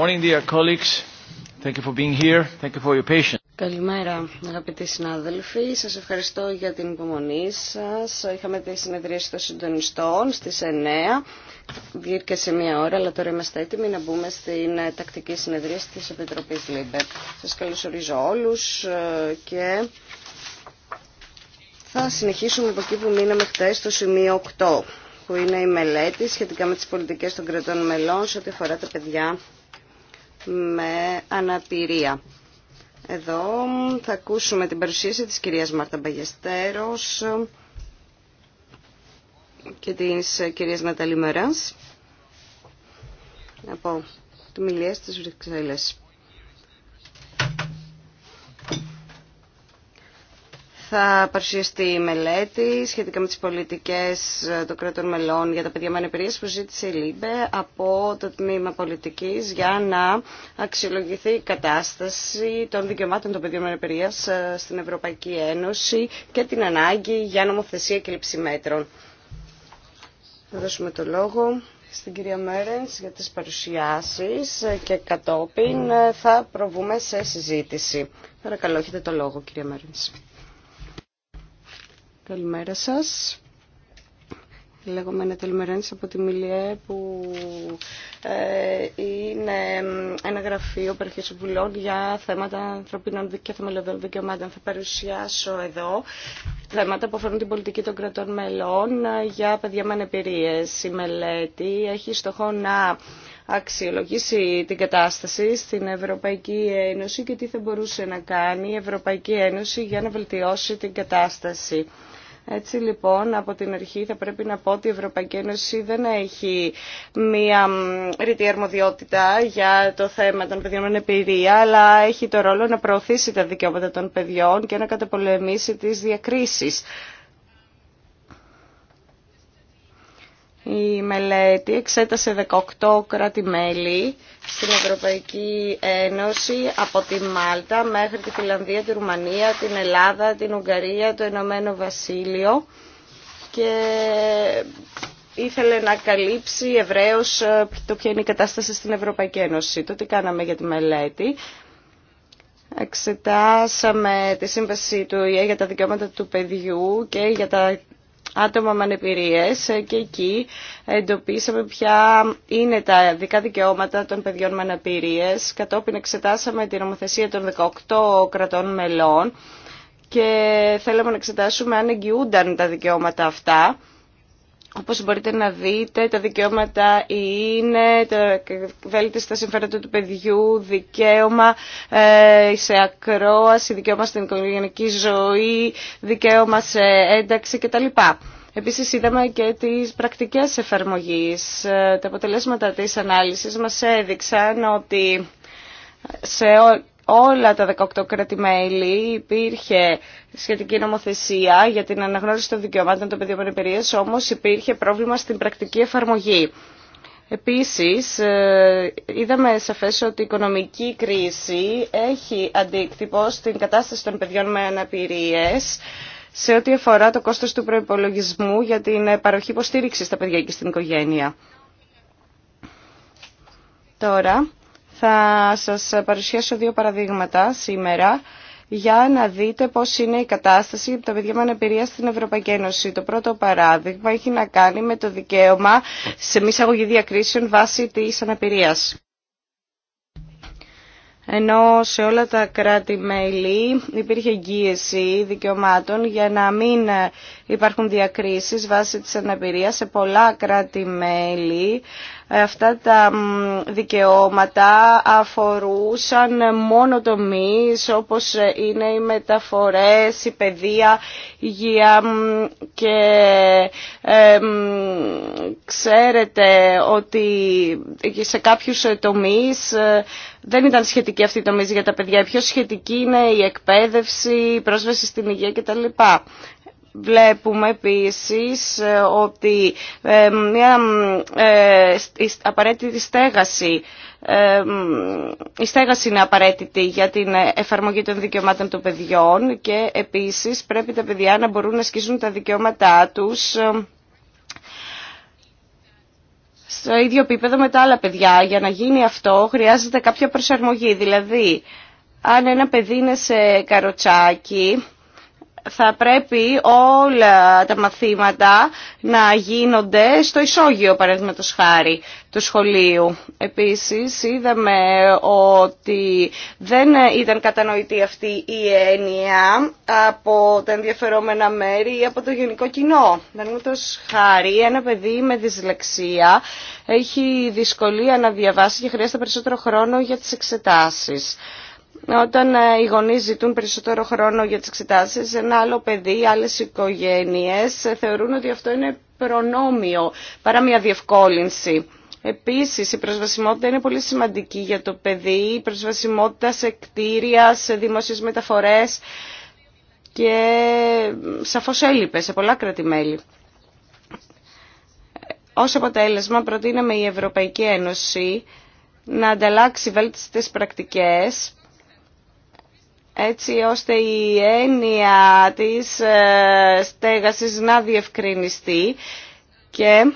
morning, dear colleagues. Thank you for being here. Thank you for your patience. Καλημέρα αγαπητοί συνάδελφοι, σας ευχαριστώ για την υπομονή σας. Είχαμε τη συνεδρία των συντονιστών στις 9, βγήκε σε μία ώρα, αλλά τώρα είμαστε έτοιμοι να μπούμε στην ε, τακτική συνεδρία της Επιτροπής ΛΥΜΠΕ. Σας καλωσορίζω όλους ε, και θα συνεχίσουμε από εκεί που μείναμε χτες στο σημείο 8 που είναι η μελέτη σχετικά με τις πολιτικές των κρατών μελών σε ό,τι αφορά τα παιδιά με αναπηρία. Εδώ θα ακούσουμε την παρουσίαση της κυρίας Μάρτα Μπαγιαστέρος και της κυρίας Ναταλή Μεράς από του Μιλιές της Βρυξέλλες. θα παρουσιαστεί μελέτη σχετικά με τις πολιτικές ε, των κρατών μελών για τα παιδιά με ανεπηρίες που ζήτησε η ΛΥΜΠΕ από το Τμήμα Πολιτικής για να αξιολογηθεί η κατάσταση των δικαιωμάτων των παιδιών με ανεπηρίες στην Ευρωπαϊκή Ένωση και την ανάγκη για νομοθεσία και λήψη μέτρων. Θα δώσουμε το λόγο στην κυρία Μέρενς για τις παρουσιάσεις ε, και κατόπιν ε, θα προβούμε σε συζήτηση. Παρακαλώ, έχετε το λόγο κυρία Μέρενς. Καλημέρα σας. Λέγομαι Νατελμερένης από τη Μιλιέ που ε, είναι ένα γραφείο περιοχής βουλών για θέματα ανθρωπίνων και θεμελιωδών δικαιωμάτων. Θα παρουσιάσω εδώ θέματα που αφορούν την πολιτική των κρατών μελών ε, για παιδιά με ανεπηρίες. Η μελέτη έχει στόχο να αξιολογήσει την κατάσταση στην Ευρωπαϊκή Ένωση και τι θα μπορούσε να κάνει η Ευρωπαϊκή Ένωση για να βελτιώσει την κατάσταση. Έτσι λοιπόν από την αρχή θα πρέπει να πω ότι η Ευρωπαϊκή Ένωση δεν έχει μία ρητή αρμοδιότητα για το θέμα των παιδιών με εμπειρία, αλλά έχει το ρόλο να προωθήσει τα δικαιώματα των παιδιών και να καταπολεμήσει τις διακρίσεις Η μελέτη εξέτασε 18 κράτη-μέλη στην Ευρωπαϊκή Ένωση από τη Μάλτα μέχρι τη Φιλανδία, τη Ρουμανία, την Ελλάδα, την Ουγγαρία, το Ενωμένο Βασίλειο και ήθελε να καλύψει ευρέως ε, το ποια είναι η κατάσταση στην Ευρωπαϊκή Ένωση. Το τι κάναμε για τη μελέτη. Εξετάσαμε τη σύμβαση του ΙΕ για τα δικαιώματα του παιδιού και για τα άτομα με ανεπηρίες και εκεί εντοπίσαμε ποια είναι τα δικά δικαιώματα των παιδιών με αναπηρίε. Κατόπιν εξετάσαμε την νομοθεσία των 18 κρατών μελών και θέλαμε να εξετάσουμε αν εγγυούνταν τα δικαιώματα αυτά όπως μπορείτε να δείτε, τα δικαιώματα είναι τα βέλτιστα συμφέροντα του παιδιού, δικαίωμα ε, σε ακρόαση, δικαίωμα στην οικογενειακή ζωή, δικαίωμα σε ένταξη κτλ. Επίσης είδαμε και τις πρακτικές εφαρμογής. Ε, τα αποτελέσματα της ανάλυσης μας έδειξαν ότι σε όλα τα 18 κράτη-μέλη υπήρχε σχετική νομοθεσία για την αναγνώριση των δικαιωμάτων των παιδιών ανεπηρίας, όμως υπήρχε πρόβλημα στην πρακτική εφαρμογή. Επίσης, ε, είδαμε σαφές ότι η οικονομική κρίση έχει αντίκτυπο στην κατάσταση των παιδιών με αναπηρίες σε ό,τι αφορά το κόστος του προϋπολογισμού για την παροχή υποστήριξη στα παιδιά και στην οικογένεια. Τώρα, θα σας παρουσιάσω δύο παραδείγματα σήμερα για να δείτε πώς είναι η κατάσταση για τα παιδιά με αναπηρία στην Ευρωπαϊκή Ένωση. Το πρώτο παράδειγμα έχει να κάνει με το δικαίωμα σε μη εισαγωγή διακρίσεων βάσει της αναπηρίας. Ενώ σε όλα τα κράτη-μέλη υπήρχε εγγύηση δικαιωμάτων για να μην υπάρχουν διακρίσεις βάσει της αναπηρίας σε πολλά κράτη-μέλη αυτά τα δικαιώματα αφορούσαν μόνο τομείς όπως είναι οι μεταφορές, η παιδεία, η υγεία και ε, ξέρετε ότι σε κάποιους τομείς ε, δεν ήταν σχετική αυτή η τομή για τα παιδιά. Πιο σχετική είναι η εκπαίδευση, η πρόσβαση στην υγεία κτλ. Βλέπουμε επίσης ε, ότι ε, μια ε, απαραίτητη στέγαση η στέγαση είναι απαραίτητη για την εφαρμογή των δικαιωμάτων των παιδιών και επίσης πρέπει τα παιδιά να μπορούν να ασκήσουν τα δικαιώματά τους στο ίδιο επίπεδο με τα άλλα παιδιά. Για να γίνει αυτό χρειάζεται κάποια προσαρμογή. Δηλαδή, αν ένα παιδί είναι σε καροτσάκι, θα πρέπει όλα τα μαθήματα να γίνονται στο ισόγειο παραδείγματο χάρη του σχολείου. Επίσης είδαμε ότι δεν ήταν κατανοητή αυτή η έννοια από τα ενδιαφερόμενα μέρη ή από το γενικό κοινό. Παραδείγματο χάρη ένα παιδί με δυσλεξία έχει δυσκολία να διαβάσει και χρειάζεται περισσότερο χρόνο για τις εξετάσεις όταν ε, οι γονείς ζητούν περισσότερο χρόνο για τις εξετάσεις, ένα άλλο παιδί, άλλες οικογένειες ε, θεωρούν ότι αυτό είναι προνόμιο παρά μια διευκόλυνση. Επίσης, η προσβασιμότητα είναι πολύ σημαντική για το παιδί, η προσβασιμότητα σε κτίρια, σε δημόσιες μεταφορές και σαφώς έλειπε σε πολλά κράτη-μέλη. Ως αποτέλεσμα, προτείναμε η Ευρωπαϊκή Ένωση να ανταλλάξει βέλτιστες πρακτικές έτσι ώστε η έννοια της ε, στέγασης να διευκρινιστεί και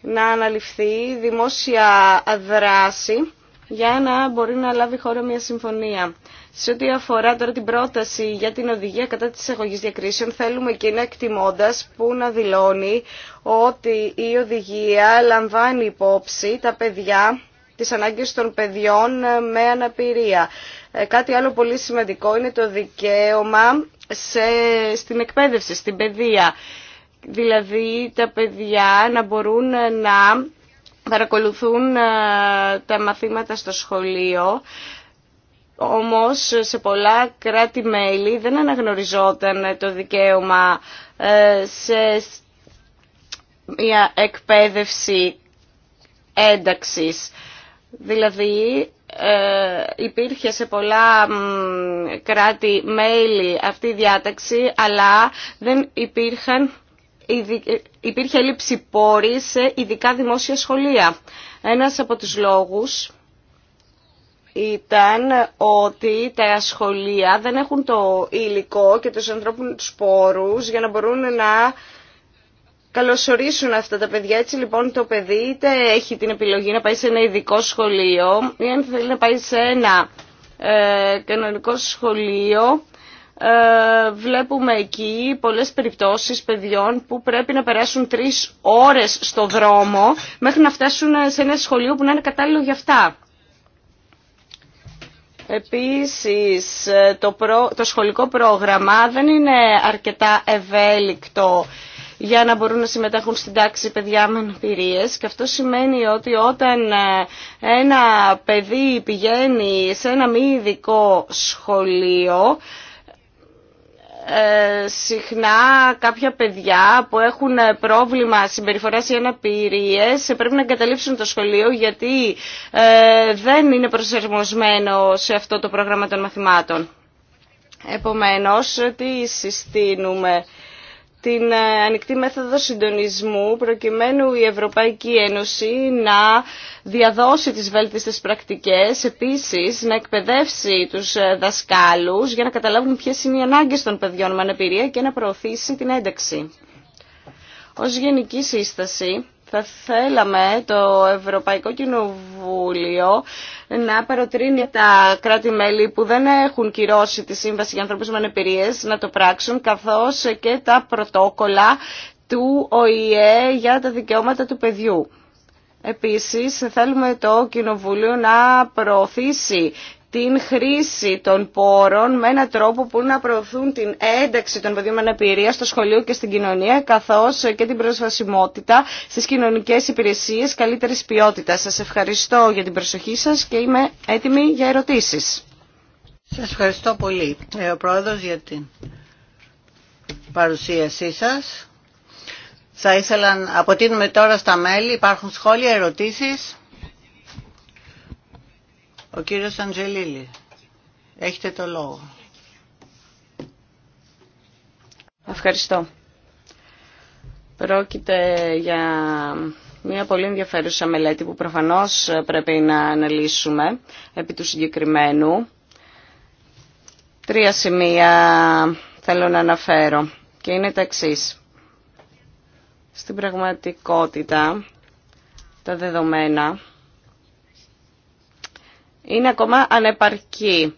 να αναλυφθεί δημόσια δράση για να μπορεί να λάβει χώρα μια συμφωνία. Σε ό,τι αφορά τώρα την πρόταση για την οδηγία κατά της εγωγής διακρίσεων, θέλουμε και ένα εκτιμώντας που να δηλώνει ότι η οδηγία λαμβάνει υπόψη τα παιδιά τις ανάγκες των παιδιών ε, με αναπηρία. Ε, κάτι άλλο πολύ σημαντικό είναι το δικαίωμα σε, στην εκπαίδευση, στην παιδεία. Δηλαδή τα παιδιά να μπορούν ε, να παρακολουθούν τα μαθήματα στο σχολείο. Όμως σε πολλά κράτη-μέλη δεν αναγνωριζόταν το δικαίωμα σε μια εκπαίδευση ένταξης. Δηλαδή ε, υπήρχε σε πολλά κράτη μέλη αυτή η διάταξη, αλλά δεν υπήρχαν, ε, υπήρχε λήψη πόρη σε ειδικά δημόσια σχολεία. Ένας από τους λόγους ήταν ότι τα σχολεία δεν έχουν το υλικό και τους ανθρώπινους πόρους για να μπορούν να καλωσορίσουν αυτά τα παιδιά. Έτσι λοιπόν το παιδί είτε έχει την επιλογή να πάει σε ένα ειδικό σχολείο ή αν θέλει να πάει σε ένα ε, κανονικό σχολείο. Ε, βλέπουμε εκεί πολλές περιπτώσεις παιδιών που πρέπει να περάσουν τρεις ώρες στο δρόμο μέχρι να φτάσουν σε ένα σχολείο που να είναι κατάλληλο για αυτά. Επίσης, το, προ... το σχολικό πρόγραμμα δεν είναι αρκετά ευέλικτο για να μπορούν να συμμετέχουν στην τάξη παιδιά με αναπηρίε. Και αυτό σημαίνει ότι όταν ε, ένα παιδί πηγαίνει σε ένα μη ειδικό σχολείο, ε, συχνά κάποια παιδιά που έχουν ε, πρόβλημα συμπεριφοράς ή αναπηρίες πρέπει να εγκαταλείψουν το σχολείο γιατί δεν είναι προσαρμοσμένο σε αυτό το πρόγραμμα των μαθημάτων. Επομένως, τι συστήνουμε την ε, ανοιχτή μέθοδο συντονισμού προκειμένου η Ευρωπαϊκή Ένωση να διαδώσει τις βέλτιστες πρακτικές, επίσης να εκπαιδεύσει τους ε, δασκάλους για να καταλάβουν ποιες είναι οι ανάγκες των παιδιών με αναπηρία και να προωθήσει την ένταξη. Ως γενική σύσταση, θα θέλαμε το Ευρωπαϊκό Κοινοβούλιο να παροτρύνει τα κράτη-μέλη που δεν έχουν κυρώσει τη Σύμβαση για Ανθρώπους με Ανεπηρίες να το πράξουν, καθώς και τα πρωτόκολλα του ΟΗΕ για τα δικαιώματα του παιδιού. Επίσης, θέλουμε το Κοινοβούλιο να προωθήσει την χρήση των πόρων με έναν τρόπο που να προωθούν την ένταξη των παιδιών με αναπηρία στο σχολείο και στην κοινωνία, καθώς και την προσβασιμότητα στις κοινωνικές υπηρεσίες καλύτερης ποιότητας. Σας ευχαριστώ για την προσοχή σας και είμαι έτοιμη για ερωτήσεις. Σας ευχαριστώ πολύ, ο Πρόεδρος, για την παρουσίασή σας. Θα ήθελα να αποτείνουμε τώρα στα μέλη. Υπάρχουν σχόλια, ερωτήσεις. Ο κύριος Αντζελίλη, έχετε το λόγο. Ευχαριστώ. Πρόκειται για μια πολύ ενδιαφέρουσα μελέτη που προφανώς πρέπει να αναλύσουμε επί του συγκεκριμένου. Τρία σημεία θέλω να αναφέρω και είναι τα εξή. Στην πραγματικότητα τα δεδομένα είναι ακόμα ανεπαρκή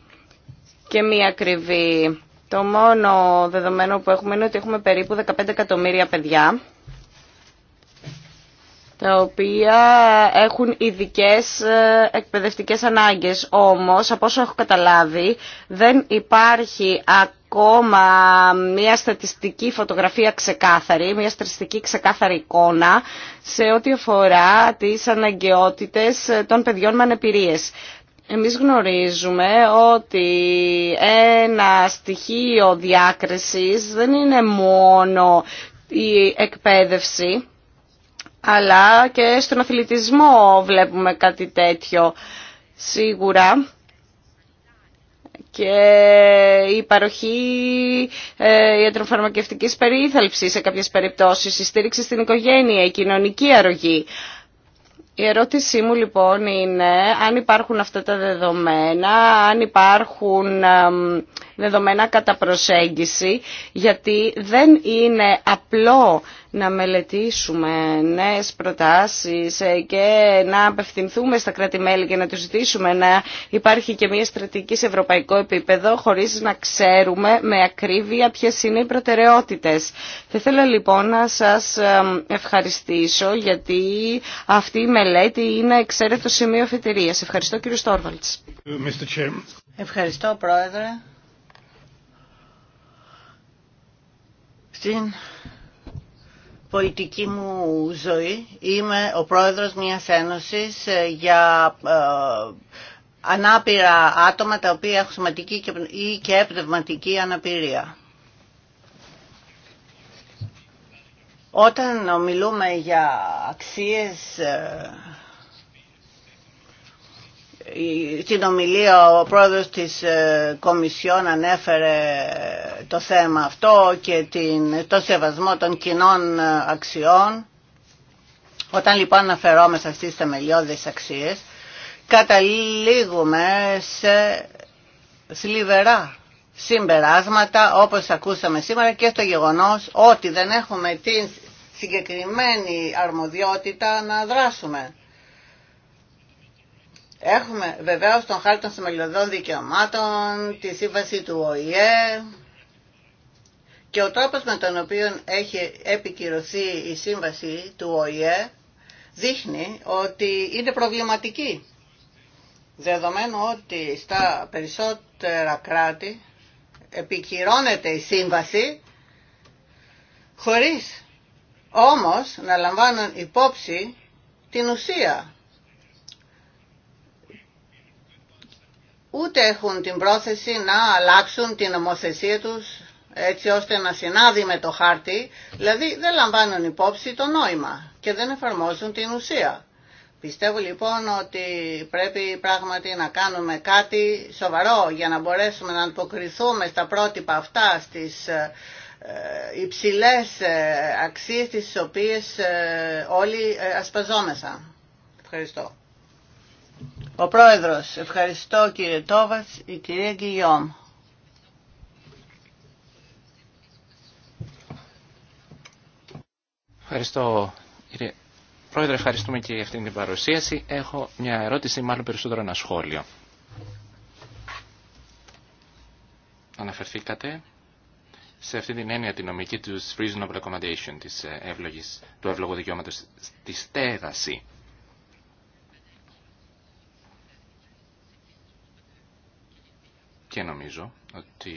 και μη ακριβή. Το μόνο δεδομένο που έχουμε είναι ότι έχουμε περίπου 15 εκατομμύρια παιδιά τα οποία έχουν ειδικέ ε, εκπαιδευτικές ανάγκες. Όμως, από όσο έχω καταλάβει, δεν υπάρχει ακόμα μια στατιστική φωτογραφία ξεκάθαρη, μια στατιστική ξεκάθαρη εικόνα σε ό,τι αφορά τις αναγκαιότητες των παιδιών με ανεπηρίες. Εμείς γνωρίζουμε ότι ένα στοιχείο διάκρισης δεν είναι μόνο η εκπαίδευση, αλλά και στον αθλητισμό βλέπουμε κάτι τέτοιο. Σίγουρα και η παροχή ε, ιατροφαρμακευτικής περίθαλψης σε κάποιες περιπτώσεις, η στήριξη στην οικογένεια, η κοινωνική αρρωγή. Η ερώτησή μου λοιπόν είναι αν υπάρχουν αυτά τα δεδομένα, αν υπάρχουν δεδομένα κατά προσέγγιση, γιατί δεν είναι απλό να μελετήσουμε νέες προτάσεις ε, και να απευθυνθούμε στα κράτη-μέλη και να τους ζητήσουμε να υπάρχει και μια στρατηγική σε ευρωπαϊκό επίπεδο χωρίς να ξέρουμε με ακρίβεια ποιες είναι οι προτεραιότητες. Θα ήθελα λοιπόν να σας ευχαριστήσω γιατί αυτή η μελέτη είναι εξαίρετο σημείο αφετηρίας. Ευχαριστώ κύριο Στόρβαλτς. Ευχαριστώ πρόεδρε. Στην πολιτική μου ζωή είμαι ο πρόεδρος μιας ένωσης ε, για ε, ανάπηρα άτομα τα οποία έχουν σωματική ή και πνευματική αναπηρία. Όταν μιλούμε για αξίες ε, στην ομιλία ο πρόεδρος της ε, Κομισιόν ανέφερε το θέμα αυτό και την, το σεβασμό των κοινών ε, αξιών. Όταν λοιπόν αναφερόμεθα στις θεμελιώδεις αξίες, καταλήγουμε σε σλιβερά συμπεράσματα όπως ακούσαμε σήμερα και στο γεγονός ότι δεν έχουμε την συγκεκριμένη αρμοδιότητα να δράσουμε. Έχουμε βεβαίως τον χάρτη των θεμελιωδών δικαιωμάτων, τη σύμβαση του ΟΗΕ και ο τρόπος με τον οποίο έχει επικυρωθεί η σύμβαση του ΟΗΕ δείχνει ότι είναι προβληματική. Δεδομένου ότι στα περισσότερα κράτη επικυρώνεται η σύμβαση χωρίς όμως να λαμβάνουν υπόψη την ουσία ούτε έχουν την πρόθεση να αλλάξουν την νομοθεσία τους έτσι ώστε να συνάδει με το χάρτη, δηλαδή δεν λαμβάνουν υπόψη το νόημα και δεν εφαρμόζουν την ουσία. Πιστεύω λοιπόν ότι πρέπει πράγματι να κάνουμε κάτι σοβαρό για να μπορέσουμε να αποκριθούμε στα πρότυπα αυτά, στις ε, ε, υψηλές ε, αξίες τις οποίες όλοι ασπαζόμεσα. Ευχαριστώ. Ο Πρόεδρος, ευχαριστώ κύριε Τόβας, η κυρία Γκυγιόμ. Ευχαριστώ κύριε Πρόεδρε, ευχαριστούμε και για αυτήν την παρουσίαση. Έχω μια ερώτηση, μάλλον περισσότερο ένα σχόλιο. Αναφερθήκατε σε αυτή την έννοια τη νομική του reasonable accommodation, της ε, εύλογης, του εύλογου δικαιώματος στη στέγαση και νομίζω ότι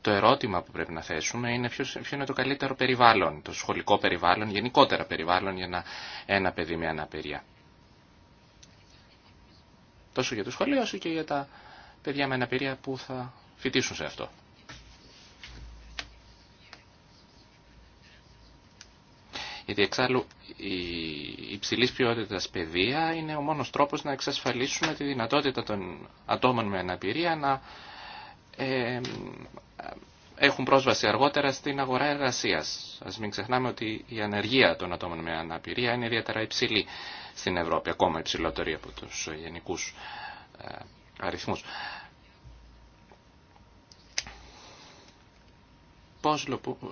το ερώτημα που πρέπει να θέσουμε είναι ποιο είναι το καλύτερο περιβάλλον, το σχολικό περιβάλλον, γενικότερα περιβάλλον για ένα, ένα παιδί με αναπηρία. Τόσο για το σχολείο όσο και για τα παιδιά με αναπηρία που θα φοιτήσουν σε αυτό. Γιατί εξάλλου η υψηλή ποιότητα παιδεία είναι ο μόνος τρόπος να εξασφαλίσουμε τη δυνατότητα των ατόμων με αναπηρία να ε, έχουν πρόσβαση αργότερα στην αγορά εργασίας. Ας μην ξεχνάμε ότι η ανεργία των ατόμων με αναπηρία είναι ιδιαίτερα υψηλή στην Ευρώπη, ακόμα υψηλότερη από τους γενικούς ε, αριθμούς. Πώς,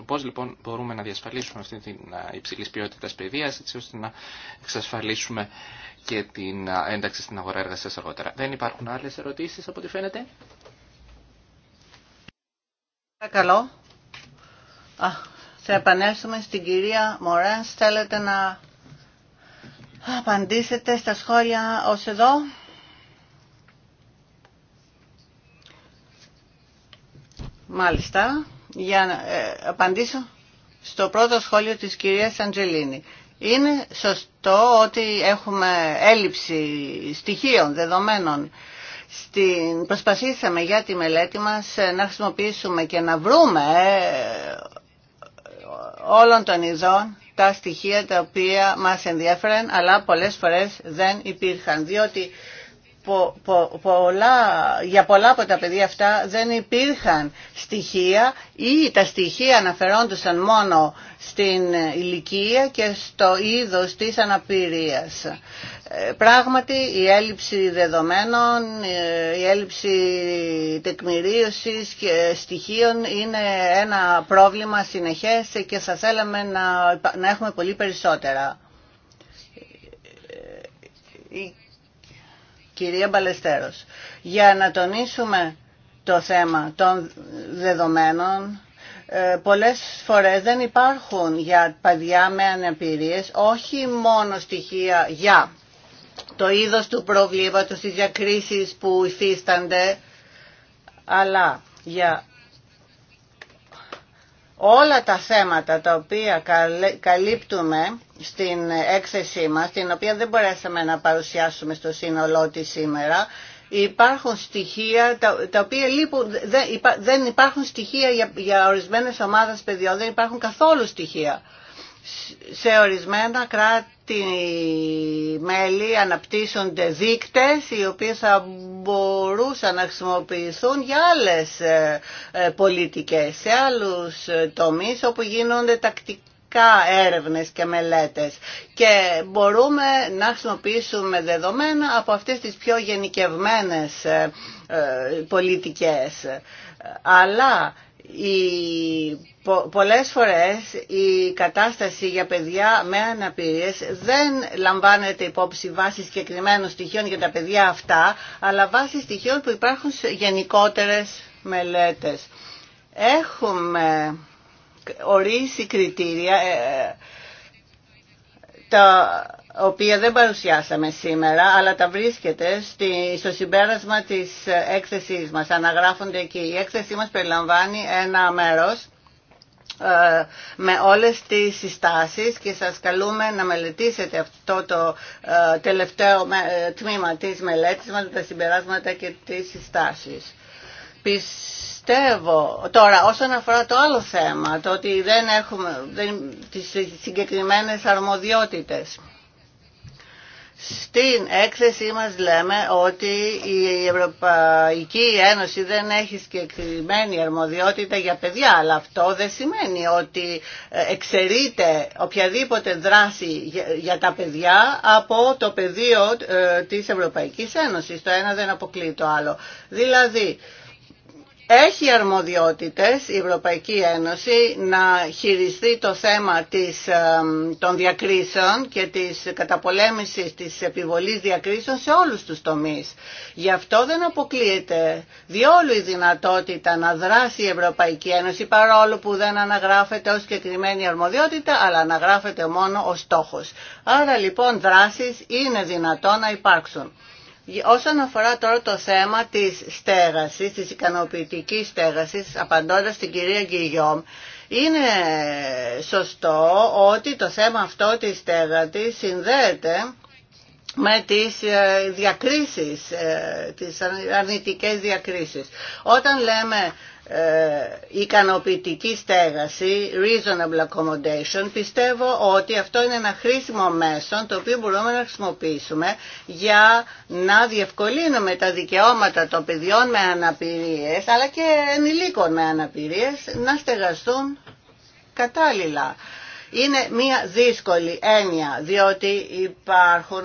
πώς λοιπόν μπορούμε να διασφαλίσουμε αυτή την υψηλή ποιότητα παιδεία έτσι ώστε να εξασφαλίσουμε και την ένταξη στην αγορά εργασία αργότερα. Δεν υπάρχουν άλλες ερωτήσεις από ό,τι φαίνεται. Παρακαλώ. θα επανέλθουμε στην κυρία Μωρέν. Θέλετε να απαντήσετε στα σχόλια ως εδώ. Μάλιστα για να ε, απαντήσω στο πρώτο σχόλιο της κυρίας Αντζελίνη. Είναι σωστό ότι έχουμε έλλειψη στοιχείων, δεδομένων. Στην προσπαθήσαμε για τη μελέτη μας ε, να χρησιμοποιήσουμε και να βρούμε ε, όλων των ειδών τα στοιχεία τα οποία μας ενδιαφέρουν αλλά πολλές φορές δεν υπήρχαν, διότι πο, πο, για πολλά από τα παιδιά αυτά δεν υπήρχαν στοιχεία ή τα στοιχεία αναφερόντουσαν μόνο στην ηλικία και στο είδος της αναπηρίας. Ε, πράγματι η έλλειψη δεδομένων, ε, η έλλειψη τεκμηρίωσης και στοιχείων είναι ένα πρόβλημα συνεχές και θα θέλαμε να, να έχουμε πολύ περισσότερα. Ε, κυρία Μπαλεστέρος, για να τονίσουμε το θέμα των δεδομένων ε, πολλές φορές δεν υπάρχουν για παιδιά με αναπηρίες όχι μόνο στοιχεία για το είδος του προβλήματος, τις διακρίσεις που υφίστανται, αλλά για όλα τα θέματα τα οποία καλύπτουμε στην έκθεσή μας, την οποία δεν μπορέσαμε να παρουσιάσουμε στο σύνολό της σήμερα, υπάρχουν στοιχεία τα, οποία λείπουν, δεν, υπάρχουν στοιχεία για, για ορισμένες ομάδες παιδιών, δεν υπάρχουν καθόλου στοιχεία σε ορισμένα κράτη μέλη αναπτύσσονται δίκτες οι οποίες θα μπορούσαν να χρησιμοποιηθούν για άλλες ε, ε, πολιτικές, σε άλλους ε, τομείς όπου γίνονται τακτικά έρευνες και μελέτες και μπορούμε να χρησιμοποιήσουμε δεδομένα από αυτές τις πιο γενικευμένες πολιτικές. Αλλά Πολλέ πολλές φορές η κατάσταση για παιδιά με αναπηρίες δεν λαμβάνεται υπόψη βάσει συγκεκριμένων στοιχείων για τα παιδιά αυτά, αλλά βάσει στοιχείων που υπάρχουν σε γενικότερες μελέτες. Έχουμε ορίσει κριτήρια, ε, ε, τα οποία δεν παρουσιάσαμε σήμερα, αλλά τα βρίσκεται στο συμπέρασμα της έκθεσής μας. Αναγράφονται εκεί. Η έκθεσή μας περιλαμβάνει ένα μέρος ε, με όλες τις συστάσεις και σας καλούμε να μελετήσετε αυτό το ε, τελευταίο ε, τμήμα της μελέτης μας, τα συμπεράσματα και τις συστάσεις. Πιστεύω, τώρα όσον αφορά το άλλο θέμα, το ότι δεν έχουμε δεν, τις συγκεκριμένες αρμοδιότητες, στην έκθεσή μας λέμε ότι η Ευρωπαϊκή Ένωση δεν έχει συγκεκριμένη αρμοδιότητα για παιδιά, αλλά αυτό δεν σημαίνει ότι ε, εξαιρείται οποιαδήποτε δράση για τα παιδιά από το πεδίο ε, της Ευρωπαϊκής Ένωσης. Το ένα δεν αποκλείει το άλλο. Δηλαδή, έχει αρμοδιότητες η Ευρωπαϊκή Ένωση να χειριστεί το θέμα των διακρίσεων και της καταπολέμησης της επιβολής διακρίσεων σε όλους τους τομείς. Γι' αυτό δεν αποκλείεται διόλου η δυνατότητα να δράσει η Ευρωπαϊκή Ένωση παρόλο που δεν αναγράφεται ως συγκεκριμένη αρμοδιότητα αλλά αναγράφεται μόνο ως στόχος. Άρα λοιπόν δράσεις είναι δυνατόν να υπάρξουν. Όσον αφορά τώρα το θέμα της στέγασης, της ικανοποιητικής στέγασης, απαντώντας στην κυρία Γκυγιόμ, είναι σωστό ότι το θέμα αυτό της στέγατης συνδέεται με τις ε, διακρίσεις, ε, τις αρνητικές διακρίσεις. Όταν λέμε ε, ικανοποιητική στέγαση, reasonable accommodation, πιστεύω ότι αυτό είναι ένα χρήσιμο μέσο το οποίο μπορούμε να χρησιμοποιήσουμε για να διευκολύνουμε τα δικαιώματα των παιδιών με αναπηρίες αλλά και ενηλίκων με αναπηρίες να στεγαστούν κατάλληλα. Είναι μία δύσκολη έννοια διότι υπάρχουν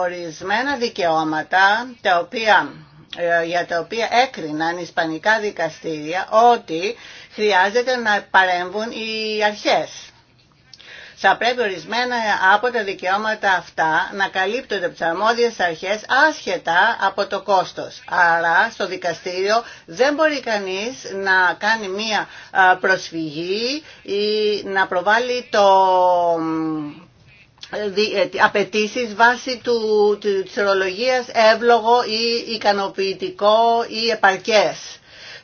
ορισμένα δικαιώματα τα οποία ε, για τα οποία έκριναν ισπανικά δικαστήρια ότι χρειάζεται να παρέμβουν οι αρχές. Θα πρέπει ορισμένα από τα δικαιώματα αυτά να καλύπτονται από τι αρμόδιε αρχέ άσχετα από το κόστος. Άρα στο δικαστήριο δεν μπορεί κανεί να κάνει μία προσφυγή ή να προβάλλει το ε, απαιτήσει βάσει του, του, της ορολογίας εύλογο ή ικανοποιητικό ή επαρκές.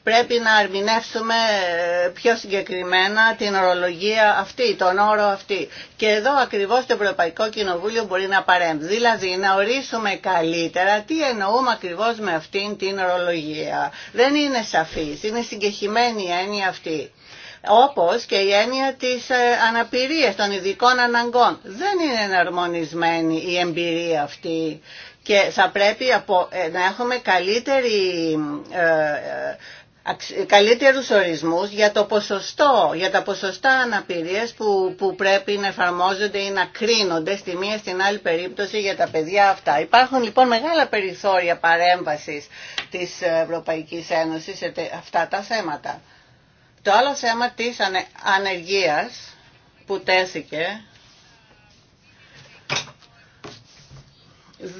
Πρέπει να αρμηνεύσουμε ε, πιο συγκεκριμένα την ορολογία αυτή, τον όρο αυτή. Και εδώ ακριβώς το Ευρωπαϊκό Κοινοβούλιο μπορεί να παρέμβει. Δηλαδή να ορίσουμε καλύτερα τι εννοούμε ακριβώς με αυτήν την ορολογία. Δεν είναι σαφής, είναι συγκεχημένη η έννοια αυτή όπως και η έννοια της ε, αναπηρίας των ειδικών αναγκών. Δεν είναι εναρμονισμένη η εμπειρία αυτή και θα πρέπει ε, να έχουμε καλύτερη, ε, καλύτερους ορισμούς για το ποσοστό, για τα ποσοστά αναπηρίες που, που πρέπει να εφαρμόζονται ή να κρίνονται στη μία στην άλλη περίπτωση για τα παιδιά αυτά. Υπάρχουν λοιπόν μεγάλα περιθώρια παρέμβασης της Ευρωπαϊκής Ένωσης σε αυτά τα θέματα. Το άλλο θέμα της ανεργίας που τέθηκε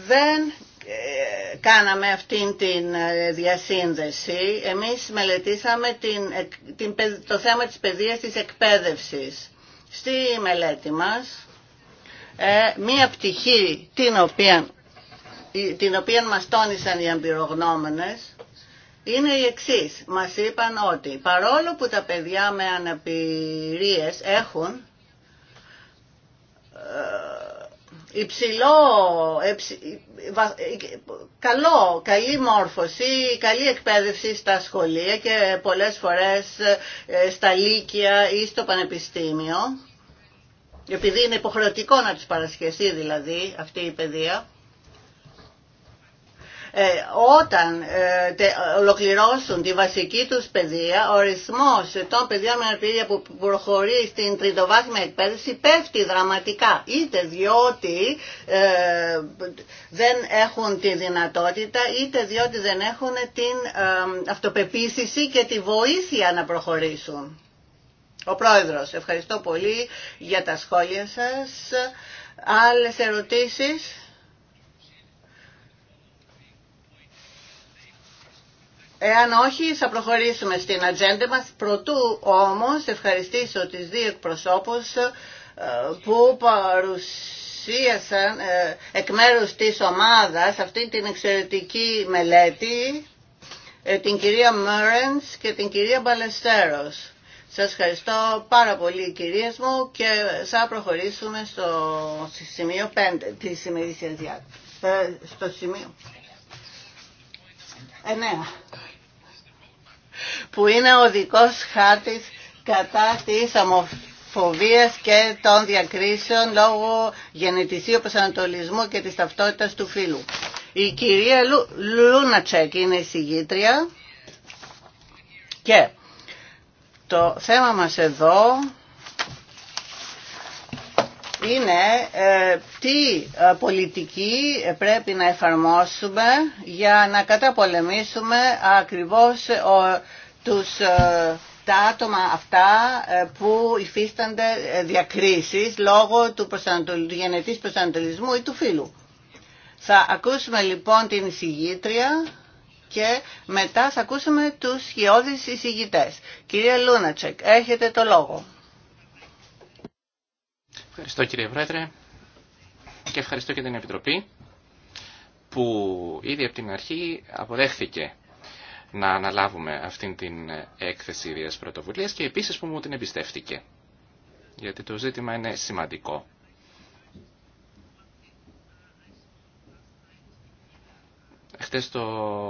δεν ε, κάναμε αυτήν την ε, διασύνδεση. Εμείς μελετήσαμε την, ε, την, το θέμα της παιδείας της εκπαίδευσης. Στη μελέτη μας, μία πτυχή την οποία, την οποία μας τόνισαν οι εμπειρογνώμονες, είναι η εξής. Μας είπαν ότι παρόλο που τα παιδιά με αναπηρίες έχουν ε, υψηλό, καλό, καλή μόρφωση, καλή εκπαίδευση στα σχολεία και πολλές φορές ε, στα λύκεια ή στο πανεπιστήμιο, επειδή είναι υποχρεωτικό να τους παρασχεθεί δηλαδή αυτή η παιδεία, ε, όταν ε, ολοκληρώσουν τη βασική τους παιδεία, ο ορισμός των παιδιών με αναπηρία που προχωρεί στην τριτοβάθμια εκπαίδευση πέφτει δραματικά, είτε διότι ε, δεν έχουν τη δυνατότητα, είτε διότι δεν έχουν την αυτοπεποίθηση και τη βοήθεια να προχωρήσουν. Ο Πρόεδρος, ευχαριστώ πολύ για τα σχόλια σας. Άλλες ερωτήσεις. Εάν όχι, θα προχωρήσουμε στην ατζέντα μας. Προτού όμως ευχαριστήσω τις δύο εκπροσώπους ε, που παρουσίασαν ε, εκ μέρους της ομάδας αυτή την εξαιρετική μελέτη, ε, την κυρία Μέρενς και την κυρία Μπαλεστέρος. Σας ευχαριστώ πάρα πολύ κυρίες μου και θα προχωρήσουμε στο σημείο 5 της στο σημείο. 9. Ναι που είναι ο δικός χάρτης κατά της ομοφοβίας και των διακρίσεων λόγω γενετησίου προσανατολισμού και της ταυτότητας του φίλου. Η κυρία Λου, Λούνατσεκ είναι η συγγήτρια και το θέμα μας εδώ είναι ε, τι ε, πολιτική πρέπει να εφαρμόσουμε για να καταπολεμήσουμε ακριβώς ε, ο, τους, ε, τα άτομα αυτά ε, που υφίστανται ε, διακρίσεις λόγω του, του γενετής προσανατολισμού ή του φύλου. Θα ακούσουμε λοιπόν την εισηγήτρια και μετά θα ακούσουμε τους γεώδεις εισηγητές. Κυρία Λούνατσεκ, έχετε το λόγο. Ευχαριστώ κύριε Πρόεδρε και ευχαριστώ και την Επιτροπή που ήδη από την αρχή αποδέχθηκε να αναλάβουμε αυτήν την ε, έκθεση ίδιας πρωτοβουλίας και επίσης που μου την εμπιστεύτηκε. Γιατί το ζήτημα είναι σημαντικό. Χτες το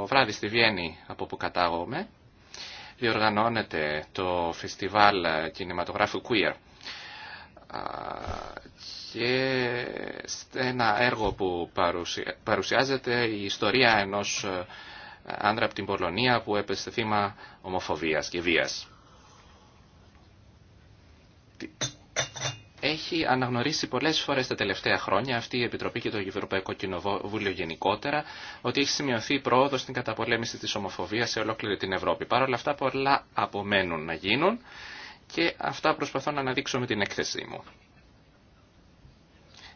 βράδυ στη Βιέννη, από που κατάγομαι, διοργανώνεται το φεστιβάλ κινηματογράφου Queer. Και ένα έργο που παρουσιάζεται η ιστορία ενός ε, άνδρα από την Πολωνία που έπεσε θύμα ομοφοβίας και βίας. Έχει αναγνωρίσει πολλές φορές τα τελευταία χρόνια αυτή η Επιτροπή και το Ευρωπαϊκό Κοινοβούλιο γενικότερα ότι έχει σημειωθεί πρόοδο στην καταπολέμηση της ομοφοβίας σε ολόκληρη την Ευρώπη. Παρ' όλα αυτά πολλά απομένουν να γίνουν και αυτά προσπαθώ να αναδείξω με την έκθεσή μου.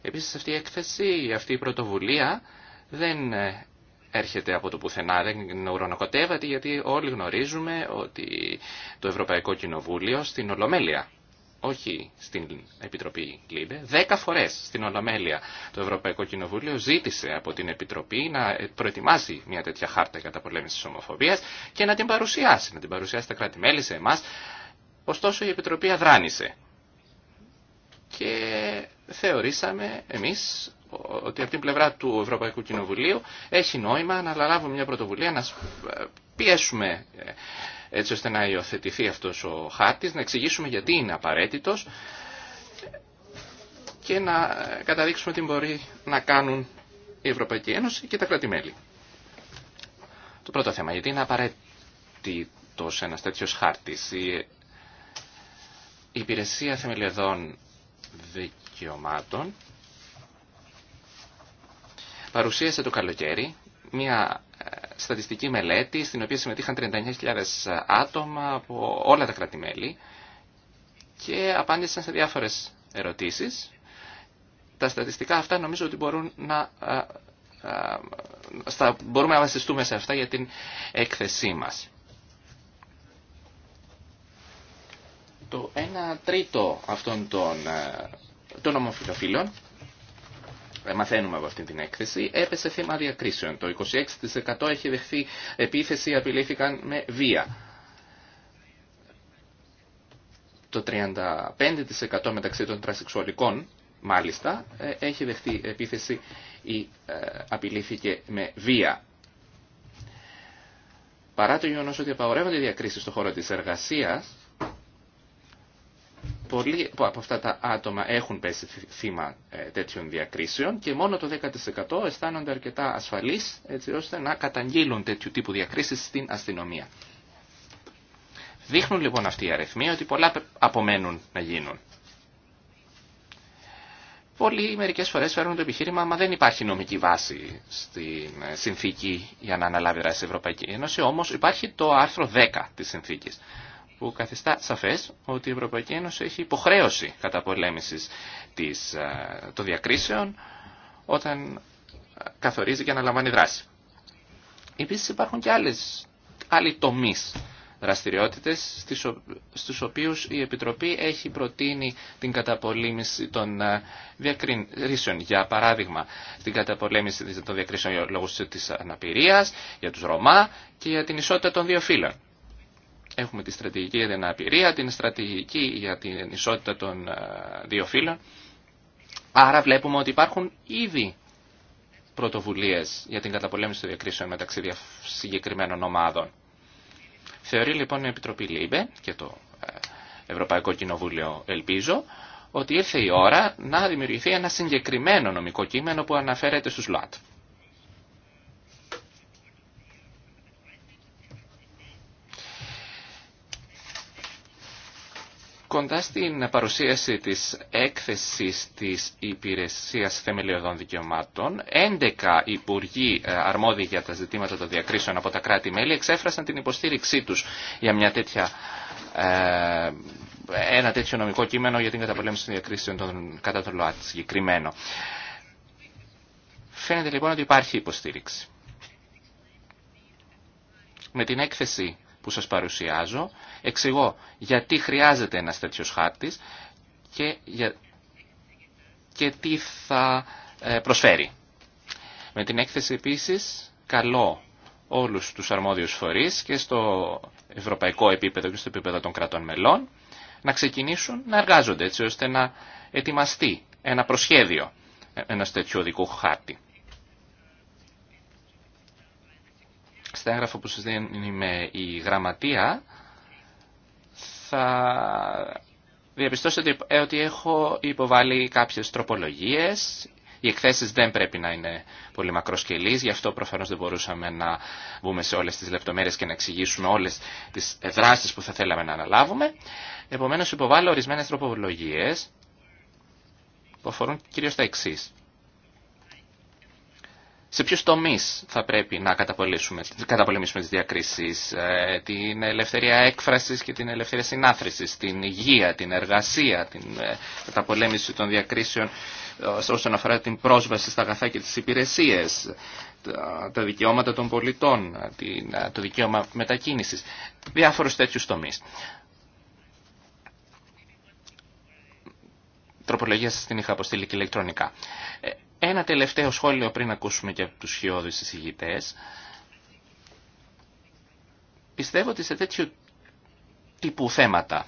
Επίση αυτή η έκθεση, αυτή η πρωτοβουλία δεν ε, έρχεται από το πουθενά, δεν ουρανοκοτεύεται γιατί όλοι γνωρίζουμε ότι το Ευρωπαϊκό Κοινοβούλιο στην Ολομέλεια, όχι στην Επιτροπή Λίμπε, δέκα φορές στην Ολομέλεια το Ευρωπαϊκό Κοινοβούλιο ζήτησε από την Επιτροπή να προετοιμάσει μια τέτοια χάρτα κατά πολέμηση της ομοφοβίας και να την παρουσιάσει, να την παρουσιάσει τα κράτη-μέλη σε εμάς. Ωστόσο η Επιτροπή αδράνησε και θεωρήσαμε εμείς ότι από την πλευρά του Ευρωπαϊκού Κοινοβουλίου έχει νόημα να αναλάβουμε μια πρωτοβουλία, να πιέσουμε ε, έτσι ώστε να υιοθετηθεί αυτός ο χάρτης, να εξηγήσουμε γιατί είναι απαραίτητος και να καταδείξουμε τι μπορεί να κάνουν η Ευρωπαϊκή Ένωση και τα κράτη-μέλη. Το πρώτο θέμα, γιατί είναι απαραίτητος ένας τέτοιος χάρτης. Η Υπηρεσία Θεμελιωδών δικαιωμάτων παρουσίασε το καλοκαίρι μια ε, στατιστική μελέτη στην οποία συμμετείχαν 39.000 άτομα από όλα τα κρατημέλη και απάντησαν σε διάφορες ερωτήσεις. Τα στατιστικά αυτά νομίζω ότι μπορούν να, ε, ε, στα, μπορούμε να βασιστούμε σε αυτά για την έκθεσή μας. Το 1 τρίτο αυτών των των ομοφυλοφίλων, ε, μαθαίνουμε από αυτή την έκθεση, έπεσε θύμα διακρίσεων. Το 26% έχει δεχθεί επίθεση, απειλήθηκαν με βία. Το 35% μεταξύ των τρασεξουαλικών, μάλιστα, ε, έχει δεχθεί επίθεση ή ε, απειλήθηκε με βία. Παρά το γεγονό ότι απαγορεύονται διακρίσει στον χώρο τη εργασία, πολλοί από αυτά τα άτομα έχουν πέσει θύμα ε, τέτοιων διακρίσεων και μόνο το 10% αισθάνονται αρκετά ασφαλείς έτσι ώστε να καταγγείλουν τέτοιου τύπου διακρίσεις στην αστυνομία. Δείχνουν λοιπόν αυτοί οι αριθμοί ότι πολλά απομένουν να γίνουν. Πολλοί μερικές φορές φέρνουν το επιχείρημα μα δεν υπάρχει νομική βάση στην ε, συνθήκη για να αναλάβει δράση η Ευρωπαϊκή Ένωση, όμως υπάρχει το άρθρο 10 της συνθήκης που καθιστά σαφές ότι η Ευρωπαϊκή Ένωση έχει υποχρέωση καταπολέμησης της, ε, των διακρίσεων όταν ε, καθορίζει και αναλαμβάνει δράση. Επίσης υπάρχουν και άλλες, άλλοι τομείς δραστηριότητες στους οποίους η Επιτροπή έχει προτείνει την καταπολέμηση των ε, διακρίσεων. Για παράδειγμα, την καταπολέμηση των διακρίσεων λόγω της αναπηρίας, για τους Ρωμά και για την ισότητα των δύο φύλων. Έχουμε τη στρατηγική για την απειρία, την στρατηγική για την ισότητα των ε, δύο φύλων. Άρα βλέπουμε ότι υπάρχουν ήδη πρωτοβουλίες για την καταπολέμηση των διακρίσεων μεταξύ συγκεκριμένων ομάδων. Θεωρεί λοιπόν η Επιτροπή ΛΥΜΠΕ και το ε, Ευρωπαϊκό Κοινοβούλιο ελπίζω ότι ήρθε η ώρα να δημιουργηθεί ένα συγκεκριμένο νομικό κείμενο που αναφέρεται στους ΛΟΑΤ. Κοντά στην παρουσίαση της έκθεσης της Υπηρεσίας Θεμελιωδών Δικαιωμάτων, 11 υπουργοί ε, αρμόδιοι για τα ζητήματα των διακρίσεων από τα κράτη-μέλη εξέφρασαν την υποστήριξή τους για μια τέτοια, ε, ένα τέτοιο νομικό κείμενο για την καταπολέμηση των διακρίσεων των, κατά τον συγκεκριμένο. Φαίνεται λοιπόν ότι υπάρχει υποστήριξη. Με την έκθεση που σας παρουσιάζω, εξηγώ γιατί χρειάζεται ένας τέτοιος χάρτης και, τι θα ε, προσφέρει. Με την έκθεση επίσης καλώ όλους τους αρμόδιους φορείς και στο ευρωπαϊκό επίπεδο και στο επίπεδο των κρατών μελών να ξεκινήσουν να εργάζονται έτσι ώστε να ετοιμαστεί ένα προσχέδιο ένα τέτοιου οδικού χάρτη. στα έγγραφα που σας δίνει με η γραμματεία θα διαπιστώσετε ότι έχω υποβάλει κάποιες τροπολογίες. Οι εκθέσεις δεν πρέπει να είναι πολύ μακροσκελείς, γι' αυτό προφανώς δεν μπορούσαμε να βούμε σε όλες τις λεπτομέρειες και να εξηγήσουμε όλες τις δράσεις που θα θέλαμε να αναλάβουμε. Επομένως υποβάλλω ορισμένες τροπολογίες που αφορούν κυρίως τα εξής σε ποιους τομεί θα πρέπει να καταπολεμήσουμε τις διακρίσεις, ε, την ελευθερία έκφρασης και την ελευθερία συνάθρηση, την υγεία, την εργασία, την ε, καταπολέμηση των διακρίσεων ε, όσον αφορά την πρόσβαση στα αγαθά και τι υπηρεσίες, τα δικαιώματα των πολιτών, το δικαίωμα μετακίνηση. Διάφορου τέτοιου τομεί. Τροπολογία σα την είχα αποστείλει και ηλεκτρονικά. Ένα τελευταίο σχόλιο πριν ακούσουμε και από τους της εισηγητές. Πιστεύω ότι σε τέτοιου τύπου θέματα,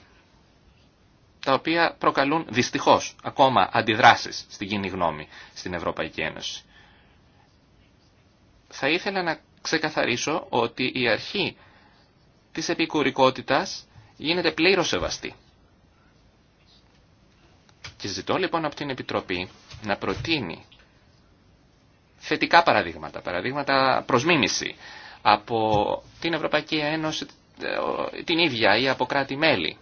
τα οποία προκαλούν δυστυχώς ακόμα αντιδράσεις στην κοινή γνώμη στην Ευρωπαϊκή Ένωση, θα ήθελα να ξεκαθαρίσω ότι η αρχή της επικουρικότητας γίνεται πλήρως σεβαστή. Και ζητώ λοιπόν από την Επιτροπή να προτείνει θετικά παραδείγματα, παραδείγματα προς από την Ευρωπαϊκή Ένωση ε, την ίδια ή από κράτη-μέλη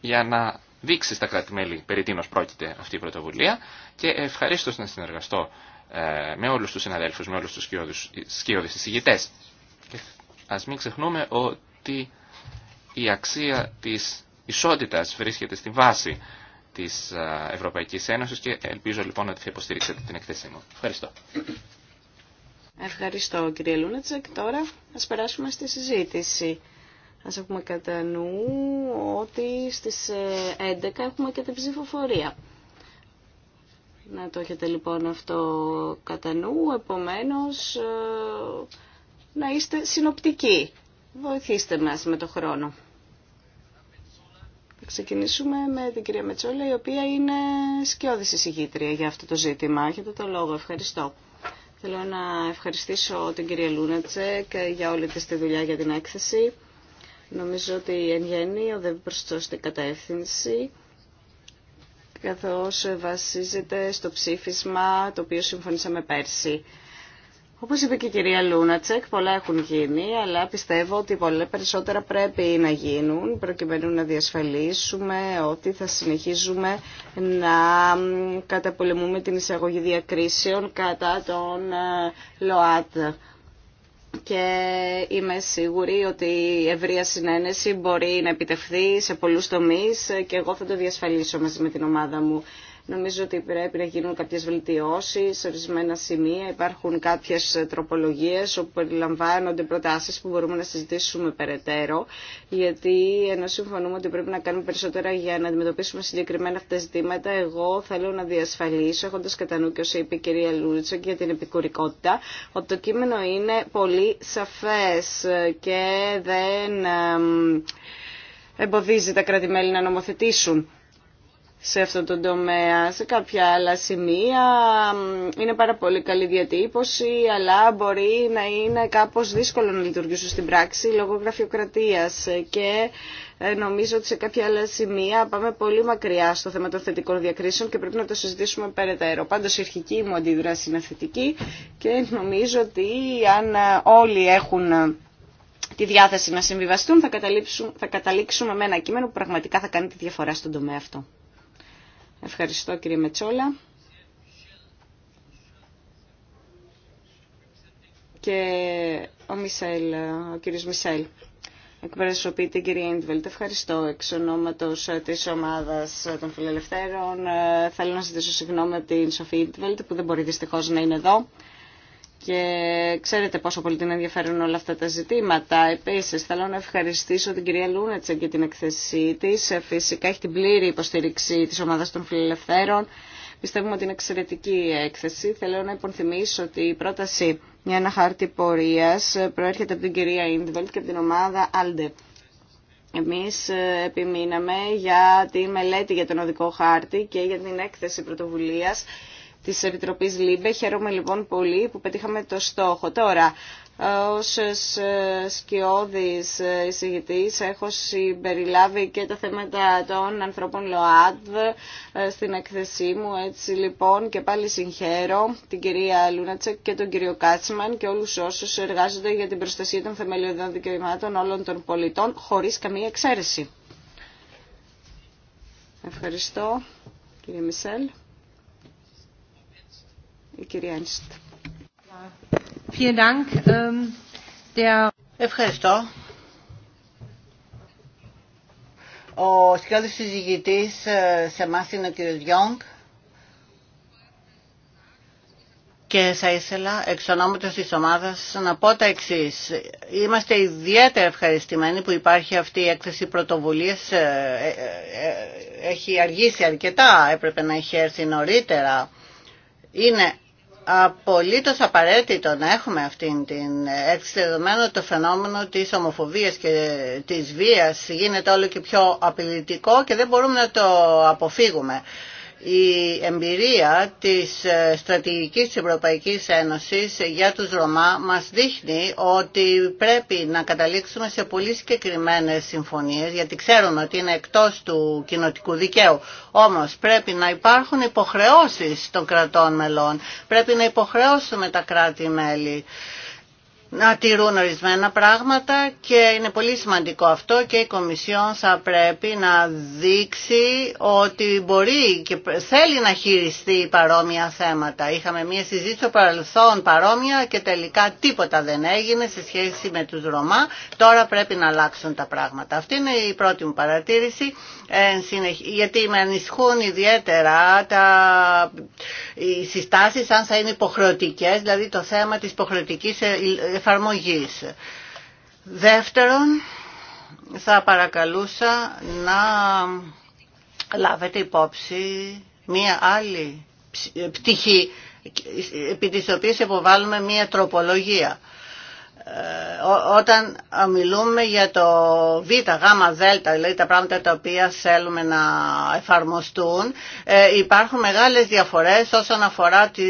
για να δείξει στα κράτη-μέλη περί τίνος πρόκειται αυτή η πρωτοβουλία και ευχαρίστως να συνεργαστώ ε, με όλους τους συναδέλφους, με όλους τους σκιώδους εισηγητές. Και ας μην ξεχνούμε ότι η αξία της ισότητας βρίσκεται στη βάση Τη ε, Ευρωπαϊκή Ένωση και ελπίζω λοιπόν ότι θα υποστηρίξετε την εκθέσή μου. Ευχαριστώ. Ευχαριστώ κύριε Λούνατσεκ. Τώρα ας περάσουμε στη συζήτηση. Ας έχουμε κατά νου ότι στις 11 ε, έχουμε και την ψηφοφορία. Να το έχετε λοιπόν αυτό κατά νου, επομένως ε, να είστε συνοπτικοί. Βοηθήστε μας με το χρόνο. Θα ξεκινήσουμε με την κυρία Μετσόλα, η οποία είναι σκιώδη εισηγήτρια για αυτό το ζήτημα. Έχετε το λόγο. Ευχαριστώ. Θέλω να ευχαριστήσω την κυρία και για όλη τη τη δουλειά για την έκθεση. Νομίζω ότι εν γέννη οδεύει προς το στην κατεύθυνση καθώς βασίζεται στο ψήφισμα το οποίο συμφωνήσαμε πέρσι. Όπως είπε και η κυρία Λούνατσεκ, πολλά έχουν γίνει, αλλά πιστεύω ότι πολλά περισσότερα πρέπει να γίνουν προκειμένου να διασφαλίσουμε ότι θα συνεχίζουμε να καταπολεμούμε την εισαγωγή διακρίσεων κατά τον ε, ΛΟΑΤ και είμαι σίγουρη ότι η ευρεία συνένεση μπορεί να επιτευχθεί σε πολλούς τομείς και εγώ θα το διασφαλίσω μαζί με την ομάδα μου. Νομίζω ότι πρέπει να γίνουν κάποιες βελτιώσεις σε ορισμένα σημεία. Υπάρχουν κάποιες τροπολογίες όπου περιλαμβάνονται προτάσεις που μπορούμε να συζητήσουμε περαιτέρω. Γιατί ενώ συμφωνούμε ότι πρέπει να κάνουμε περισσότερα για να αντιμετωπίσουμε συγκεκριμένα αυτά τα ζητήματα, εγώ θέλω να διασφαλίσω, έχοντα κατά νου και όσο είπε η κυρία Λούλτσο και για την επικουρικότητα, ότι το κείμενο είναι πολύ σαφές και δεν εμποδίζει τα κράτη-μέλη να νομοθετήσουν σε αυτόν τον τομέα, σε κάποια άλλα σημεία. Είναι πάρα πολύ καλή διατύπωση, αλλά μπορεί να είναι κάπως δύσκολο να λειτουργήσουν στην πράξη λόγω γραφειοκρατίας και ε, νομίζω ότι σε κάποια άλλα σημεία πάμε πολύ μακριά στο θέμα των θετικών διακρίσεων και πρέπει να το συζητήσουμε περαιτέρω. Πάντως η αρχική μου αντίδραση είναι θετική και νομίζω ότι αν ε, όλοι έχουν ε, τη διάθεση να συμβιβαστούν θα, θα καταλήξουμε με ένα κείμενο που πραγματικά θα κάνει τη διαφορά στον τομέα αυτό. Ευχαριστώ κύριε Μετσόλα. Και ο, Μισελ, ο κύριος Μισελ εκπροσωπεί την κυρία Ιντβελτ. Ευχαριστώ εξ ονόματο ε, της ομάδας ε, των φιλελευθέρων. Ε, θέλω να ζητήσω συγγνώμη από την Σοφή Ιντβελτ που δεν μπορεί δυστυχώ να είναι εδώ και ξέρετε πόσο πολύ την ενδιαφέρουν όλα αυτά τα ζητήματα. Επίση, θέλω να ευχαριστήσω την κυρία Λούνετσα για την εκθεσή τη. Ε, φυσικά έχει την πλήρη υποστήριξη τη ομάδα των φιλελευθέρων. Πιστεύουμε ότι είναι εξαιρετική η έκθεση. Θέλω να υπονθυμίσω ότι η πρόταση για ένα χάρτη πορεία προέρχεται από την κυρία Ιντβελτ και από την ομάδα Άλντε. Εμείς ε, επιμείναμε για τη μελέτη για τον οδικό χάρτη και για την έκθεση πρωτοβουλίας της Επιτροπής ΛΥΜΠΕ. Χαίρομαι λοιπόν πολύ που πετύχαμε το στόχο. Τώρα, ως σκιώδης ε, εισηγητής έχω συμπεριλάβει και τα θέματα των ανθρώπων ΛΟΑΔ ε, στην εκθεσή μου. Έτσι λοιπόν και πάλι συγχαίρω την κυρία Λούνατσεκ και τον κύριο Κάτσμαν και όλους όσους εργάζονται για την προστασία των θεμελιωδών δικαιωμάτων όλων των πολιτών χωρίς καμία εξαίρεση. Ευχαριστώ κύριε Μισελ κυρία Ένστ. Ähm, Ευχαριστώ. Ο σκιώδης συζηγητής ε, σε εμάς είναι ο κύριος Γιόγκ και θα ήθελα εξ ονόματος της ομάδας να πω τα εξή. Είμαστε ιδιαίτερα ευχαριστημένοι που υπάρχει αυτή η έκθεση πρωτοβουλίας. Ε, ε, έχει αργήσει αρκετά, έπρεπε να έχει έρθει νωρίτερα. Είναι απολύτως απαραίτητο να έχουμε αυτήν την έτσι το φαινόμενο της ομοφοβίας και της βίας γίνεται όλο και πιο απειλητικό και δεν μπορούμε να το αποφύγουμε η εμπειρία της ε, στρατηγικής Ευρωπαϊκής Ένωσης για τους Ρωμά μας δείχνει ότι πρέπει να καταλήξουμε σε πολύ συγκεκριμένε συμφωνίες γιατί ξέρουμε ότι είναι εκτός του κοινοτικού δικαίου. Όμως πρέπει να υπάρχουν υποχρεώσεις των κρατών μελών, πρέπει να υποχρεώσουμε τα κράτη-μέλη να τηρούν ορισμένα πράγματα και είναι πολύ σημαντικό αυτό και η Κομισιόν θα πρέπει να δείξει ότι μπορεί και θέλει να χειριστεί παρόμοια θέματα. Είχαμε μία συζήτηση στο παρελθόν παρόμοια και τελικά τίποτα δεν έγινε σε σχέση με τους Ρωμά. Τώρα πρέπει να αλλάξουν τα πράγματα. Αυτή είναι η πρώτη μου παρατήρηση γιατί με ανισχούν ιδιαίτερα τα, οι συστάσεις αν θα είναι υποχρεωτικές, δηλαδή το θέμα της υποχρεωτικής ε, εφαρμογής. Δεύτερον, θα παρακαλούσα να λάβετε υπόψη μία άλλη ε, πτυχή επί της οποίας υποβάλλουμε μία τροπολογία. Ε, όταν μιλούμε για το Β, Γ, Δ, δηλαδή τα πράγματα τα οποία θέλουμε να εφαρμοστούν, ε, υπάρχουν μεγάλες διαφορές όσον αφορά τη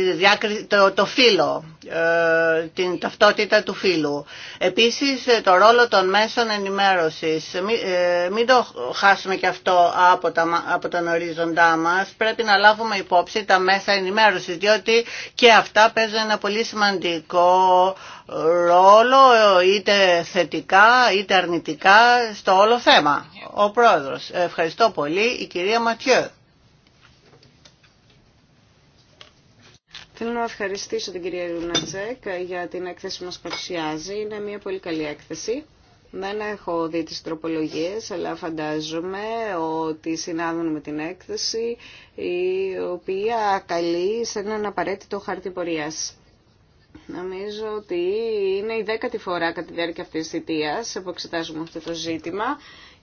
το, το φύλλο, ε, την ταυτότητα του φύλου. Επίσης, το ρόλο των μέσων ενημέρωσης. Μην το χάσουμε και αυτό από, τα, από τον ορίζοντά μας. Πρέπει να λάβουμε υπόψη τα μέσα ενημέρωσης, διότι και αυτά παίζουν ένα πολύ σημαντικό ρόλο είτε θετικά είτε αρνητικά στο όλο θέμα. Ο Πρόεδρος. Ευχαριστώ πολύ. Η κυρία Ματιέ. Θέλω να ευχαριστήσω την κυρία Ρουνατζέκ για την έκθεση που μας παρουσιάζει. Είναι μια πολύ καλή έκθεση. Δεν έχω δει τις τροπολογίες, αλλά φαντάζομαι ότι συνάδουν με την έκθεση, η οποία καλεί σε έναν απαραίτητο χαρτί πορείας. Νομίζω ότι είναι η δέκατη φορά κατά τη διάρκεια αυτής της θητείας που εξετάζουμε αυτό το ζήτημα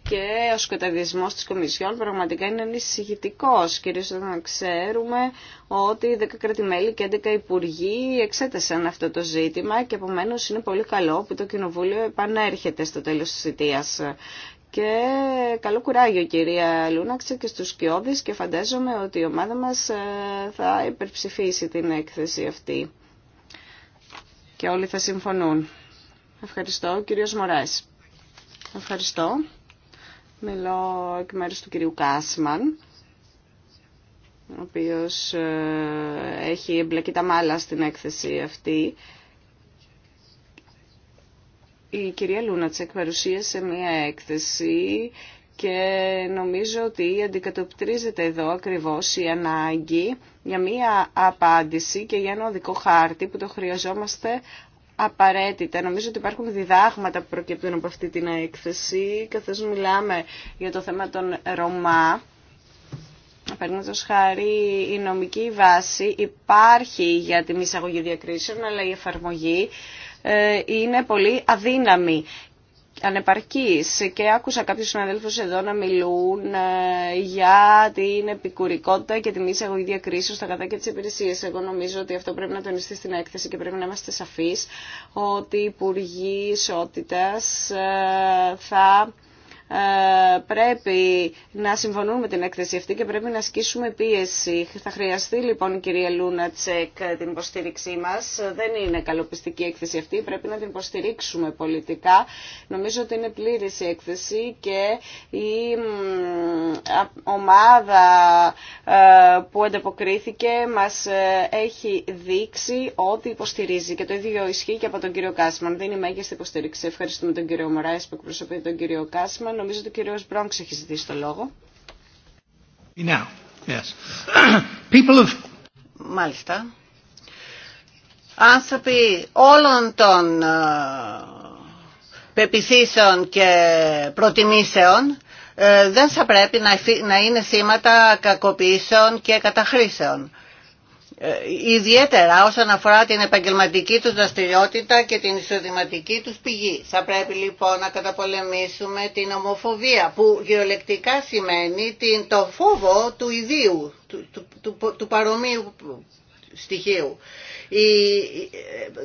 και ο σκοταδισμός της Κομισιόν πραγματικά είναι ανησυχητικό, κυρίως όταν ξέρουμε ότι 10 κρατημέλη και 11 υπουργοί εξέτασαν αυτό το ζήτημα και επομένω είναι πολύ καλό που το Κοινοβούλιο επανέρχεται στο τέλος της θητείας. Και καλό κουράγιο κυρία Λούναξε και στους Κιώδης και φαντάζομαι ότι η ομάδα μας ε, θα υπερψηφίσει την έκθεση αυτή και όλοι θα συμφωνούν. Ευχαριστώ, κύριος Μωράης. Ευχαριστώ. Μιλώ εκ μέρους του κυρίου Κάσμαν, ο οποίος ε, έχει εμπλεκεί τα μάλα στην έκθεση αυτή. Η κυρία Λούνατσεκ παρουσίασε μια έκθεση και νομίζω ότι αντικατοπτρίζεται εδώ ακριβώς η ανάγκη για μία απάντηση και για ένα οδικό χάρτη που το χρειαζόμαστε απαραίτητα. Νομίζω ότι υπάρχουν διδάγματα που προκύπτουν από αυτή την έκθεση, καθώς μιλάμε για το θέμα των Ρωμά. Παραδείγματο χάρη η νομική βάση υπάρχει για την εισαγωγή διακρίσεων, αλλά η εφαρμογή ε, είναι πολύ αδύναμη ανεπαρκής και άκουσα κάποιους συναδέλφους εδώ να μιλούν ε, για την επικουρικότητα και τη μη εισαγωγή διακρίσεως στα κατά και τις Εγώ νομίζω ότι αυτό πρέπει να τονιστεί στην έκθεση και πρέπει να είμαστε σαφείς ότι οι Υπουργοί Ισότητας ε, θα ε, πρέπει να συμφωνούμε με την έκθεση αυτή και πρέπει να ασκήσουμε πίεση. Θα χρειαστεί λοιπόν η κυρία τσεκ την υποστήριξή μας. Δεν είναι καλοπιστική έκθεση αυτή, πρέπει να την υποστηρίξουμε πολιτικά. Νομίζω ότι είναι πλήρης η έκθεση και η ομάδα ε, που ανταποκρίθηκε μας ε, έχει δείξει ότι υποστηρίζει και το ίδιο ισχύει και από τον κύριο Κάσμαν. Δεν μέγιστη υποστήριξη. Ευχαριστούμε τον κύριο Μωράης που εκπροσωπεί τον κύριο Κάσμαν Νομίζω ότι ο κύριος Μπρόγκς έχει ζητήσει το λόγο. Yes. People of... Μάλιστα. Άνθρωποι όλων των ε, πεπιθήσεων και προτιμήσεων ε, δεν θα πρέπει να είναι σήματα κακοποιήσεων και καταχρήσεων. Ε, ιδιαίτερα όσον αφορά την επαγγελματική τους δραστηριότητα και την εισοδηματική τους πηγή. Θα πρέπει λοιπόν να καταπολεμήσουμε την ομοφοβία που γεωλεκτικά σημαίνει την, το φόβο του ιδίου, του, του, του παρομοίου στοιχείου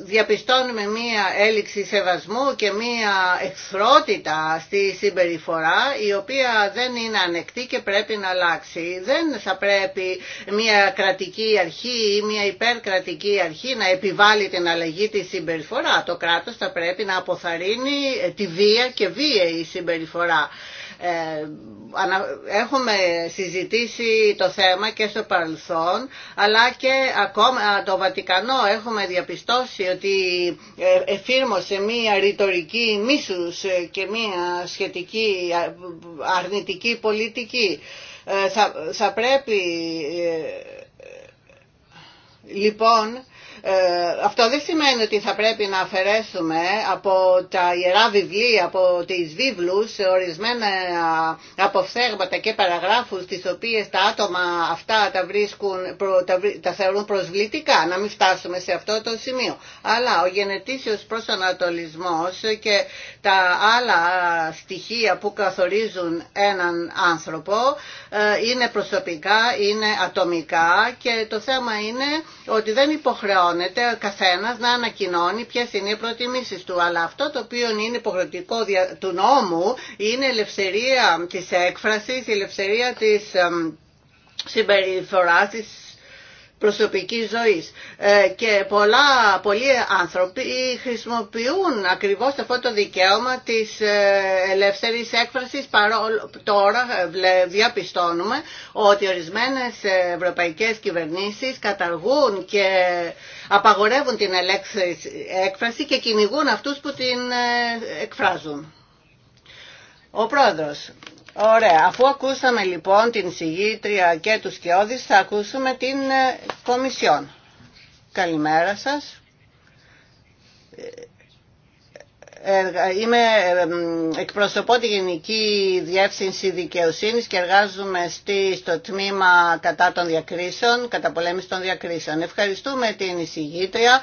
διαπιστώνουμε μία έλλειξη σεβασμού και μία εχθρότητα στη συμπεριφορά η οποία δεν είναι ανεκτή και πρέπει να αλλάξει. Δεν θα πρέπει μία κρατική αρχή ή μία υπερκρατική αρχή να επιβάλλει την αλλαγή της συμπεριφορά. Το κράτος θα πρέπει να αποθαρρύνει τη βία και βια η συμπεριφορά. Ε, έχουμε συζητήσει το θέμα και στο παρελθόν, αλλά και ακόμα το Βατικανό έχουμε διαπιστώσει ότι ε, εφήρμοσε μία ρητορική μίσους και μία σχετική αρνητική πολιτική. Ε, θα, θα πρέπει λοιπόν ε, αυτό δεν σημαίνει ότι θα πρέπει να αφαιρέσουμε από τα Ιερά Βιβλία, από τις βίβλους, ορισμένα αποφθέγματα και παραγράφους τις οποίες τα άτομα αυτά τα, βρίσκουν, τα θεωρούν προσβλητικά, να μην φτάσουμε σε αυτό το σημείο. Αλλά ο γενετήσιος προσανατολισμός και τα άλλα στοιχεία που καθορίζουν έναν άνθρωπο ε, είναι προσωπικά, είναι ατομικά και το θέμα είναι ότι δεν υποχρεώνουν υποχρεώνεται καθένας να ανακοινώνει ποιες είναι οι προτιμήσεις του. Αλλά αυτό το οποίο είναι υποχρεωτικό του νόμου είναι η ελευθερία της έκφρασης, η ελευθερία της συμπεριφοράς, προσωπικής ζωής. Ε, και πολλά, πολλοί άνθρωποι χρησιμοποιούν ακριβώς αυτό το δικαίωμα της ε, ελεύθερης έκφρασης. Παρόλο, τώρα ε, διαπιστώνουμε ότι ορισμένες ευρωπαϊκές κυβερνήσεις καταργούν και απαγορεύουν την ελεύθερη έκφραση και κυνηγούν αυτούς που την εκφράζουν. Ο πρόεδρος, Ωραία. Αφού ακούσαμε λοιπόν την συγγήτρια και τους Κιώδης, θα ακούσουμε την ε, Κομισιόν. Καλημέρα σας. Ε, Είμαι, εκπροσωπώ τη Γενική Διεύθυνση Δικαιοσύνης και εργάζομαι στη, στο τμήμα κατά των διακρίσεων, κατά πολέμηση των διακρίσεων. Ευχαριστούμε την εισηγήτρια,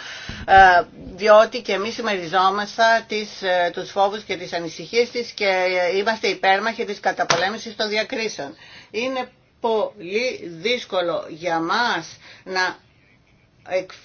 ε, διότι και εμείς συμμεριζόμαστε τις, ε, τους φόβους και τις ανησυχίες της και ε, είμαστε υπέρμαχοι της καταπολέμησης των διακρίσεων. Είναι πολύ δύσκολο για μας να εκφράσουμε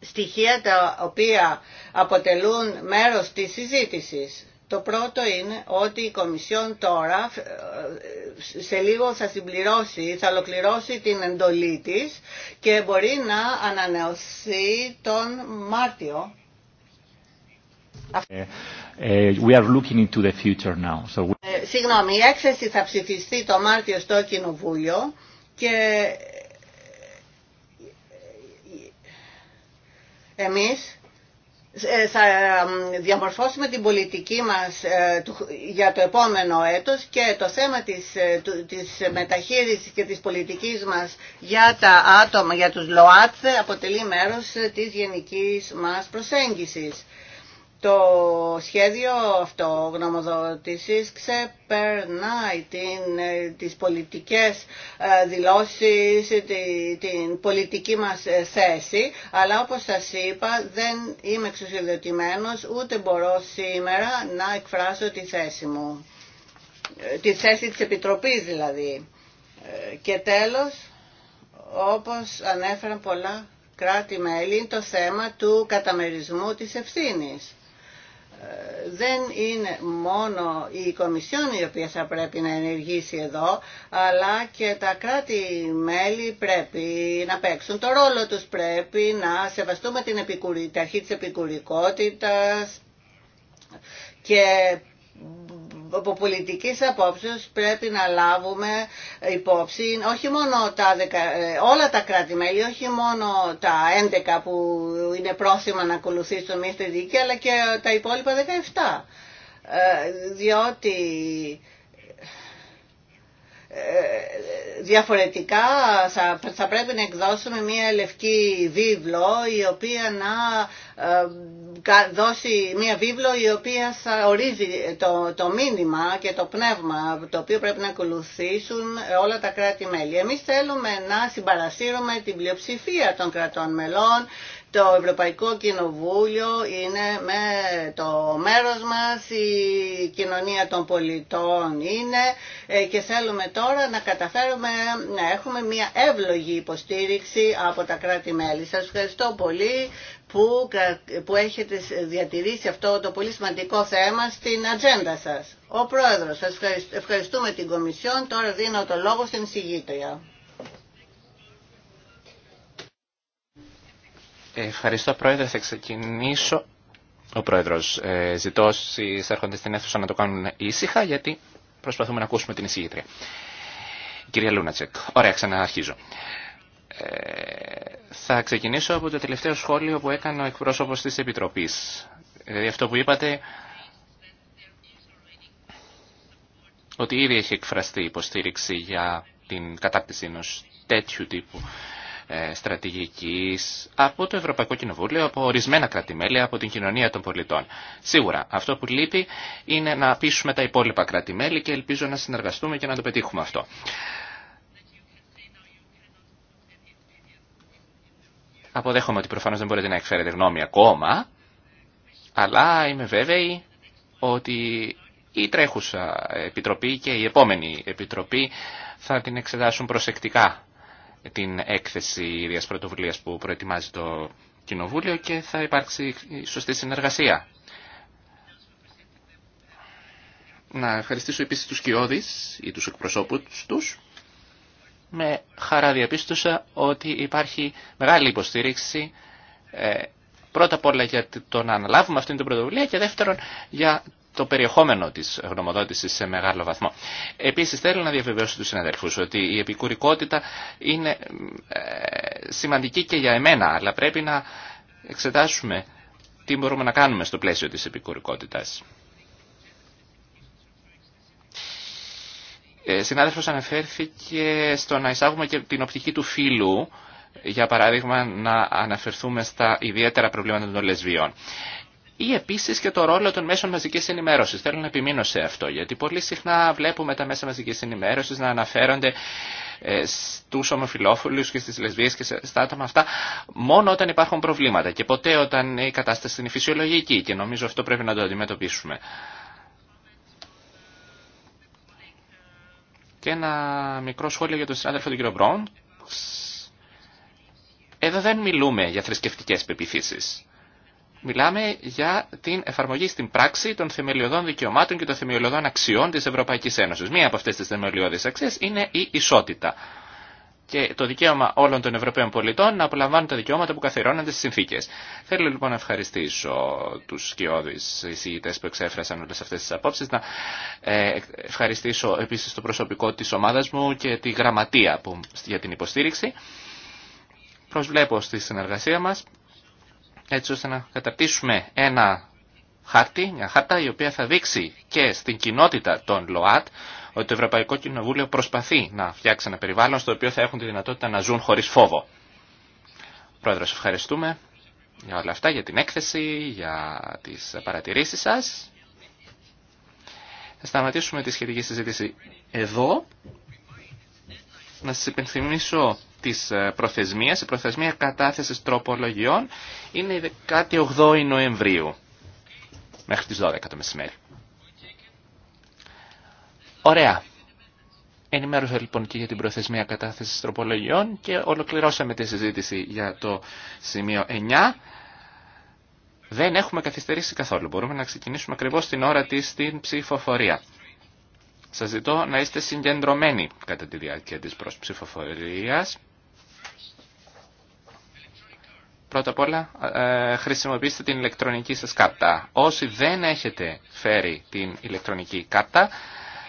στοιχεία τα οποία αποτελούν μέρος της συζήτησης. Το πρώτο είναι ότι η Κομισιόν τώρα ε, ε, σε λίγο θα συμπληρώσει, θα ολοκληρώσει την εντολή της και μπορεί να ανανεωθεί τον Μάρτιο. Ε, we are looking into the future now. So... συγγνώμη, η έκθεση θα ψηφιστεί το Μάρτιο στο Κοινοβούλιο και Εμείς ε, θα διαμορφώσουμε την πολιτική μας ε, για το επόμενο έτος και το θέμα της, ε, της μεταχείρισης και της πολιτικής μας για τα άτομα, για τους ΛΟΑΤ αποτελεί μέρος της γενικής μας προσέγγισης. Το σχέδιο αυτό γνωμοδότησης ξεπερνάει την, ε, τις πολιτικές ε, δηλώσεις, την, την πολιτική μας ε, θέση, αλλά όπως σας είπα δεν είμαι εξουσιοδοτημένος, ούτε μπορώ σήμερα να εκφράσω τη θέση μου. Τη θέση της Επιτροπής δηλαδή. Και τέλος, όπως ανέφεραν πολλά κράτη-μέλη, το θέμα του καταμερισμού της ευθύνης δεν είναι μόνο η Κομισιόν η οποία θα πρέπει να ενεργήσει εδώ, αλλά και τα κράτη-μέλη πρέπει να παίξουν το ρόλο τους, πρέπει να σεβαστούμε την, την αρχή της επικουρικότητας και από πολιτικής απόψεω πρέπει να λάβουμε υπόψη όχι μόνο τα δεκα, ε, όλα τα κράτη-μέλη, όχι μόνο τα 11 που είναι πρόθυμα να ακολουθήσουν μια στρατηγική, αλλά και τα υπόλοιπα 17. Ε, διότι ε, διαφορετικά θα, πρέπει να εκδώσουμε μία λευκή βίβλο η οποία να ε, δώσει μία βίβλο η οποία θα ορίζει το, το μήνυμα και το πνεύμα το οποίο πρέπει να ακολουθήσουν όλα τα κράτη-μέλη. Εμείς θέλουμε να συμπαρασύρουμε την πλειοψηφία των κρατών μελών το Ευρωπαϊκό Κοινοβούλιο είναι με το μέρος μας, η κοινωνία των πολιτών είναι ε, και θέλουμε τώρα να καταφέρουμε να έχουμε μια εύλογη υποστήριξη από τα κράτη-μέλη. Σας ευχαριστώ πολύ που, έχετε διατηρήσει αυτό το πολύ σημαντικό θέμα στην ατζέντα σας. Ο Πρόεδρος, σας ευχαριστούμε την Κομισιόν, τώρα δίνω το λόγο στην συγγήτρια. Ευχαριστώ Πρόεδρε. Θα ξεκινήσω. Ο Πρόεδρος ε, ζητώ όσοι έρχονται στην αίθουσα να το κάνουν ήσυχα γιατί προσπαθούμε να ακούσουμε την εισηγήτρια. κυρία Λούνατσεκ. Ωραία, ξαναρχίζω. Ε, θα ξεκινήσω από το τελευταίο σχόλιο που έκανε ο εκπρόσωπος της Επιτροπής. Δηλαδή αυτό που είπατε ότι ήδη έχει εκφραστεί υποστήριξη για την κατάκτηση ενός τέτοιου τύπου ε, στρατηγικής από το Ευρωπαϊκό Κοινοβούλιο, από ορισμένα κρατημέλη, από την κοινωνία των πολιτών. Σίγουρα αυτό που λείπει είναι να πείσουμε τα υπόλοιπα κρατημέλη και ελπίζω να συνεργαστούμε και να το πετύχουμε αυτό. Αποδέχομαι ότι προφανώς δεν μπορείτε να εκφέρετε γνώμη ακόμα, αλλά είμαι βέβαιη ότι η τρέχουσα επιτροπή και η επόμενη επιτροπή θα την εξετάσουν προσεκτικά την έκθεση ίδιας πρωτοβουλία που προετοιμάζει το Κοινοβούλιο και θα υπάρξει σωστή συνεργασία. Να ευχαριστήσω επίσης τους κοιόδης ή τους εκπροσώπους τους. Με χαρά διαπίστωσα ότι υπάρχει μεγάλη υποστήριξη ε, πρώτα απ' όλα για το να αναλάβουμε αυτήν την πρωτοβουλία και δεύτερον για το περιεχόμενο της γνωμοδότησης σε μεγάλο βαθμό. Επίσης θέλω να διαβεβαιώσω τους συναδελφούς ότι η επικουρικότητα είναι ε, σημαντική και για εμένα, αλλά πρέπει να εξετάσουμε τι μπορούμε να κάνουμε στο πλαίσιο της επικουρικότητας. Ε, συνάδελφος αναφέρθηκε στο να εισάγουμε και την οπτική του φίλου για παράδειγμα να αναφερθούμε στα ιδιαίτερα προβλήματα των λεσβιών ή επίση και το ρόλο των μέσων μαζικής ενημέρωση. Θέλω να επιμείνω σε αυτό, γιατί πολύ συχνά βλέπουμε τα μέσα μαζικής ενημέρωση να αναφέρονται ε, στου ομοφυλόφιλου και στι λεσβείε και στα άτομα αυτά μόνο όταν υπάρχουν προβλήματα και ποτέ όταν η κατάσταση είναι φυσιολογική και νομίζω αυτό πρέπει να το αντιμετωπίσουμε. Και ένα μικρό σχόλιο για τον συνάδελφο τον κύριο Μπρόν. Εδώ δεν μιλούμε για θρησκευτικές πεπιθήσεις. Μιλάμε για την εφαρμογή στην πράξη των θεμελιωδών δικαιωμάτων και των θεμελιωδών αξιών της Ευρωπαϊκής Ένωσης. Μία από αυτές τις θεμελιώδεις αξίες είναι η ισότητα και το δικαίωμα όλων των Ευρωπαίων πολιτών να απολαμβάνουν τα δικαιώματα που καθιερώνονται στι συνθήκε. Θέλω λοιπόν να ευχαριστήσω του σκιώδει εισηγητέ που εξέφρασαν όλε αυτέ τι απόψει, να ε, ευχαριστήσω επίση το προσωπικό τη ομάδα μου και τη γραμματεία για την υποστήριξη. Προσβλέπω στη συνεργασία μα έτσι ώστε να καταρτήσουμε ένα χάρτη, μια χάρτα η οποία θα δείξει και στην κοινότητα των ΛΟΑΤ ότι το Ευρωπαϊκό Κοινοβούλιο προσπαθεί να φτιάξει ένα περιβάλλον στο οποίο θα έχουν τη δυνατότητα να ζουν χωρίς φόβο. Πρόεδρος, ευχαριστούμε για όλα αυτά, για την έκθεση, για τις παρατηρήσεις σας. Θα σταματήσουμε τη σχετική συζήτηση εδώ. Να σας υπενθυμίσω της ε, προθεσμίας. Η προθεσμία κατάθεσης τροπολογιών είναι η 18η Νοεμβρίου μέχρι τις 12 το μεσημέρι. Ωραία. Ενημέρωσα λοιπόν και για την προθεσμία κατάθεσης τροπολογιών και ολοκληρώσαμε τη συζήτηση για το σημείο 9. Δεν έχουμε καθυστερήσει καθόλου. Μπορούμε να ξεκινήσουμε ακριβώς την ώρα της στην ψηφοφορία. Σα ζητώ να είστε συγκεντρωμένοι κατά τη διάρκεια της ψηφοφορίας. Πρώτα απ' όλα ε, χρησιμοποιήστε την ηλεκτρονική σας κάρτα. Όσοι δεν έχετε φέρει την ηλεκτρονική κάρτα,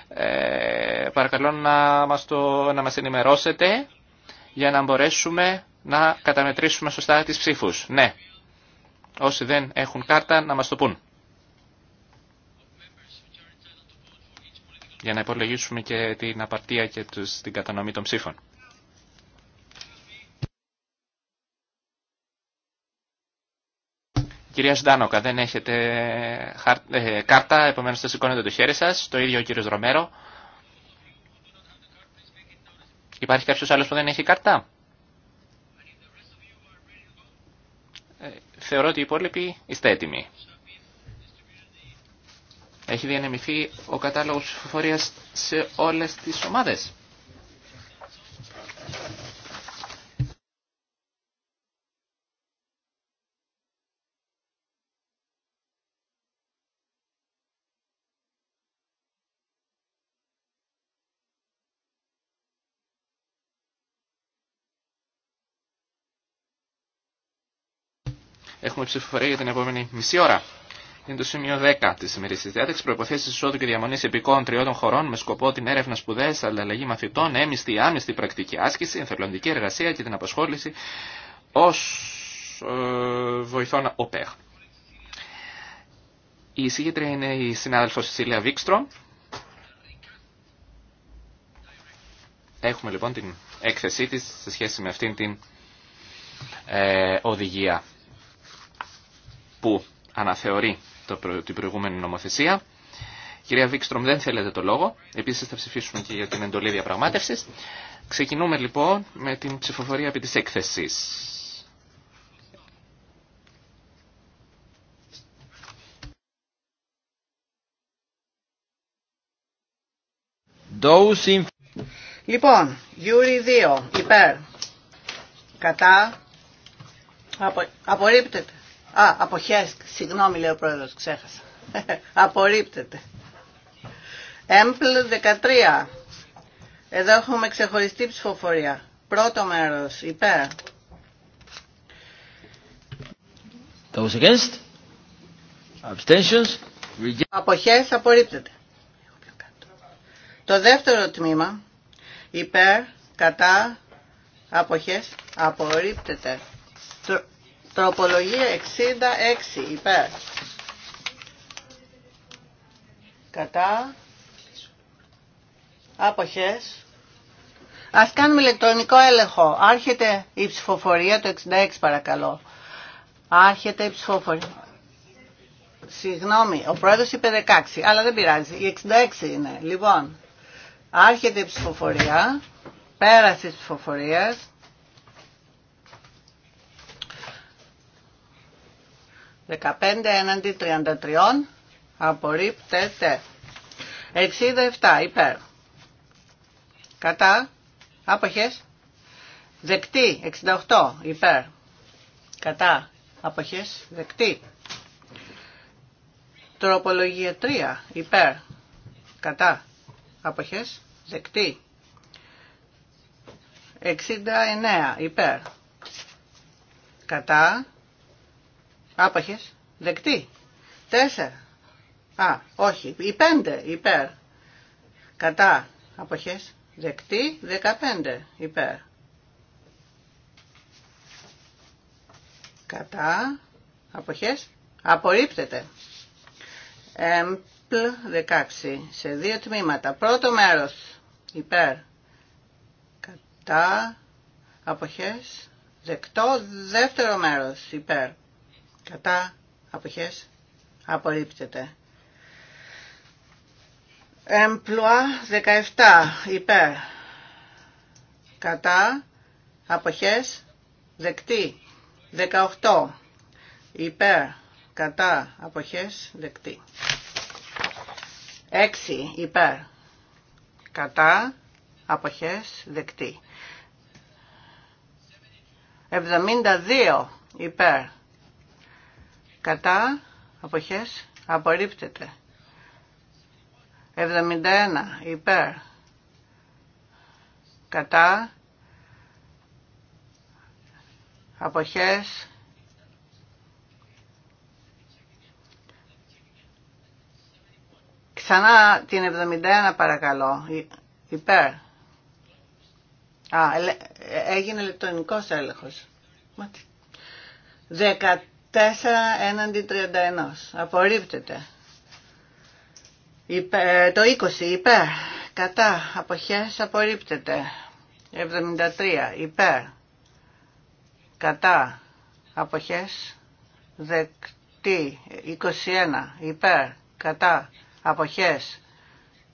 ε, παρακαλώ να μας, το, να μας ενημερώσετε για να μπορέσουμε να καταμετρήσουμε σωστά τις ψήφους. Ναι, όσοι δεν έχουν κάρτα να μας το πούν. Για να υπολογίσουμε και την απαρτία και την κατανομή των ψήφων. Κυρία Ζντάνοκα, δεν έχετε ε, κάρτα, επομένως θα σηκώνετε το χέρι σας. Το ίδιο ο κύριος Ρομέρο. Υπάρχει κάποιος άλλος που δεν έχει κάρτα. Ε, θεωρώ ότι οι υπόλοιποι είστε έτοιμοι. Έχει διανεμηθεί ο κατάλογος φορείας σε όλες τις ομάδες. Έχουμε ψηφοφορία για την επόμενη μισή ώρα. Είναι το σημείο 10 τη ημερήσια διάταξη. Προποθέσει εισόδου και διαμονή επικών τριών χωρών με σκοπό την έρευνα, σπουδέ, αλλαγή μαθητών, έμιστη, ή άμιστη πρακτική άσκηση, ενθελοντική εργασία και την απασχόληση ω ε, βοηθών ΟΠΕΧ. Η εισηγήτρια είναι η συνάδελφο Σιλία Βίξτρο. Έχουμε λοιπόν την έκθεσή τη σε σχέση με αυτήν την ε, οδηγία που αναθεωρεί την προηγούμενη νομοθεσία. Κυρία Βίξτρομ, δεν θέλετε το λόγο. Επίση θα ψηφίσουμε και για την εντολή διαπραγμάτευση. Ξεκινούμε λοιπόν με την ψηφοφορία επί τη έκθεση. Λοιπόν, Γιούρι 2, υπέρ, κατά, απο, απορρίπτεται. Α, αποχές, συγγνώμη λέει ο πρόεδρος, ξέχασα. Απορρίπτεται. Έμπλ 13. Εδώ έχουμε ξεχωριστή ψηφοφορία. Πρώτο μέρος, υπέρ. Those against. Abstentions. Αποχές απορρίπτεται. Το δεύτερο τμήμα, υπέρ, κατά, αποχές, απορρίπτεται. Τροπολογία 66 υπέρ. Κατά. Άποχες. Ας κάνουμε ηλεκτρονικό έλεγχο. Άρχεται η ψηφοφορία, το 66 παρακαλώ. Άρχεται η ψηφοφορία. Συγγνώμη, ο πρόεδρος είπε 16, αλλά δεν πειράζει. Η 66 είναι. Λοιπόν, άρχεται η ψηφοφορία, πέρασε η ψηφοφορία... 15 έναντι 33 απορρίπτεται. 67 υπέρ. Κατά. Άποχες. Δεκτή. 68 υπέρ. Κατά. Άποχες. Δεκτή. Τροπολογία 3 υπέρ. Κατά. Άποχες. Δεκτή. 69 υπέρ. Κατά. Άποχες. Δεκτή. Τέσσερα. Α, όχι. οι πέντε υπέρ. Κατά. Άποχες. Δεκτή. Δεκαπέντε υπέρ. Κατά. Αποχές. Απορρίπτεται. Εμπλ 16. Σε δύο τμήματα. Πρώτο μέρος. Υπέρ. Κατά. Αποχές. Δεκτό. Δεύτερο μέρος. Υπέρ κατά αποχές απορρίπτεται. Εμπλουά 17 υπέρ κατά αποχές δεκτή. 18 υπέρ κατά αποχές δεκτή. 6 υπέρ κατά αποχές δεκτή. 72 υπέρ κατά, αποχές, απορρίπτεται. 71 υπέρ, κατά, αποχές, Ξανά την 71 παρακαλώ, υπέρ. Α, ε, έγινε ηλεκτρονικός έλεγχος. 4 έναντι 31. Απορρίπτεται. Υπέ, ε, το 20 υπέρ. Κατά. Αποχές απορρίπτεται. 73 υπέρ. Κατά. Αποχές δεκτή. 21 υπέρ. Κατά. Αποχές.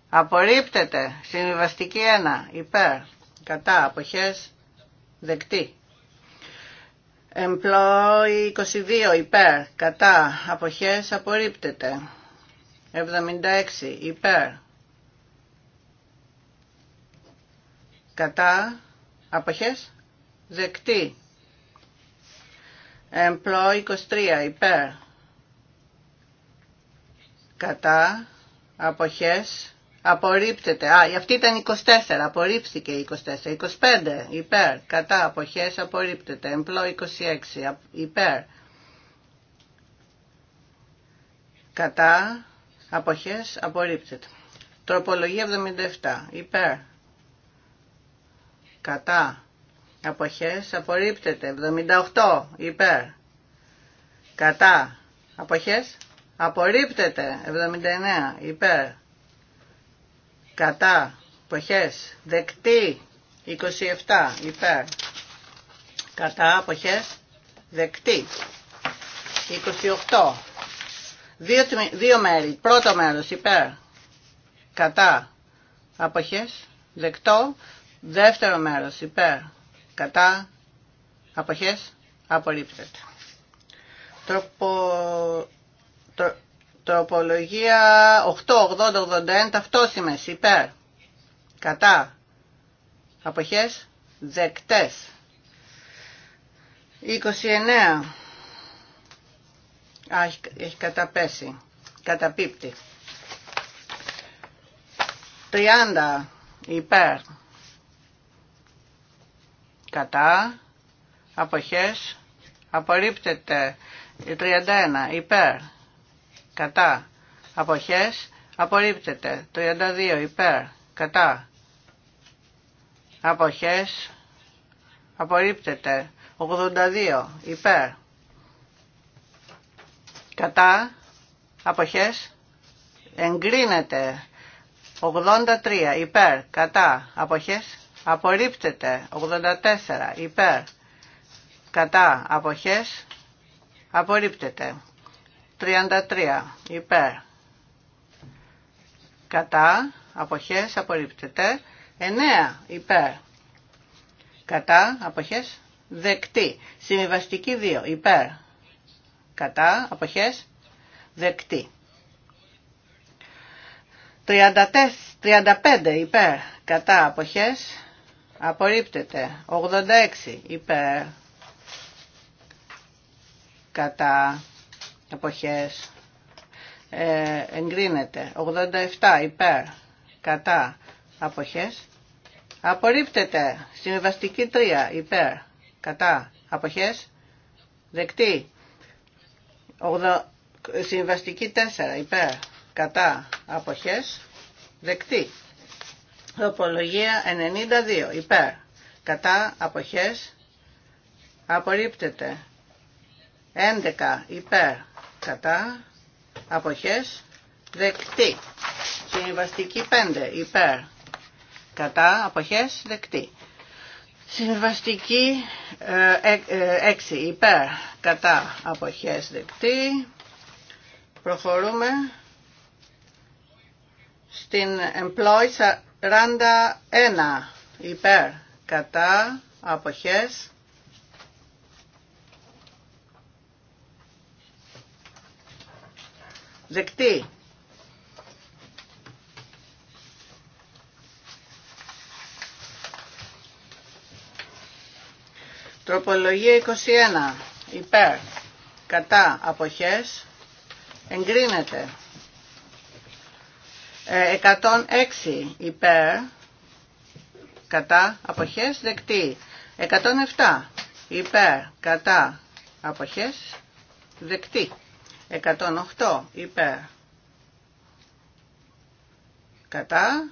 Απορρίπτεται. Συμβιβαστική 1 υπέρ. Κατά. Αποχές δεκτή. Employ 22 υπέρ, κατά, αποχές απορρίπτεται. 76 υπέρ, κατά, αποχές δεκτή. Employ 23 υπέρ, κατά, αποχές Απορρίπτεται. Α, αυτή ήταν 24. απορρίφθηκε 24. 25. Υπέρ. Κατά. Αποχές. Απορρίπτεται. Εμπλό 26. Υπέρ. Κατά. Αποχές. Απορρίπτεται. Τροπολογία 77. Υπέρ. Κατά. Αποχές. Απορρίπτεται. 78. Υπέρ. Κατά. Αποχές. Απορρίπτεται. 79. Υπέρ κατά, αποχές, δεκτή, 27 υπέρ, κατά, αποχές, δεκτή, 28, δύο, δύο μέρη, πρώτο μέρος υπέρ, κατά, αποχές, δεκτό, δεύτερο μέρος υπέρ, κατά, αποχές, απορρίπτεται. Τροπο... Τροπολογία 8, 80, 81, ταυτόσημες, υπέρ. Κατά. Αποχές δεκτές. 29. έχει, έχει καταπέσει. Καταπίπτει. 30. Υπέρ. Κατά. Αποχές. Απορρίπτεται. 31. Υπέρ κατά, αποχές, απορρίπτεται. 32 υπέρ, κατά, αποχές, απορρίπτεται. 82 υπέρ, κατά, αποχές, εγκρίνεται. 83 υπέρ, κατά, αποχές, απορρίπτεται. 84 υπέρ, κατά, αποχές, απορρίπτεται. 33 υπέρ κατά αποχές απορρίπτεται 9 υπέρ κατά αποχές δεκτή συμβιβαστική 2 υπέρ κατά αποχές δεκτή 35 υπέρ κατά αποχές απορρίπτεται 86 υπέρ κατά εποχές ε, εγκρίνεται 87 υπέρ κατά αποχές απορρίπτεται Συμβαστική 3 υπέρ κατά αποχές δεκτή Συμβαστική 4 υπέρ κατά αποχές δεκτή Οπολογία 92 υπέρ κατά αποχές απορρίπτεται 11 υπέρ κατά, αποχές, δεκτή. Συμβαστική 5, υπέρ, κατά, αποχές, δεκτή. Συμβαστική 6, ε, ε, ε, υπέρ, κατά, αποχές, δεκτή. Προχωρούμε στην employ 41, υπέρ, κατά, αποχές, Δεκτή. Τροπολογία 21. Υπέρ. Κατά. Αποχές. Εγκρίνεται. 106. Ε, Υπέρ. Κατά. Αποχές. Δεκτή. 107. Υπέρ. Κατά. Αποχές. Δεκτή. 108 υπέρ. Κατά.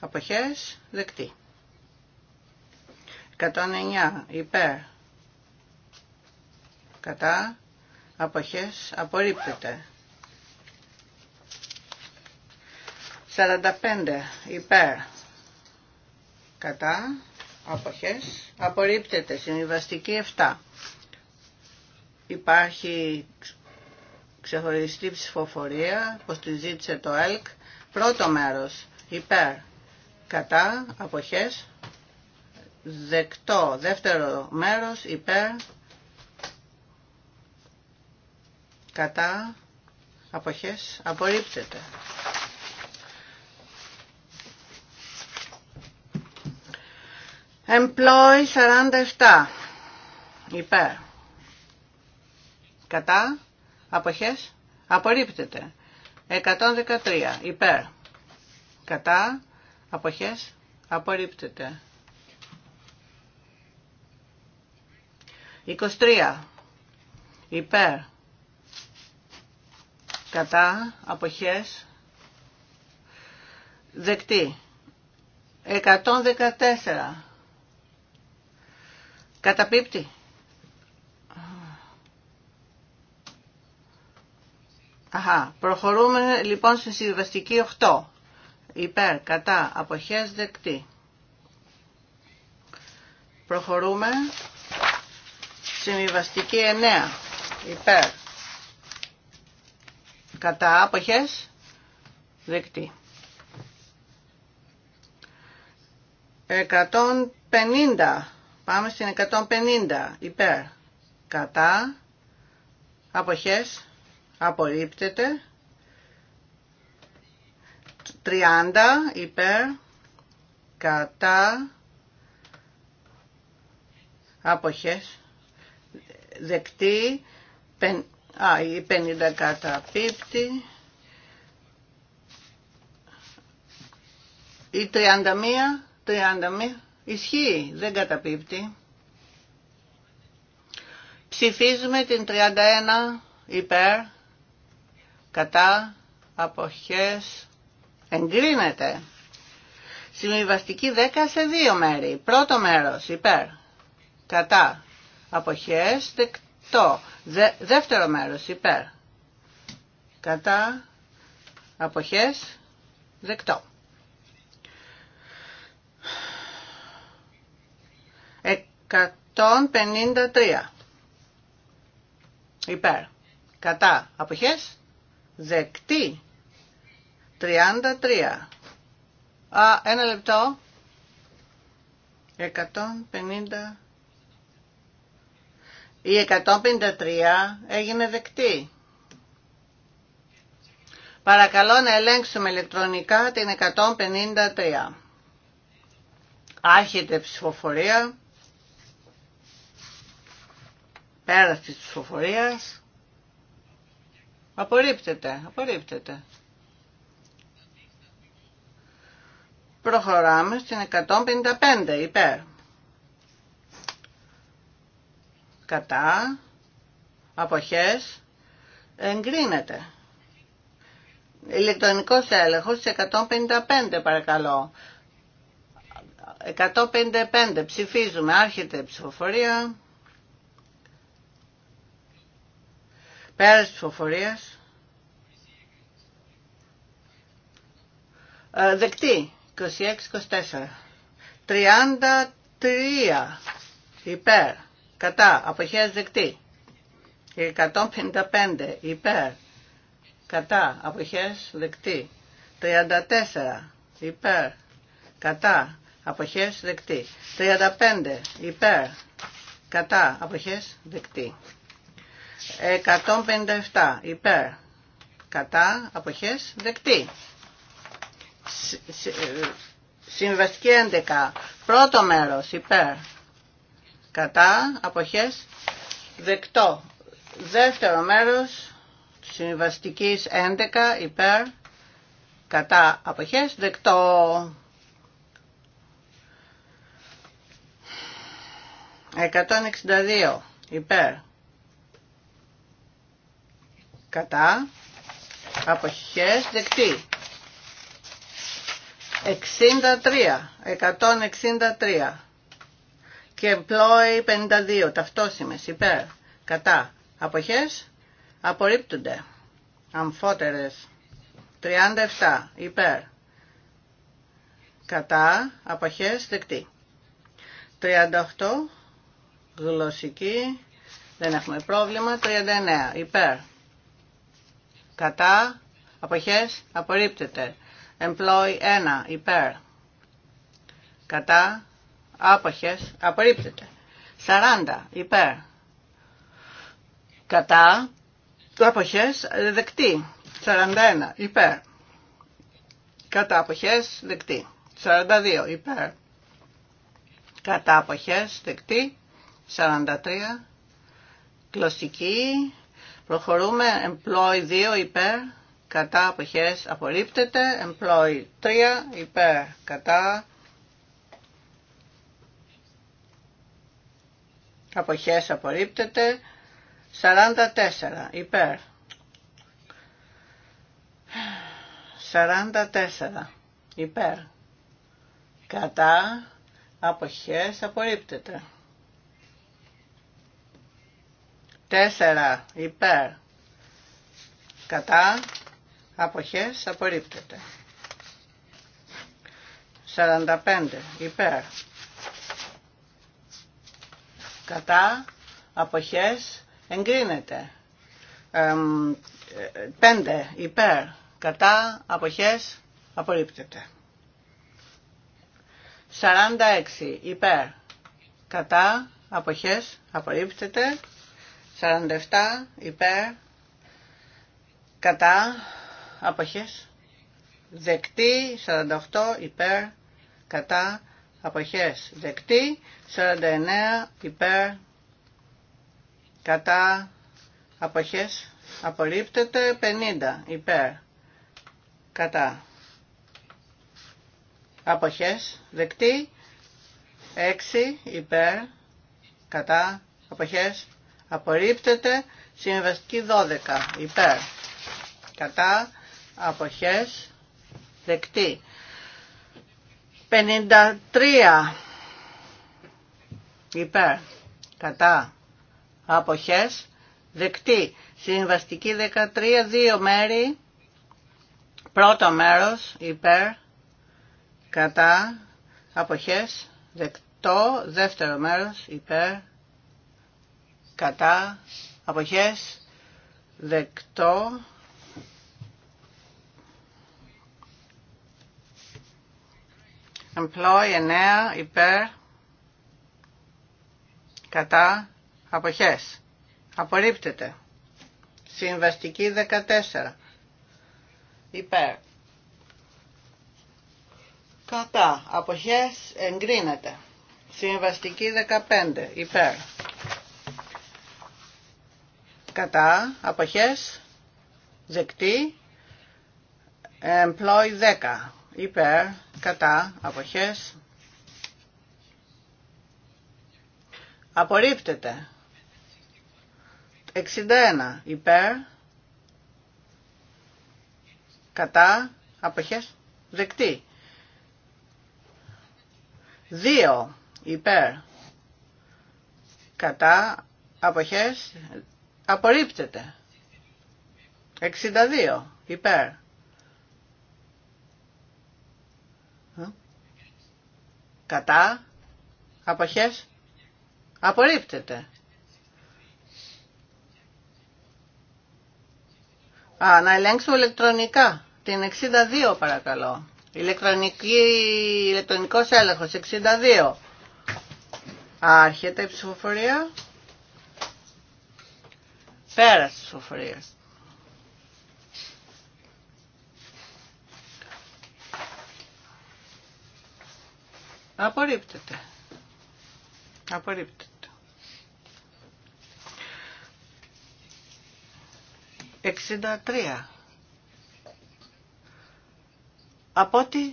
Αποχές. Δεκτή. 109 υπέρ. Κατά. Αποχές. Απορρίπτεται. 45 υπέρ. Κατά. Αποχές. Απορρίπτεται. Συμβιβαστική 7. Υπάρχει Ξεχωριστή ψηφοφορία, πως τη ζήτησε το ΕΛΚ. Πρώτο μέρος, υπέρ, κατά, αποχές, δεκτό. Δεύτερο μέρος, υπέρ, κατά, αποχές, απορρίπτεται. Employ 47. Υπέρ. Κατά. Αποχές. Απορρίπτεται. 113. Υπέρ. Κατά. Αποχές. Απορρίπτεται. 23. Υπέρ. Κατά. Αποχές. Δεκτή. 114. Καταπίπτει. Αχα, προχωρούμε λοιπόν στην συμβαστική 8. Υπέρ, κατά, αποχές, δεκτή. Προχωρούμε συμβιβαστική 9. Υπέρ. Κατά άποχες. Δεκτή. 150. Πάμε στην 150. Υπέρ. Κατά. Αποχές απορρίπτεται 30 υπέρ κατά αποχές δεκτή α, η 50 κατά πίπτη η 31 31 ισχύει δεν καταπίπτει ψηφίζουμε την 31 υπέρ κατά, αποχές, εγκρίνεται. Συμβιβαστική 10 σε δύο μέρη. Πρώτο μέρος, υπέρ, κατά, αποχές, δεκτό. Δε, δεύτερο μέρος, υπέρ, κατά, αποχές, δεκτό. 153. Υπέρ. Κατά. Αποχές δεκτή. 33. Α, ένα λεπτό. 150. Η 153 έγινε δεκτή. Παρακαλώ να ελέγξουμε ηλεκτρονικά την 153. Άρχεται ψηφοφορία. Πέρας της ψηφοφορίας. Απορρίπτεται, απορρίπτεται. Προχωράμε στην 155 υπέρ. Κατά, αποχές, εγκρίνεται. Ηλεκτρονικός έλεγχος 155 παρακαλώ. 155 ψηφίζουμε, άρχεται η ψηφοφορία. της ψηφοφορίας. Ε, δεκτή. 26-24. 33 υπέρ. Κατά. Αποχές δεκτή. 155 υπέρ. Κατά. Αποχές δεκτή. 34 υπέρ. Κατά. Αποχές δεκτή. 35 υπέρ. Κατά. Αποχές δεκτή. 157 υπέρ κατά αποχές δεκτή. Ε, συμβαστική 11 πρώτο μέρος υπέρ κατά αποχές δεκτό. Δεύτερο μέρος συμβαστικής 11 υπέρ κατά αποχές δεκτό. 162 υπέρ κατά, αποχές, δεκτή. 63, 163 και εμπλόι 52, ταυτόσημες, υπέρ, κατά, αποχές, απορρίπτονται. Αμφότερες, 37, υπέρ, κατά, αποχές, δεκτή. 38, γλωσσική, δεν έχουμε πρόβλημα, 39, υπέρ, Κατά. Αποχές. Απορρίπτεται. Employ 1. Υπέρ. Κατά. Άποχες. Απορρίπτεται. 40. Υπέρ. Κατά. Άποχες. Δεκτή. 41. Υπέρ. Κατά αποχές δεκτή. 42. Υπέρ. Κατά αποχές δεκτή. 43. κλωστική, Προχωρούμε. Employ 2 υπέρ. Κατά αποχές απορρίπτεται. Employ 3 υπέρ. Κατά αποχές απορρίπτεται. 44 υπέρ. 44 υπέρ. Κατά αποχές απορρίπτεται. 4 υπέρ κατά αποχές απορρίπτεται. 45 υπέρ κατά αποχές εγκρίνεται. 5 υπέρ κατά αποχές απορρίπτεται. 46 υπέρ κατά αποχές απορρίπτεται. 47 υπέρ κατά αποχές δεκτή 48 υπέρ κατά αποχές δεκτή 49 υπέρ κατά αποχές απορρίπτεται 50 υπέρ κατά αποχές δεκτή 6 υπέρ κατά αποχές απορρίπτεται συμβαστική 12 υπέρ κατά αποχές δεκτή 53 υπέρ κατά αποχές δεκτή συμβαστική 13 δύο μέρη πρώτο μέρος υπέρ κατά αποχές δεκτό δεύτερο μέρος υπέρ κατά, αποχές, δεκτό. Employ 9 υπέρ, κατά, αποχές, απορρίπτεται. Συμβαστική 14 υπέρ. Κατά. Αποχές εγκρίνεται. Συμβαστική 15. Υπέρ κατά, αποχές, δεκτή, employ 10, υπέρ, κατά, αποχές, απορρίπτεται, 61, υπέρ, κατά, αποχές, δεκτή, 2, υπέρ, κατά, αποχές, Απορρίπτεται. 62. Υπέρ. Κατά. Αποχές. Απορρίπτεται. Α, να ελέγξουμε ηλεκτρονικά. Την 62 παρακαλώ. Ηλεκτρονική, ηλεκτρονικός έλεγχος 62. Άρχεται η ψηφοφορία. Πέρα τη ψηφοφορία. Απορρίπτεται. Απορρίπτεται. 63. Από ό,τι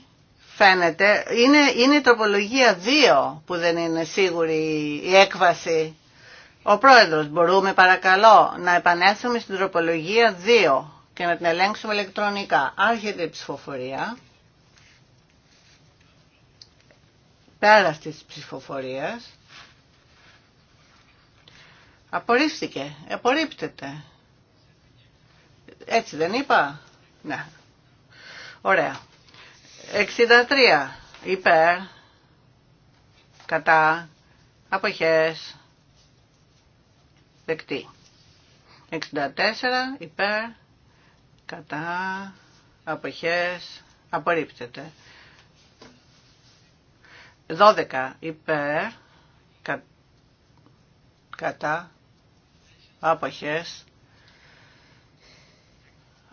φαίνεται, είναι, είναι η τροπολογία 2 που δεν είναι σίγουρη η έκβαση ο πρόεδρος, μπορούμε παρακαλώ να επανέλθουμε στην τροπολογία 2 και να την ελέγξουμε ηλεκτρονικά. Άρχεται η ψηφοφορία. Πέρας της ψηφοφορίας. Απορρίφθηκε. Απορρίπτεται. Έτσι δεν είπα. Ναι. Ωραία. 63. Υπέρ. Κατά. Αποχές Δεκτή. 64 υπέρ κατά αποχές απορρίπτεται. 12 υπέρ κα, κατά αποχές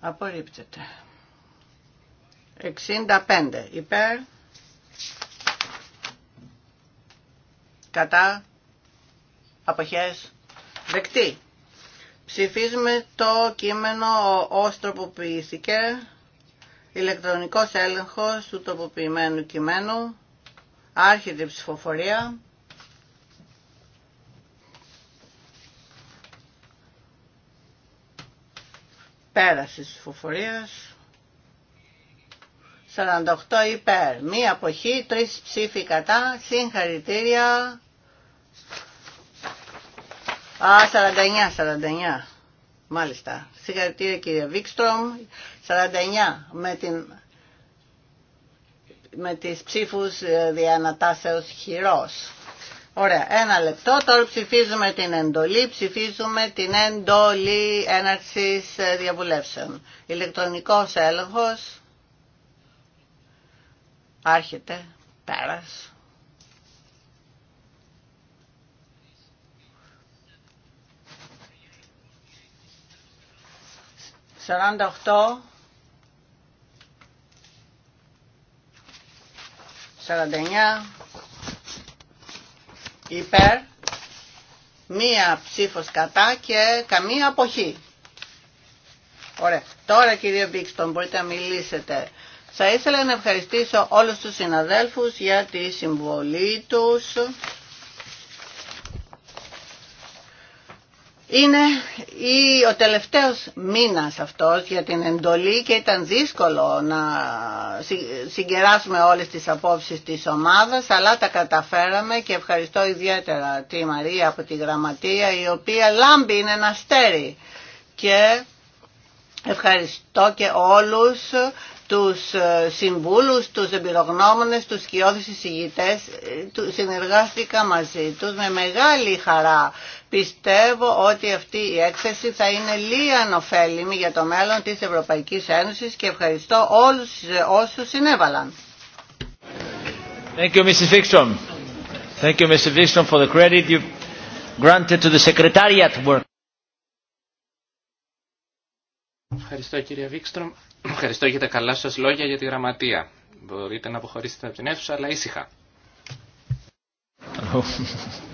απορρίπτεται. 65 υπέρ κατά αποχές Δεκτή. Ψηφίζουμε το κείμενο ως τροποποιήθηκε. Ηλεκτρονικός έλεγχος του τροποποιημένου κειμένου. Άρχεται ψηφοφορία. Πέραση της ψηφοφορίας. 48 υπέρ. Μία αποχή, τρεις ψήφοι κατά. Συγχαρητήρια Α, 49, 49. Μάλιστα. Συγχαρητήρια κύριε Βίξτρομ. 49 με, την, με τις ψήφους ε, διανατάσεως χειρός. Ωραία, ένα λεπτό. Τώρα ψηφίζουμε την εντολή, ψηφίζουμε την εντολή έναρξης ε, διαβουλεύσεων. Ηλεκτρονικός έλεγχος. Άρχεται. Πέρας. 48, 49, υπέρ, μία ψήφος κατά και καμία αποχή. Ωραία. Τώρα κύριε Μπίξτον μπορείτε να μιλήσετε. Θα ήθελα να ευχαριστήσω όλους τους συναδέλφους για τη συμβολή τους. είναι η, ο τελευταίος μήνας αυτός για την εντολή και ήταν δύσκολο να συγκεράσουμε όλες τις απόψεις της ομάδας αλλά τα καταφέραμε και ευχαριστώ ιδιαίτερα τη Μαρία από τη Γραμματεία η οποία λάμπει είναι ένα στέρι και ευχαριστώ και όλους τους ε, συμβούλους, τους εμπειρογνώμονες, τους σκιώδους εισηγητές. Ε, συνεργάστηκα μαζί τους με μεγάλη χαρά. Πιστεύω ότι αυτή η έκθεση θα είναι λίγο ωφέλιμη για το μέλλον της Ευρωπαϊκής Ένωσης και ευχαριστώ όλους ε, όσους συνέβαλαν. for credit Ευχαριστώ κύριε Βίξτρομ. Ευχαριστώ για τα καλά σας λόγια για τη γραμματεία. Μπορείτε να αποχωρήσετε από την αίθουσα, αλλά ήσυχα.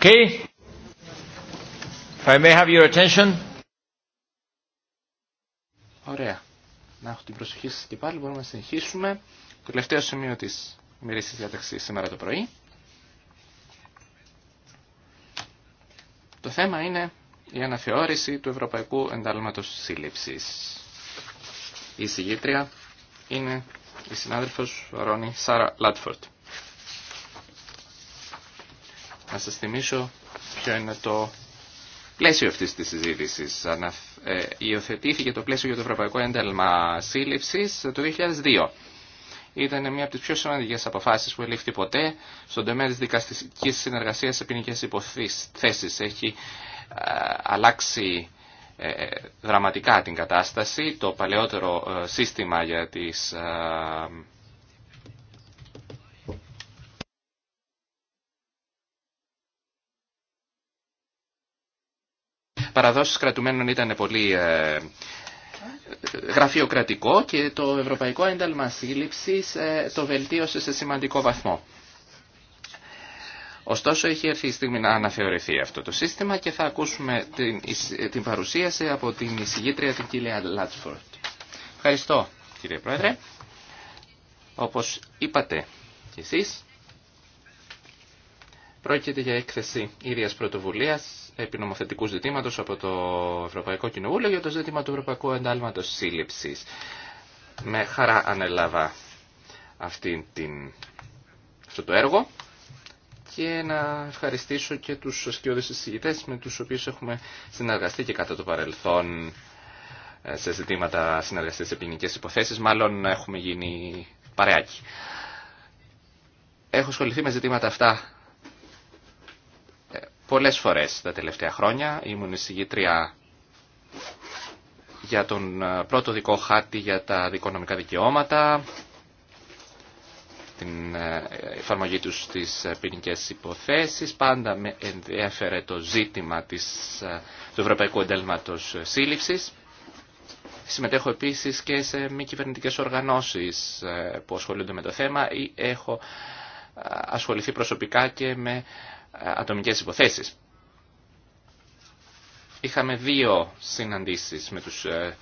Okay? If I have your attention. Ωραία. Να έχω την προσοχή σας και πάλι. Μπορούμε να συνεχίσουμε. Το τελευταίο σημείο της ημερήσιας διάταξης σήμερα το πρωί. Το θέμα είναι η αναθεώρηση του Ευρωπαϊκού Εντάλματος Σύλληψης. Η συγγήτρια είναι η συνάδελφος Ρόνι Σάρα Λάτφορτ. Να σας θυμίσω ποιο είναι το πλαίσιο αυτής της συζήτησης. Αναφ... ε, υιοθετήθηκε το πλαίσιο για το Ευρωπαϊκό Ένταλμα Σύλληψης το 2002. Ήταν μια από τις πιο σημαντικές αποφάσεις που ελήφθη ποτέ στον τομέα της δικαστικής συνεργασίας σε ποινικέ υποθέσεις. Έχει ε, αλλάξει ε, ε, δραματικά την κατάσταση. Το παλαιότερο σύστημα για τις παραδόσεις κρατουμένων ήταν πολύ ε, γραφειοκρατικό και το Ευρωπαϊκό Ένταλμα Σύλληψης ε, το βελτίωσε σε σημαντικό βαθμό. Ωστόσο, έχει έρθει η στιγμή να αναθεωρηθεί αυτό το σύστημα και θα ακούσουμε την, την παρουσίαση από την εισηγήτρια την κυρία Λάτσφορτ. Ευχαριστώ, κύριε Πρόεδρε. Όπως είπατε κι εσείς, Πρόκειται για έκθεση ίδια πρωτοβουλία επί νομοθετικού ζητήματο από το Ευρωπαϊκό Κοινοβούλιο για το ζήτημα του Ευρωπαϊκού Εντάλματο Σύλληψη. Με χαρά ανέλαβα αυτή την, αυτό το έργο και να ευχαριστήσω και τους σκιώδες συζητητέ με τους οποίου έχουμε συνεργαστεί και κατά το παρελθόν ε, σε ζητήματα συνεργασία σε ποινικέ υποθέσεις. Μάλλον έχουμε γίνει παρεάκι. Έχω ασχοληθεί με ζητήματα αυτά Πολλές φορές τα τελευταία χρόνια ήμουν εισηγήτρια για τον ε, πρώτο δικό χάρτη για τα δικονομικά δικαιώματα, την ε, εφαρμογή τους στις ε, ποινικέ υποθέσεις. Πάντα με ενδιαφέρε το ζήτημα της, του Ευρωπαϊκού Εντέλματος Σύλληψης. Συμμετέχω επίσης και σε μη κυβερνητικές οργανώσεις που ασχολούνται με το θέμα ή έχω ασχοληθεί προσωπικά και με ατομικές υποθέσεις. Είχαμε δύο συναντήσεις με τους ε,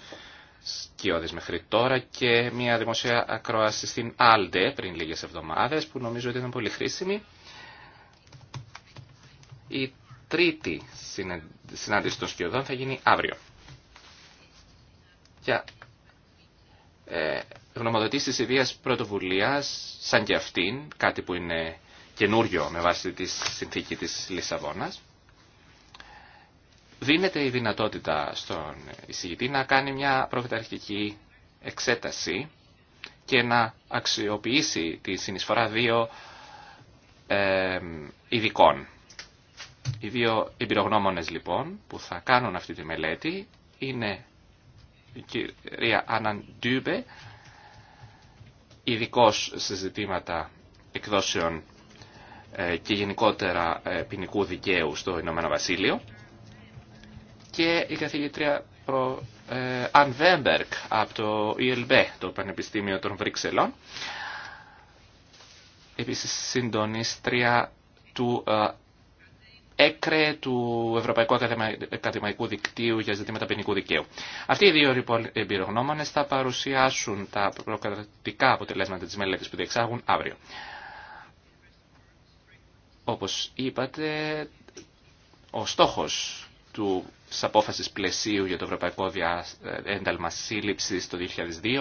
σκιώδες μέχρι τώρα και μια δημοσία ακρόαση στην Άλντε πριν λίγες εβδομάδες που νομίζω ότι ήταν πολύ χρήσιμη. Η τρίτη συνάντηση των σκιωδών θα γίνει αύριο. Για ε, γνωμοδοτήσεις ιδίας πρωτοβουλίας σαν και αυτήν, κάτι που είναι καινούριο με βάση τη συνθήκη της Λισαβόνας, δίνεται η δυνατότητα στον εισηγητή να κάνει μια προφηταρχική εξέταση και να αξιοποιήσει τη συνεισφορά δύο ε, ειδικών. Οι δύο εμπειρογνώμονες λοιπόν που θα κάνουν αυτή τη μελέτη είναι η κυρία Άναν Ντούμπε, ειδικό σε ζητήματα εκδόσεων ε, και γενικότερα ε, ποινικού δικαίου στο Ηνωμένο Βασίλειο και η καθηγήτρια προ, Αν ε, Βέμπερκ από το ELB, το Πανεπιστήμιο των Βρυξελών, επίσης συντονίστρια του έκρε του Ευρωπαϊκού Ακαδημαϊκού Δικτύου για ζητήματα ποινικού δικαίου. Αυτοί οι δύο εμπειρογνώμονε λοιπόν, εμπειρογνώμονες θα παρουσιάσουν τα προκρατικά αποτελέσματα της μελέτης που διεξάγουν αύριο. Όπως είπατε, ο στόχος του της απόφασης πλαισίου για το Ευρωπαϊκό ε, Ένταλμα Σύλληψης το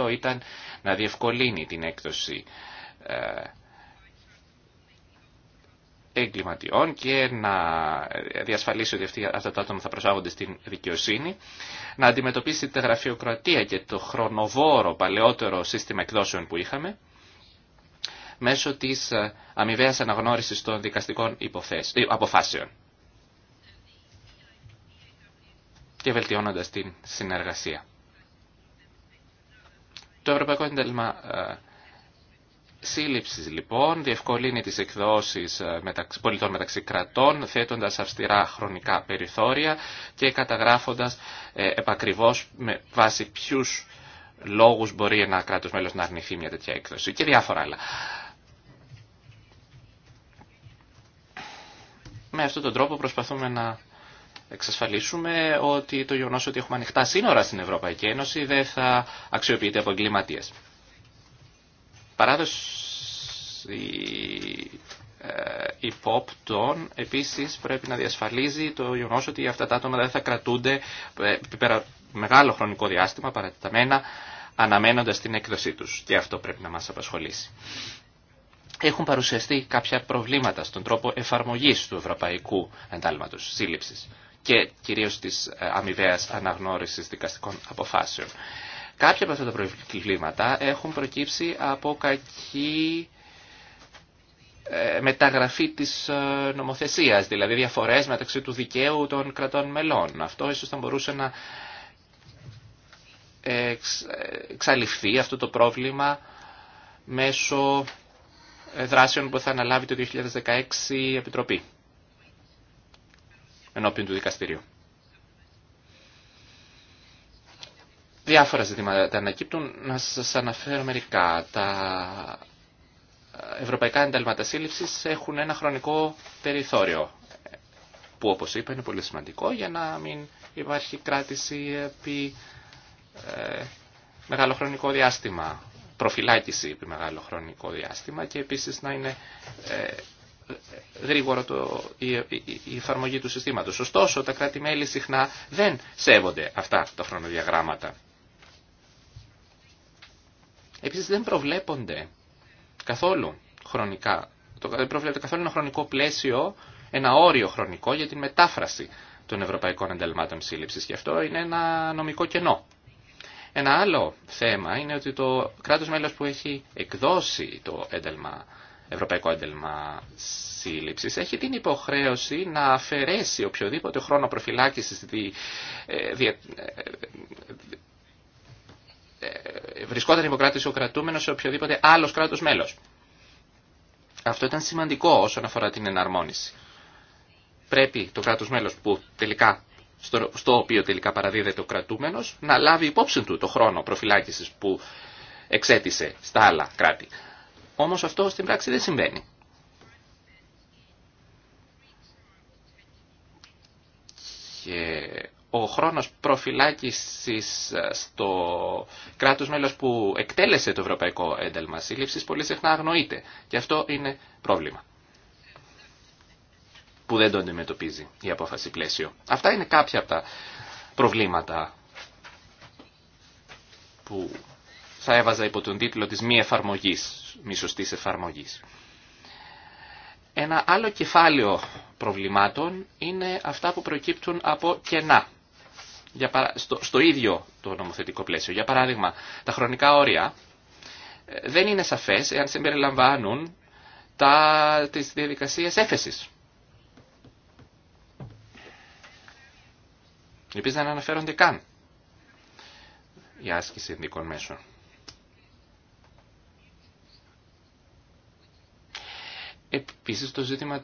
2002 ήταν να διευκολύνει την έκδοση ε, εγκληματιών και να ε, διασφαλίσει ότι αυτά τα άτομα θα προσάγονται στην δικαιοσύνη, να αντιμετωπίσει τη γραφειοκρατία και το χρονοβόρο παλαιότερο σύστημα εκδόσεων που είχαμε, μέσω της ε, αμοιβαίας αναγνώρισης των δικαστικών ε, αποφάσεων και βελτιώνοντας την συνεργασία. Το Ευρωπαϊκό Εντέλμα ε, σύλληψη λοιπόν διευκολύνει τις εκδόσεις πολιτών μεταξύ κρατών θέτοντας αυστηρά χρονικά περιθώρια και καταγράφοντας επακριβώς με βάση ποιους λόγους μπορεί ένα κράτος μέλος να αρνηθεί μια τέτοια έκδοση και διάφορα άλλα. Με αυτόν τον τρόπο προσπαθούμε να εξασφαλίσουμε ότι το γεγονός ότι έχουμε ανοιχτά σύνορα στην Ευρωπαϊκή Ένωση δεν θα αξιοποιείται από εγκληματίε. Παράδοση ε, υπόπτων επίσης πρέπει να διασφαλίζει το γεγονός ότι αυτά τα άτομα δεν θα κρατούνται ε, πέρα μεγάλο χρονικό διάστημα παρατηταμένα αναμένοντας την έκδοσή τους και αυτό πρέπει να μας απασχολήσει έχουν παρουσιαστεί κάποια προβλήματα στον τρόπο εφαρμογής του ευρωπαϊκού εντάλματος σύλληψης και κυρίως της ε, αμοιβαίας αναγνώρισης δικαστικών αποφάσεων. Κάποια από αυτά τα προβλήματα έχουν προκύψει από κακή ε, μεταγραφή της ε, νομοθεσίας, δηλαδή διαφορές μεταξύ του δικαίου των κρατών μελών. Αυτό ίσως θα μπορούσε να εξαλειφθεί αυτό το πρόβλημα μέσω δράσεων που θα αναλάβει το 2016 η Επιτροπή ενώπιον του δικαστηρίου. Διάφορα ζητήματα τα ανακύπτουν. Να σας αναφέρω μερικά. Τα ευρωπαϊκά εντάλματα έχουν ένα χρονικό περιθώριο που όπως είπα είναι πολύ σημαντικό για να μην υπάρχει κράτηση επί ε, μεγάλο χρονικό διάστημα προφυλάκηση επί μεγάλο χρονικό διάστημα και επίσης να είναι ε, γρήγορο το, η, η, εφαρμογή του συστήματος. Ωστόσο, τα κράτη-μέλη συχνά δεν σέβονται αυτά τα χρονοδιαγράμματα. Επίσης δεν προβλέπονται καθόλου χρονικά, το, δεν προβλέπεται καθόλου ένα χρονικό πλαίσιο, ένα όριο χρονικό για την μετάφραση των ευρωπαϊκών ενταλμάτων σύλληψης και αυτό είναι ένα νομικό κενό. Ένα άλλο θέμα είναι ότι το κράτος μέλος που έχει εκδώσει το ευρωπαϊκό Έντελμα σύλληψης έχει την υποχρέωση να αφαιρέσει οποιοδήποτε χρόνο προφυλάκησης δι, ε, δι, ε, ε, βρισκόταν υποκράτηση ο κρατούμενος σε οποιοδήποτε άλλος κράτος μέλος. Αυτό ήταν σημαντικό όσον αφορά την εναρμόνιση. Πρέπει το κράτος μέλος που τελικά στο οποίο τελικά παραδίδεται ο κρατούμενος, να λάβει υπόψη του το χρόνο προφυλάκησης που εξέτησε στα άλλα κράτη. Όμως αυτό στην πράξη δεν συμβαίνει. Και ο χρόνος προφυλάκησης ε, στο κράτος μέλος που εκτέλεσε το Ευρωπαϊκό Ένταλμα Σύλληψης πολύ συχνά αγνοείται. Και αυτό είναι πρόβλημα που δεν το αντιμετωπίζει η απόφαση πλαίσιο. Αυτά είναι κάποια από τα προβλήματα που θα έβαζα υπό τον τίτλο της μη εφαρμογής, μη σωστής εφαρμογής. Ένα άλλο κεφάλαιο προβλημάτων είναι αυτά που προκύπτουν από κενά για στο... ίδιο το νομοθετικό πλαίσιο. Για παράδειγμα, τα χρονικά όρια ε, δεν είναι σαφές εάν συμπεριλαμβάνουν τα... τις διαδικασίες έφεσης. οι να δεν αναφέρονται καν η άσκηση ειδικών μέσων. Επίσης το ζήτημα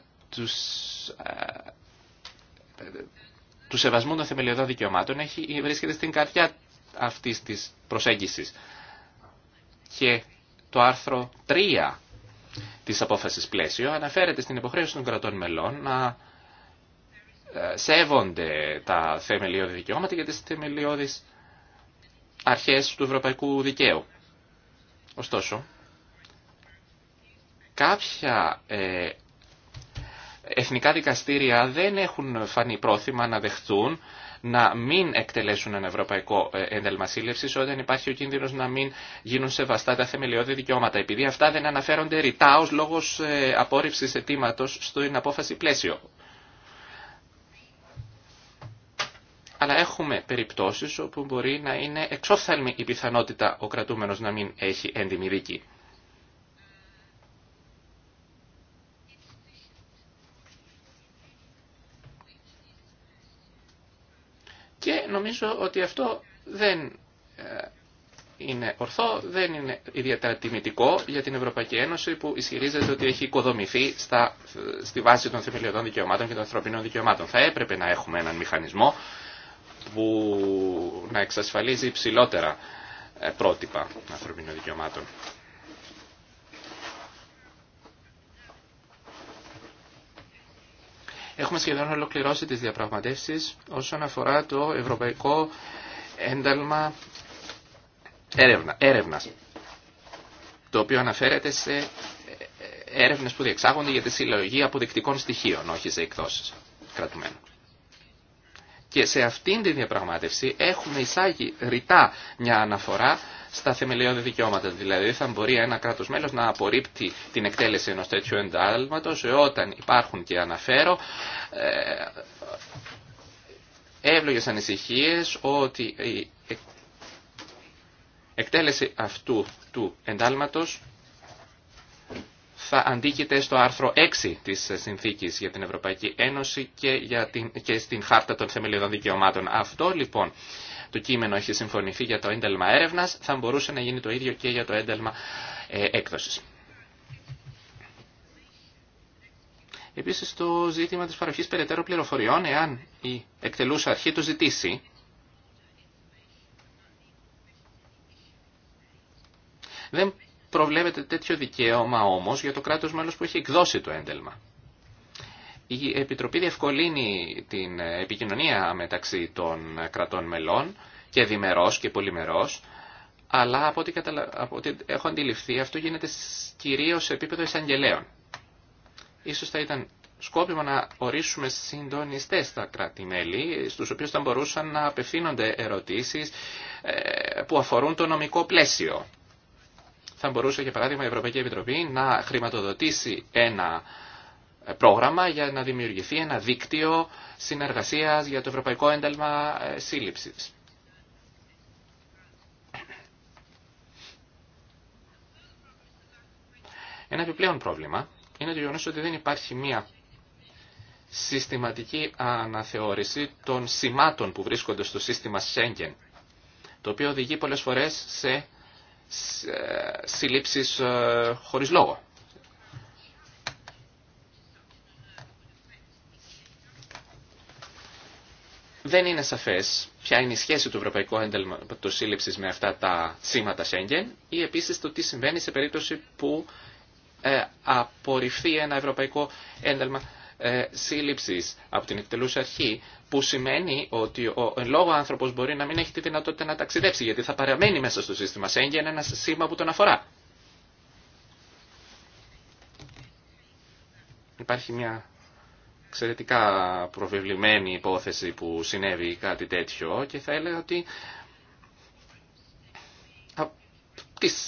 του σεβασμού των θεμελιωδών δικαιωμάτων έχει, βρίσκεται στην καρδιά αυτής της προσέγγισης. Και το άρθρο 3 της απόφασης πλαίσιο αναφέρεται στην υποχρέωση των κρατών μελών να ε, σέβονται τα θεμελιώδη δικαιώματα και τις θεμελιώδεις αρχές του ευρωπαϊκού δικαίου. Ωστόσο, κάποια ε, εθνικά δικαστήρια δεν έχουν φανεί πρόθυμα να δεχτούν να μην εκτελέσουν ένα ευρωπαϊκό ε, ένταλμα όταν υπάρχει ο κίνδυνο να μην γίνουν σεβαστά τα θεμελιώδη δικαιώματα. Επειδή αυτά δεν αναφέρονται ρητά ω λόγο απόρριψη αιτήματο στην απόφαση πλαίσιο. αλλά έχουμε περιπτώσεις όπου μπορεί να είναι εξόφθαλμη η πιθανότητα ο κρατούμενος να μην έχει έντιμη δίκη. Και νομίζω ότι αυτό δεν ε, είναι ορθό, δεν είναι ιδιαίτερα τιμητικό για την Ευρωπαϊκή Ένωση που ισχυρίζεται ότι έχει οικοδομηθεί στα, ε, στη βάση των θεμελιωδών δικαιωμάτων και των ανθρωπίνων δικαιωμάτων. Θα έπρεπε να έχουμε έναν μηχανισμό που να εξασφαλίζει υψηλότερα ε, πρότυπα ανθρωπίνων δικαιωμάτων. Έχουμε σχεδόν ολοκληρώσει τις διαπραγματεύσεις όσον αφορά το Ευρωπαϊκό Ένταλμα έρευνα, Έρευνας, το οποίο αναφέρεται σε ε, ε, έρευνες που διεξάγονται για τη συλλογή αποδεικτικών στοιχείων, όχι σε εκδόσεις κρατουμένων. Και σε αυτήν την διαπραγμάτευση έχουμε εισάγει ρητά μια αναφορά στα θεμελιώδη δικαιώματα. Δηλαδή θα μπορεί ένα κράτος μέλος να απορρίπτει την εκτέλεση ενός τέτοιου εντάλματος όταν υπάρχουν και αναφέρω ε, εύλογες ανησυχίες ότι η εκτέλεση αυτού του εντάλματος θα αντίκειται στο άρθρο 6 της Συνθήκης για την Ευρωπαϊκή Ένωση και, για την, και στην Χάρτα των Θεμελιωδών Δικαιωμάτων. Αυτό λοιπόν το κείμενο έχει συμφωνηθεί για το ένταλμα έρευνας, θα μπορούσε να γίνει το ίδιο και για το ένταλμα ε, έκδοσης. Επίσης το ζήτημα της παροχής περαιτέρω πληροφοριών, εάν η εκτελούσα αρχή το ζητήσει, δεν προβλέπεται τέτοιο δικαίωμα όμως για το κράτος μέλος που έχει εκδώσει το έντελμα. Η Επιτροπή διευκολύνει την επικοινωνία μεταξύ των κρατών μελών και διμερός και πολυμερός, αλλά από ό,τι, καταλα... έχω αντιληφθεί αυτό γίνεται κυρίως σε επίπεδο εισαγγελέων. Ίσως θα ήταν σκόπιμο να ορίσουμε συντονιστέ στα κράτη-μέλη, στους οποίους θα μπορούσαν να απευθύνονται ερωτήσεις ε, που αφορούν το νομικό πλαίσιο θα μπορούσε, για παράδειγμα, η Ευρωπαϊκή Επιτροπή να χρηματοδοτήσει ένα ε, πρόγραμμα για να δημιουργηθεί ένα δίκτυο συνεργασίας για το Ευρωπαϊκό Ένταλμα ε, Σύλληψης. Ένα επιπλέον πρόβλημα είναι το γεγονό ότι δεν υπάρχει μία συστηματική αναθεώρηση των σημάτων που βρίσκονται στο σύστημα Schengen, το οποίο οδηγεί πολλές φορές σε ε, συλλήψεις ε, χωρίς λόγο. Δεν είναι σαφές ποια είναι η σχέση του Ευρωπαϊκού Ένταλματο σύλληψης με αυτά τα σήματα Σέγγεν ή επίσης το τι συμβαίνει σε περίπτωση που ε, απορριφθεί ένα Ευρωπαϊκό Ένταλμα ε, σύλληψης από την εκτελούσα αρχή που σημαίνει ότι ο εν λόγω άνθρωπος μπορεί να μην έχει τη δυνατότητα να ταξιδέψει γιατί θα παραμένει μέσα στο σύστημα Σέγγεν ένα σήμα που τον αφορά. Υπάρχει μια εξαιρετικά προβεβλημένη υπόθεση που συνέβη κάτι τέτοιο και θα έλεγα ότι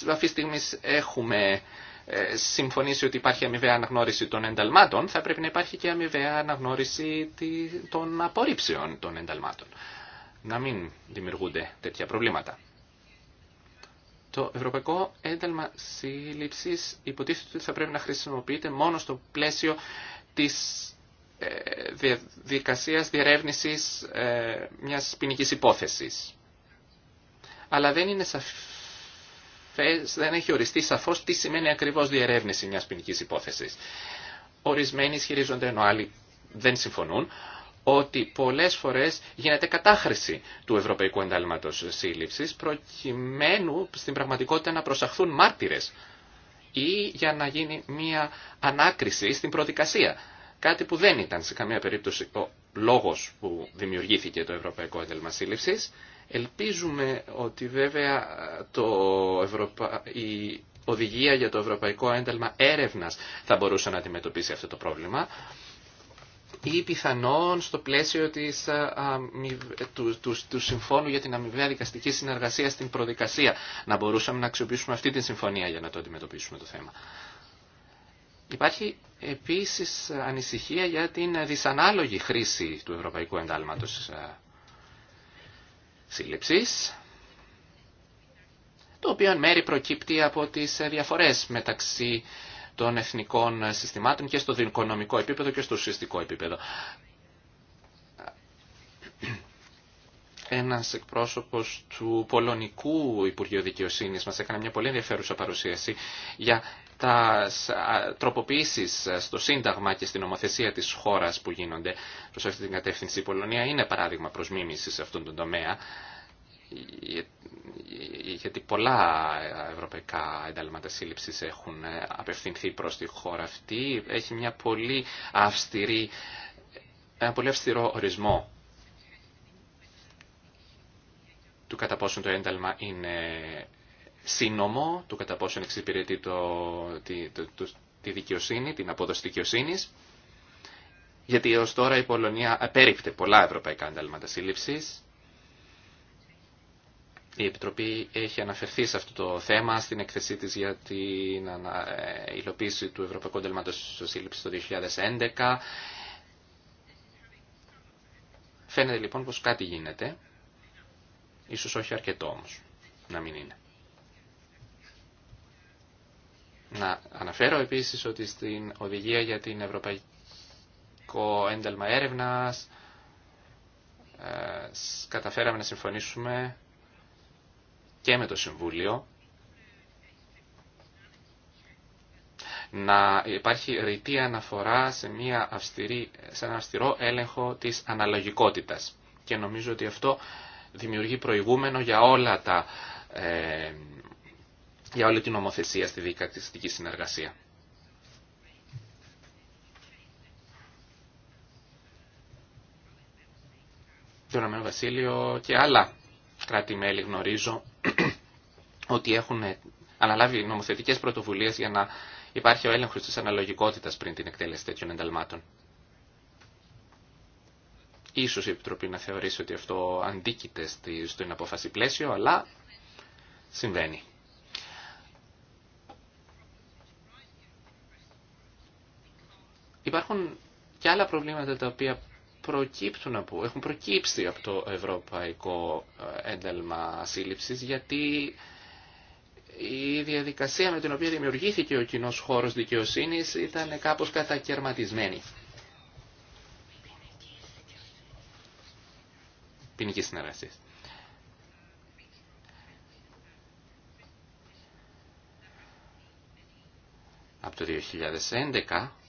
αυτή τη στιγμή έχουμε ε, συμφωνήσει ότι υπάρχει αμοιβαία αναγνώριση των ενταλμάτων, θα πρέπει να υπάρχει και αμοιβαία αναγνώριση των απορρίψεων των ενταλμάτων. Να μην δημιουργούνται τέτοια προβλήματα. Το Ευρωπαϊκό Ένταλμα Σύλληψη υποτίθεται ότι θα πρέπει να χρησιμοποιείται μόνο στο πλαίσιο τη ε, διαδικασία διερεύνηση ε, μια ποινική υπόθεση. Αλλά δεν είναι σαφή δεν έχει οριστεί σαφώς τι σημαίνει ακριβώς διερεύνηση μιας ποινική υπόθεσης. Ορισμένοι ισχυρίζονται ενώ άλλοι δεν συμφωνούν ότι πολλές φορές γίνεται κατάχρηση του Ευρωπαϊκού Εντάλματος Σύλληψης προκειμένου στην πραγματικότητα να προσαχθούν μάρτυρες ή για να γίνει μια ανάκριση στην προδικασία. Κάτι που δεν ήταν σε καμία περίπτωση ο λόγος που δημιουργήθηκε το Ευρωπαϊκό Ένταλμα Σύλληψης Ελπίζουμε ότι βέβαια το Ευρωπα... η οδηγία για το Ευρωπαϊκό Ένταλμα Έρευνας θα μπορούσε να αντιμετωπίσει αυτό το πρόβλημα ή πιθανόν στο πλαίσιο της, του, του, Συμφώνου για την Αμοιβαία Δικαστική Συνεργασία στην Προδικασία να μπορούσαμε να αξιοποιήσουμε αυτή τη συμφωνία για να το αντιμετωπίσουμε το θέμα. Υπάρχει επίσης ανησυχία για την δυσανάλογη χρήση του Ευρωπαϊκού Εντάλματος σύλληψης, το οποίο εν μέρη προκύπτει από τις ε, διαφορές μεταξύ των εθνικών συστημάτων και στο δικονομικό επίπεδο και στο ουσιαστικό επίπεδο. Ένας εκπρόσωπος του Πολωνικού Υπουργείου Δικαιοσύνης μας έκανε μια πολύ ενδιαφέρουσα παρουσίαση για τα τροποποιήσεις στο Σύνταγμα και στην ομοθεσία της χώρας που γίνονται προς αυτή την κατεύθυνση. Η Πολωνία είναι παράδειγμα προς μίμηση σε αυτόν τον τομέα γιατί πολλά ε, ευρωπαϊκά εντάλματα σύλληψης έχουν ε, απευθυνθεί προς τη χώρα αυτή. Έχει μια πολύ αυστηρή, ένα πολύ αυστηρό ορισμό του κατά πόσον το ένταλμα είναι σύνομο του κατά πόσον εξυπηρετεί το, τη, το, τη δικαιοσύνη, την απόδοση δικαιοσύνη. Γιατί έω τώρα η Πολωνία απέριπτε πολλά ευρωπαϊκά ανταλλήματα σύλληψης. Η Επιτροπή έχει αναφερθεί σε αυτό το θέμα στην εκθεσή της για την ε, υλοποίηση του Ευρωπαϊκού Ανταλλήματος Σύλληψης το 2011. Φαίνεται λοιπόν πως κάτι γίνεται. Ίσως όχι αρκετό όμως. Να μην είναι. Να αναφέρω επίσης ότι στην οδηγία για την Ευρωπαϊκό Ένταλμα Έρευνας ε, καταφέραμε να συμφωνήσουμε και με το Συμβούλιο να υπάρχει ρητή αναφορά σε, μια αυστηρή, σε ένα αυστηρό έλεγχο της αναλογικότητας. Και νομίζω ότι αυτό δημιουργεί προηγούμενο για όλα τα ε, για όλη την νομοθεσία στη δικατιστική συνεργασία. Το Ρωμαίο Βασίλειο και άλλα κράτη-μέλη γνωρίζω ότι έχουν αναλάβει νομοθετικές πρωτοβουλίες για να υπάρχει ο έλεγχος της αναλογικότητας πριν την εκτέλεση τέτοιων ενταλμάτων. Ίσως η Επιτροπή να θεωρήσει ότι αυτό αντίκειται στην απόφαση πλαίσιο, αλλά συμβαίνει. Υπάρχουν και άλλα προβλήματα τα οποία προκύπτουν από, έχουν προκύψει από το ευρωπαϊκό ε, ένταλμα σύλληψης γιατί η διαδικασία με την οποία δημιουργήθηκε ο κοινό χώρος δικαιοσύνης ήταν κάπως κατακαιρματισμένη. Ποινική συνεργασία. Από το 2011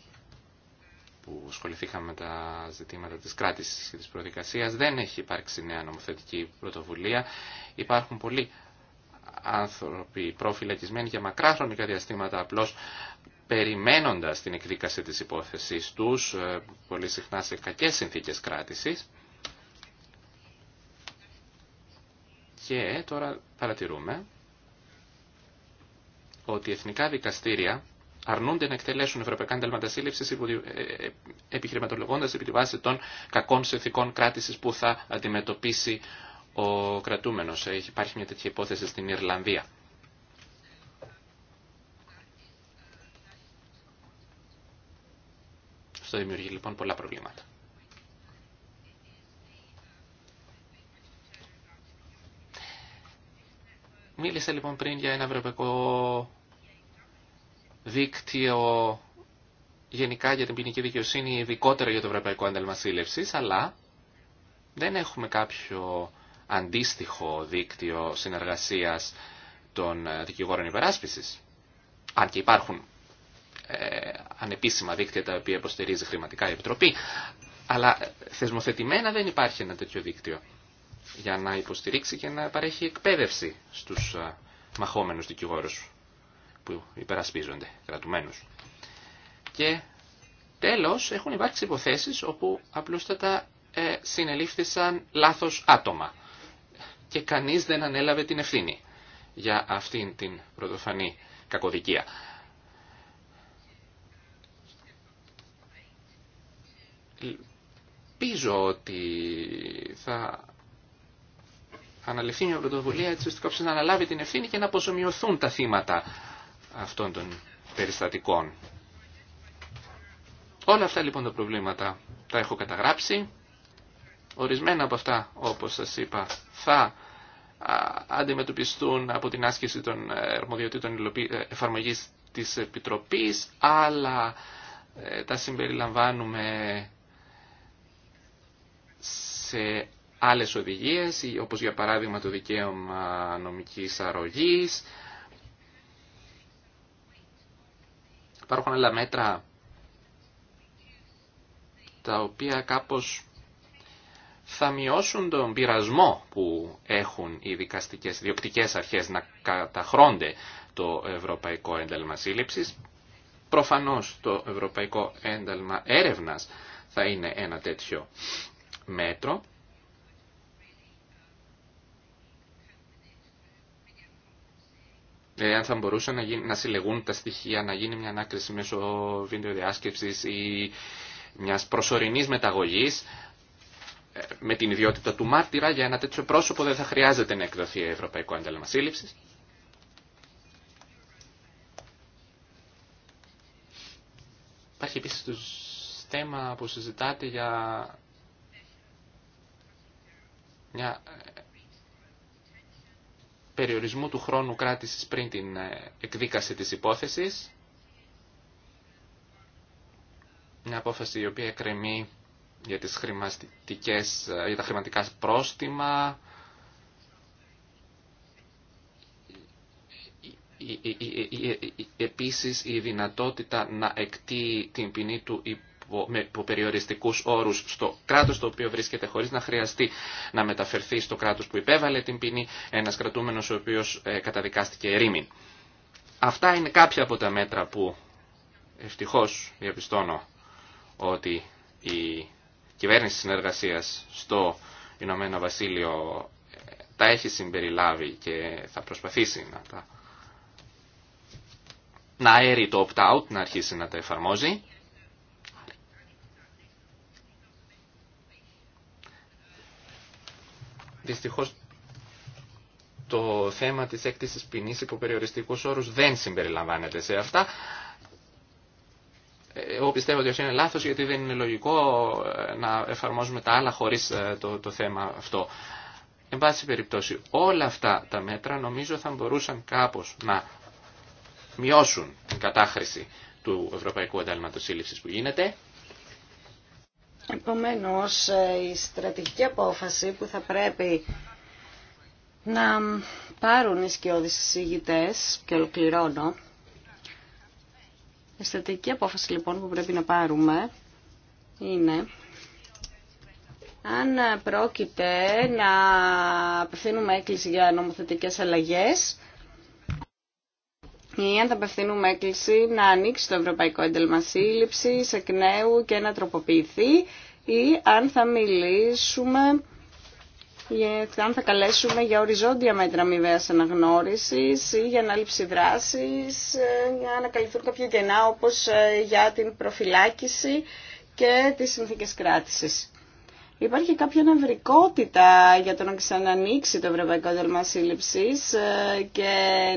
που ασχοληθήκαμε με τα ζητήματα της κράτησης και της προδικασίας, δεν έχει υπάρξει νέα νομοθετική πρωτοβουλία. Υπάρχουν πολλοί άνθρωποι προφυλακισμένοι για μακρά χρονικά διαστήματα απλώς περιμένοντας την εκδίκαση της υπόθεσης τους, ε, πολύ συχνά σε κακές συνθήκες κράτησης. Και τώρα παρατηρούμε ότι εθνικά δικαστήρια αρνούνται να εκτελέσουν ευρωπαϊκά εντάλματα σύλληψη ε, ε, επιχειρηματολογώντα επί τη βάση των κακών συνθηκών κράτηση που θα αντιμετωπίσει ο κρατούμενο. Ε, υπάρχει μια τέτοια υπόθεση στην Ιρλανδία. Αυτό δημιουργεί λοιπόν πολλά προβλήματα. Μίλησε λοιπόν πριν για ένα ευρωπαϊκό δίκτυο γενικά για την ποινική δικαιοσύνη, ειδικότερα για το Ευρωπαϊκό Ένταλμα αλλά δεν έχουμε κάποιο αντίστοιχο δίκτυο συνεργασίας των δικηγόρων υπεράσπισης. Αν και υπάρχουν ε, ανεπίσημα δίκτυα τα οποία υποστηρίζει χρηματικά η Επιτροπή, αλλά θεσμοθετημένα δεν υπάρχει ένα τέτοιο δίκτυο για να υποστηρίξει και να παρέχει εκπαίδευση στους ε, μαχόμενους δικηγόρους που υπερασπίζονται κρατουμένου. Και τέλος έχουν υπάρξει υποθέσεις όπου απλούστατα ε, συνελήφθησαν λάθος άτομα και κανείς δεν ανέλαβε την ευθύνη για αυτήν την πρωτοφανή κακοδικία. Ελπίζω ότι θα αναλυθεί μια πρωτοβουλία έτσι ώστε να αναλάβει την ευθύνη και να αποζημιωθούν τα θύματα αυτών των περιστατικών. Όλα αυτά λοιπόν τα προβλήματα τα έχω καταγράψει. Ορισμένα από αυτά, όπως σας είπα, θα αντιμετωπιστούν από την άσκηση των ε, αρμοδιοτήτων ε, εφαρμογής της Επιτροπής, αλλά ε, τα συμπεριλαμβάνουμε σε άλλες οδηγίες, όπως για παράδειγμα το δικαίωμα νομικής αρρωγής, Υπάρχουν άλλα μέτρα τα οποία κάπως θα μειώσουν τον πειρασμό που έχουν οι δικαστικές διοπτικές αρχές να καταχρώνται το Ευρωπαϊκό Ένταλμα Σύλληψης. Προφανώς το Ευρωπαϊκό Ένταλμα Έρευνας θα είναι ένα τέτοιο μέτρο Ε, αν θα μπορούσαν να, να συλλεγούν τα στοιχεία, να γίνει μια ανάκριση μέσω βίντεο διάσκεψης ή μιας προσωρινής μεταγωγής ε, με την ιδιότητα του μάρτυρα για ένα τέτοιο πρόσωπο δεν θα χρειάζεται να εκδοθεί Ευρωπαϊκό Ένταλμα Υπάρχει επίση το θέμα που συζητάτε για μια ε, περιορισμού του χρόνου κράτησης πριν την ε, εκδίκαση της υπόθεσης. Μια απόφαση η οποία εκκρεμεί για, τις χρηματικές, ε, για τα χρηματικά πρόστιμα, επίσης η δυνατότητα να εκτεί την ποινή του υπόθεση με περιοριστικού όρου στο κράτος το οποίο βρίσκεται χωρίς να χρειαστεί να μεταφερθεί στο κράτος που υπέβαλε την ποινή ένα κρατούμενος ο οποίος ε, καταδικάστηκε ερήμην. Αυτά είναι κάποια από τα μέτρα που ευτυχώ διαπιστώνω ότι η κυβέρνηση συνεργασία στο Ηνωμένο Βασίλειο ε, τα έχει συμπεριλάβει και θα προσπαθήσει να τα να έρει το opt-out, να αρχίσει να τα εφαρμόζει. Δυστυχώς το θέμα της έκτησης ποινής υπό περιοριστικούς όρους δεν συμπεριλαμβάνεται σε αυτά. Ε, εγώ πιστεύω ότι αυτό είναι λάθος γιατί δεν είναι λογικό ε, να εφαρμόζουμε τα άλλα χωρίς ε, το, το θέμα αυτό. Εν πάση περιπτώσει όλα αυτά τα μέτρα νομίζω θα μπορούσαν κάπως να μειώσουν την κατάχρηση του Ευρωπαϊκού Εντάλματος Σύλληψης που γίνεται Επομένως, ε, η στρατηγική απόφαση που θα πρέπει να πάρουν οι σκιώδεις εισηγητές, και ολοκληρώνω, η στρατηγική απόφαση λοιπόν που πρέπει να πάρουμε είναι αν πρόκειται να απευθύνουμε έκκληση για νομοθετικές αλλαγές ή θα απευθύνουμε έκκληση να ανοίξει το ευρωπαϊκό έντελμα Σύλληψη εκ νέου και να τροποποιηθεί ή αν θα μιλήσουμε αν θα καλέσουμε για οριζόντια μέτρα αμοιβαία αναγνώριση ή για ανάληψη δράση, ε, για να καλυφθούν κάποια κενά όπω ε, για την προφυλάκηση και τι συνθήκε κράτηση. Υπάρχει κάποια νευρικότητα για το να ξανανοίξει το Ευρωπαϊκό Δελμα ε, και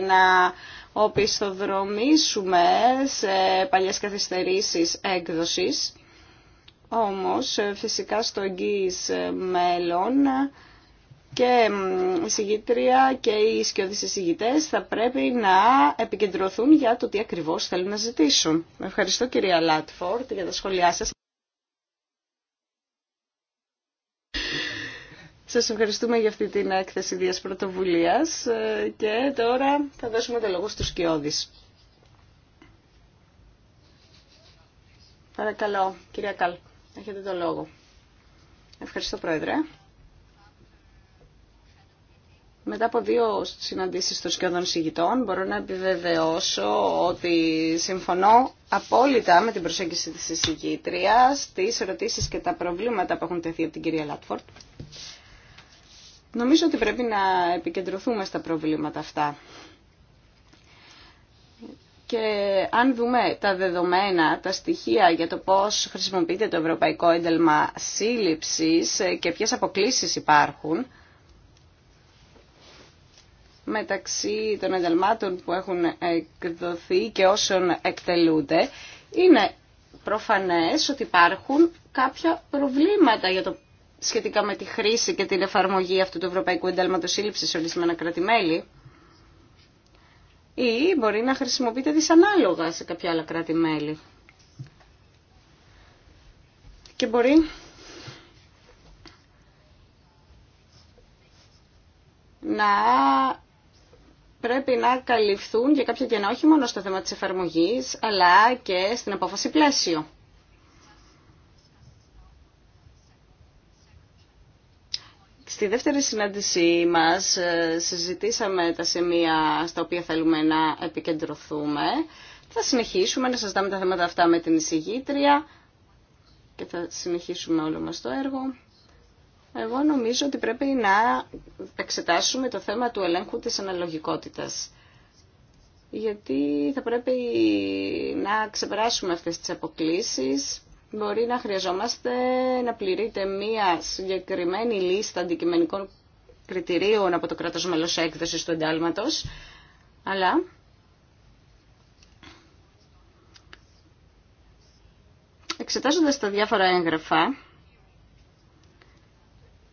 να οπισθοδρομήσουμε σε παλιές καθυστερήσεις έκδοσης. Όμως φυσικά στο εγγύης μέλλον και η συγγήτρια και οι σκιώδεις συγγητές θα πρέπει να επικεντρωθούν για το τι ακριβώς θέλουν να ζητήσουν. Ευχαριστώ κυρία Λάτφορτ για τα σχόλιά σας. Σας ευχαριστούμε για αυτή την έκθεση Δίας Πρωτοβουλίας ε, και τώρα θα δώσουμε το λόγο στους Κιώδης. Παρακαλώ, κυρία Καλ, έχετε το λόγο. Ευχαριστώ, Πρόεδρε. Μετά από δύο συναντήσεις των σκιωδών συγητών μπορώ να επιβεβαιώσω ότι συμφωνώ απόλυτα με την προσέγγιση της συγκητρίας τις ερωτήσεις και τα προβλήματα που έχουν τεθεί από την κυρία Λάτφορτ. Νομίζω ότι πρέπει να επικεντρωθούμε στα προβλήματα αυτά. Και αν δούμε τα δεδομένα, τα στοιχεία για το πώς χρησιμοποιείται το Ευρωπαϊκό Ένταλμα Σύλληψης και ποιες αποκλήσεις υπάρχουν μεταξύ των ενταλμάτων που έχουν εκδοθεί και όσων εκτελούνται, είναι προφανές ότι υπάρχουν κάποια προβλήματα για το σχετικά με τη χρήση και την εφαρμογή αυτού του Ευρωπαϊκού Ενταλματο Σύλληψη σε ορισμένα κράτη-μέλη ή μπορεί να χρησιμοποιείται δυσανάλογα σε κάποια άλλα κράτη-μέλη. Και μπορεί να πρέπει να καλυφθούν για κάποια κενά όχι μόνο στο θέμα της εφαρμογής, αλλά και στην απόφαση πλαίσιο. Στη δεύτερη συνάντησή μας ε, συζητήσαμε τα σημεία στα οποία θέλουμε να επικεντρωθούμε. Θα συνεχίσουμε να συζητάμε τα θέματα αυτά με την εισηγήτρια και θα συνεχίσουμε όλο μας το έργο. Εγώ νομίζω ότι πρέπει να εξετάσουμε το θέμα του ελέγχου της αναλογικότητας. Γιατί θα πρέπει να ξεπεράσουμε αυτές τις αποκλήσεις Μπορεί να χρειαζόμαστε να πληρείτε μία συγκεκριμένη λίστα αντικειμενικών κριτηρίων από το κράτος μέλος έκδοσης του εντάλματος, αλλά εξετάζοντας τα διάφορα έγγραφα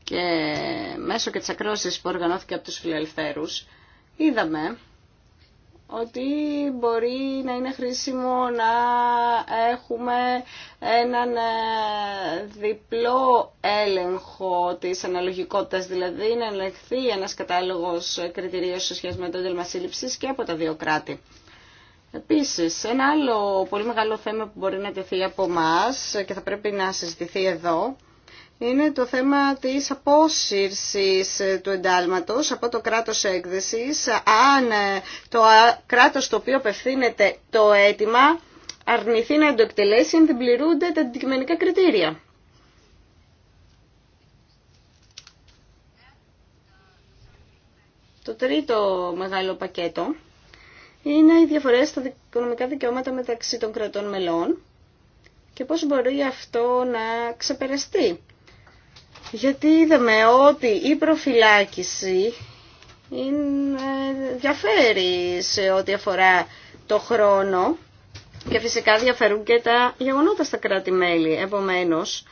και μέσω και της ακρόασης που οργανώθηκε από τους φιλελευθέρους, είδαμε ότι μπορεί να είναι χρήσιμο να έχουμε έναν ε, διπλό έλεγχο της αναλογικότητας, δηλαδή να ελεγχθεί ένας κατάλογος κριτηρίων σε σχέση με το έντελμα και από τα δύο κράτη. Επίσης, ένα άλλο πολύ μεγάλο θέμα που μπορεί να τεθεί από εμά και θα πρέπει να συζητηθεί εδώ, είναι το θέμα της απόσυρσης ε, του εντάλματος από το κράτος έκδεσης, αν ε, το κράτος το οποίο απευθύνεται το αίτημα αρνηθεί να το εκτελέσει αν δεν πληρούνται τα αντικειμενικά κριτήρια. Το τρίτο μεγάλο πακέτο είναι οι διαφορές στα οικονομικά δικαιώματα μεταξύ των κρατών μελών και πώς μπορεί αυτό να ξεπεραστεί γιατί είδαμε ότι η προφυλάκηση είναι, διαφέρει σε ό,τι αφορά το χρόνο και φυσικά διαφέρουν και τα γεγονότα στα κράτη-μέλη. Επομένως,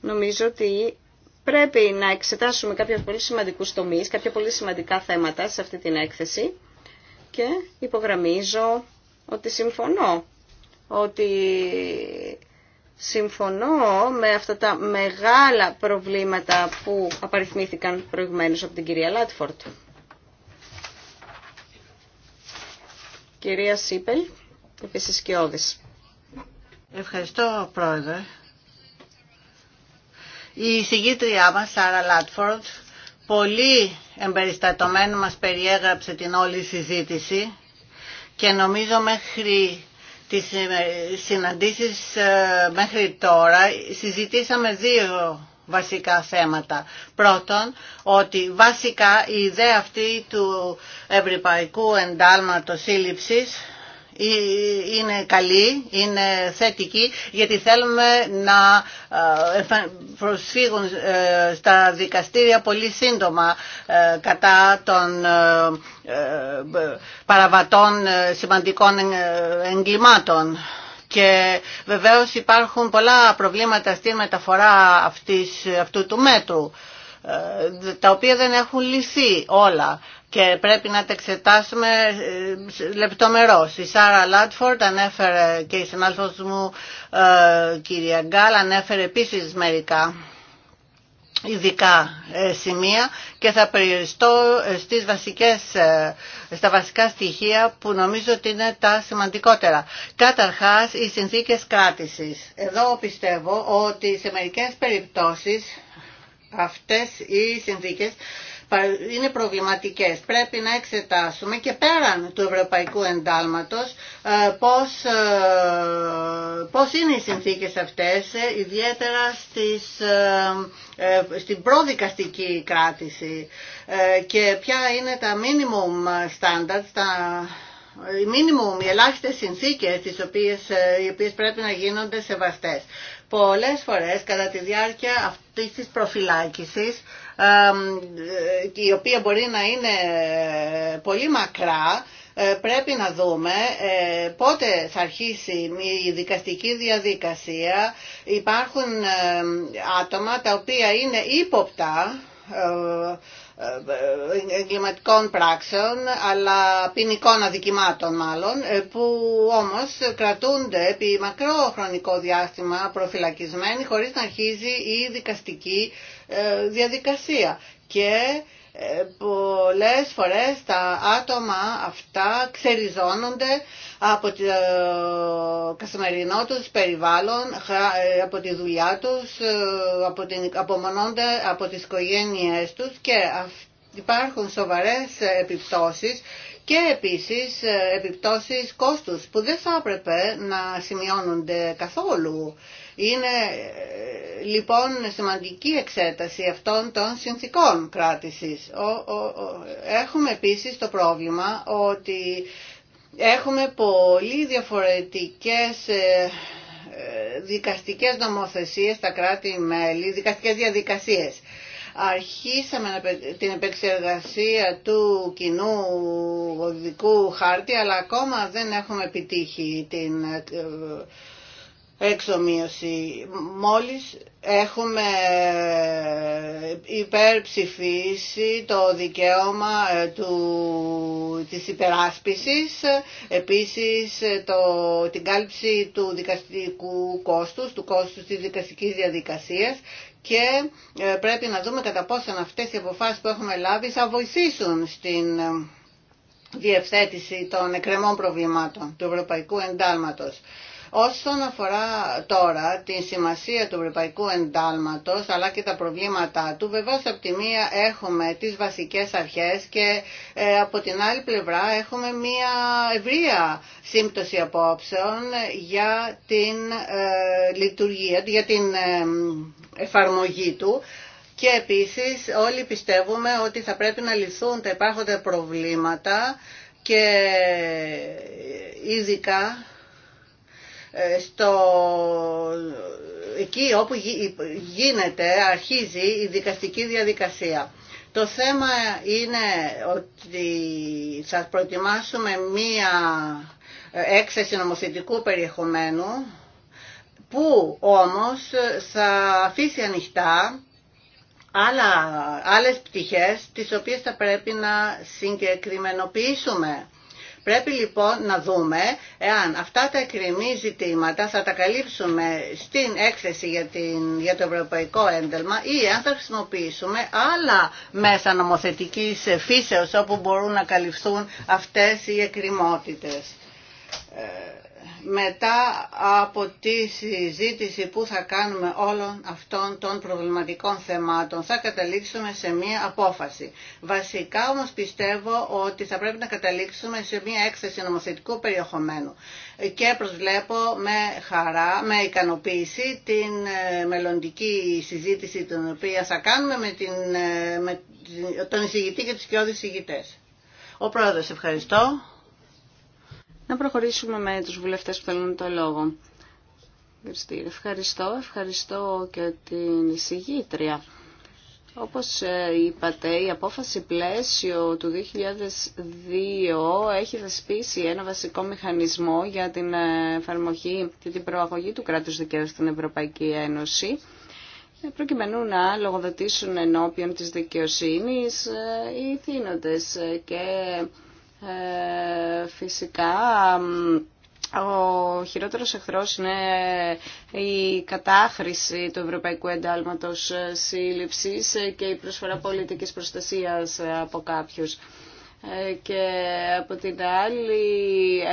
νομίζω ότι πρέπει να εξετάσουμε κάποια πολύ σημαντικούς τομείς, κάποια πολύ σημαντικά θέματα σε αυτή την έκθεση και υπογραμμίζω ότι συμφωνώ ότι συμφωνώ με αυτά τα μεγάλα προβλήματα που απαριθμήθηκαν προηγουμένως από την κυρία Λάτφορτ. Κυρία Σίπελ, επίσης και Όδης. Ευχαριστώ, Πρόεδρε. Η συγγήτριά μας, Σάρα Λάτφορντ, πολύ εμπεριστατωμένο μας περιέγραψε την όλη συζήτηση και νομίζω μέχρι τις ε, συναντήσεις ε, μέχρι τώρα συζητήσαμε δύο βασικά θέματα. Πρώτον, ότι βασικά η ιδέα αυτή του Ευρωπαϊκού Εντάλματος Σύλληψης ε, είναι καλή, είναι θετική, γιατί θέλουμε να ε, προσφύγουν ε, στα δικαστήρια πολύ σύντομα κατά των παραβατών σημαντικών εγκλημάτων. Και βεβαίως υπάρχουν πολλά προβλήματα στη μεταφορά αυτού του μέτρου, τα οποία δεν έχουν λυθεί όλα και πρέπει να τα εξετάσουμε ε, λεπτομερώς. Η Σάρα Λάτφορντ ανέφερε και η συνάδελφος μου ε, κυρία Γκάλ ανέφερε επίσης μερικά ειδικά ε, σημεία και θα περιοριστώ στις βασικές, στα βασικά στοιχεία που νομίζω ότι είναι τα σημαντικότερα. Καταρχάς, οι συνθήκες κράτησης. Εδώ πιστεύω ότι σε μερικές περιπτώσεις αυτές οι συνθήκες είναι προβληματικές. Πρέπει να εξετάσουμε και πέραν του ευρωπαϊκού εντάλματος ε, πώς, ε, πώς είναι οι συνθήκες αυτές, ε, ιδιαίτερα στις, στην προδικαστική κράτηση και ποια είναι τα minimum standards, τα οι μίνιμουμ, οι ελάχιστες συνθήκες τις οποίες, οι οποίες πρέπει να γίνονται σεβαστές. Πολλές φορές κατά τη διάρκεια αυτής της προφυλάκησης ε, η οποία μπορεί να είναι ε, πολύ μακρά, ε, πρέπει να δούμε πότε θα αρχίσει η δικαστική διαδικασία. Υπάρχουν άτομα τα οποία είναι ύποπτα εγκληματικών πράξεων, αλλά ποινικών αδικημάτων μάλλον, που όμως κρατούνται επί μακρό χρονικό διάστημα προφυλακισμένοι χωρίς να αρχίζει η δικαστική ε, διαδικασία και ε, πολλές φορές τα άτομα αυτά ξεριζώνονται από το ε, καθημερινό τους περιβάλλον, από τη δουλειά τους, από την, απομονώνται από τις οικογένειές τους και υπάρχουν σοβαρές επιπτώσεις και επίσης επιπτώσεις κόστους που δεν θα έπρεπε να σημειώνονται καθόλου. Είναι ε, λοιπόν σημαντική εξέταση αυτών των συνθήκων κράτησης. Έχουμε επίσης το πρόβλημα ότι έχουμε πολύ διαφορετικές ε, ε, δικαστικές νομοθεσίες στα κράτη-μέλη, δικαστικές διαδικασίες. Αρχίσαμε την επεξεργασία του κοινού οδικού χάρτη, αλλά ακόμα δεν έχουμε επιτύχει την εξομοίωση. Μόλις έχουμε υπερψηφίσει το δικαίωμα ε, του, της υπεράσπισης, επίσης ε, το, την κάλυψη του δικαστικού κόστους, του κόστους της δικαστικής διαδικασίας και ε, πρέπει να δούμε κατά πόσον αυτές οι αποφάσεις που έχουμε λάβει θα βοηθήσουν στην διευθέτηση των εκκρεμών προβλημάτων του Ευρωπαϊκού Εντάλματος. Όσον αφορά τώρα τη σημασία του ευρωπαϊκού εντάλματος αλλά και τα προβλήματά του, βεβαίως από τη μία έχουμε τις βασικές αρχές και ε, από την άλλη πλευρά έχουμε μία ευρεία σύμπτωση απόψεων για την ε, λειτουργία, για την ε, εφαρμογή του. Και επίσης όλοι πιστεύουμε ότι θα πρέπει να λυθούν τα υπάρχοντα προβλήματα και ειδικά ε, στο, εκεί όπου γίνεται, αρχίζει η δικαστική διαδικασία. Το θέμα είναι ότι θα προετοιμάσουμε μία έκθεση νομοθετικού περιεχομένου που όμως θα αφήσει ανοιχτά άλλα, άλλες πτυχές τις οποίες θα πρέπει να συγκεκριμενοποιήσουμε Πρέπει λοιπόν να δούμε εάν αυτά τα εκκρεμή ζητήματα θα τα καλύψουμε στην έκθεση για, την, για το ευρωπαϊκό ένταλμα ή αν θα χρησιμοποιήσουμε άλλα μέσα νομοθετικής φύσεως όπου μπορούν να καλυφθούν αυτές οι εκκριμότητες. Ε, μετά από τη συζήτηση που θα κάνουμε όλων αυτών των προβληματικών θεμάτων θα καταλήξουμε σε μία απόφαση. Βασικά όμως πιστεύω ότι θα πρέπει να καταλήξουμε σε μία έκθεση νομοθετικού περιεχομένου και προσβλέπω με χαρά, με ικανοποίηση την ε, μελλοντική συζήτηση την οποία θα κάνουμε με, την, ε, με τον εισηγητή και τους κοιόδους εισηγητές. Ο Πρόεδρος, ευχαριστώ να προχωρήσουμε με τους βουλευτές που θέλουν το λόγο. Ευχαριστώ, ευχαριστώ και την εισηγήτρια. Όπως ε, είπατε, η απόφαση πλαίσιο του 2002 έχει δεσπίσει ένα βασικό μηχανισμό για την εφαρμογή και την προαγωγή του κράτους δικαίου στην Ευρωπαϊκή Ένωση προκειμένου να λογοδοτήσουν ενώπιον της δικαιοσύνης ε, οι θύνοντες ε, φυσικά ο χειρότερος εχθρός είναι η κατάχρηση του Ευρωπαϊκού Εντάλματος Σύλληψης και η προσφορά πολιτικής προστασίας από κάποιους. Ε, και από την άλλη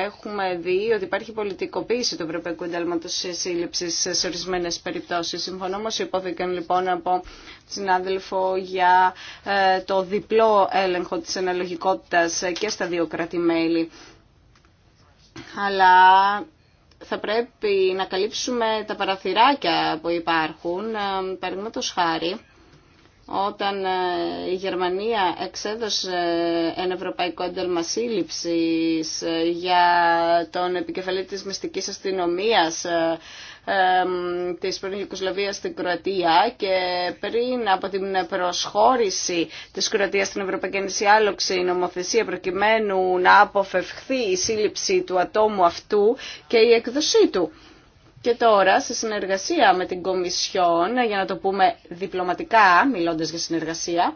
έχουμε δει ότι υπάρχει πολιτικοποίηση του Ευρωπαϊκού Εντάλματο Σύλληψη σε ορισμένε περιπτώσεις. Συμφωνώ όμως, υπόθηκαν λοιπόν από συνάδελφο για ε, το διπλό έλεγχο της αναλογικότητας και στα δύο Αλλά θα πρέπει να καλύψουμε τα παραθυράκια που υπάρχουν, ε, το χάρη όταν ε, η Γερμανία εξέδωσε ε, ένα ευρωπαϊκό ένταλμα σύλληψης ε, για τον επικεφαλή της μυστικής αστυνομίας της πρώην Ιουκοσλαβίας στην Κροατία και πριν από την προσχώρηση της Κροατίας στην Ευρωπαϊκή Ένωση η νομοθεσία προκειμένου να αποφευχθεί η σύλληψη του ατόμου αυτού και η έκδοσή του. Και τώρα, σε συνεργασία με την Κομισιόν, για να το πούμε διπλωματικά, μιλώντας για συνεργασία,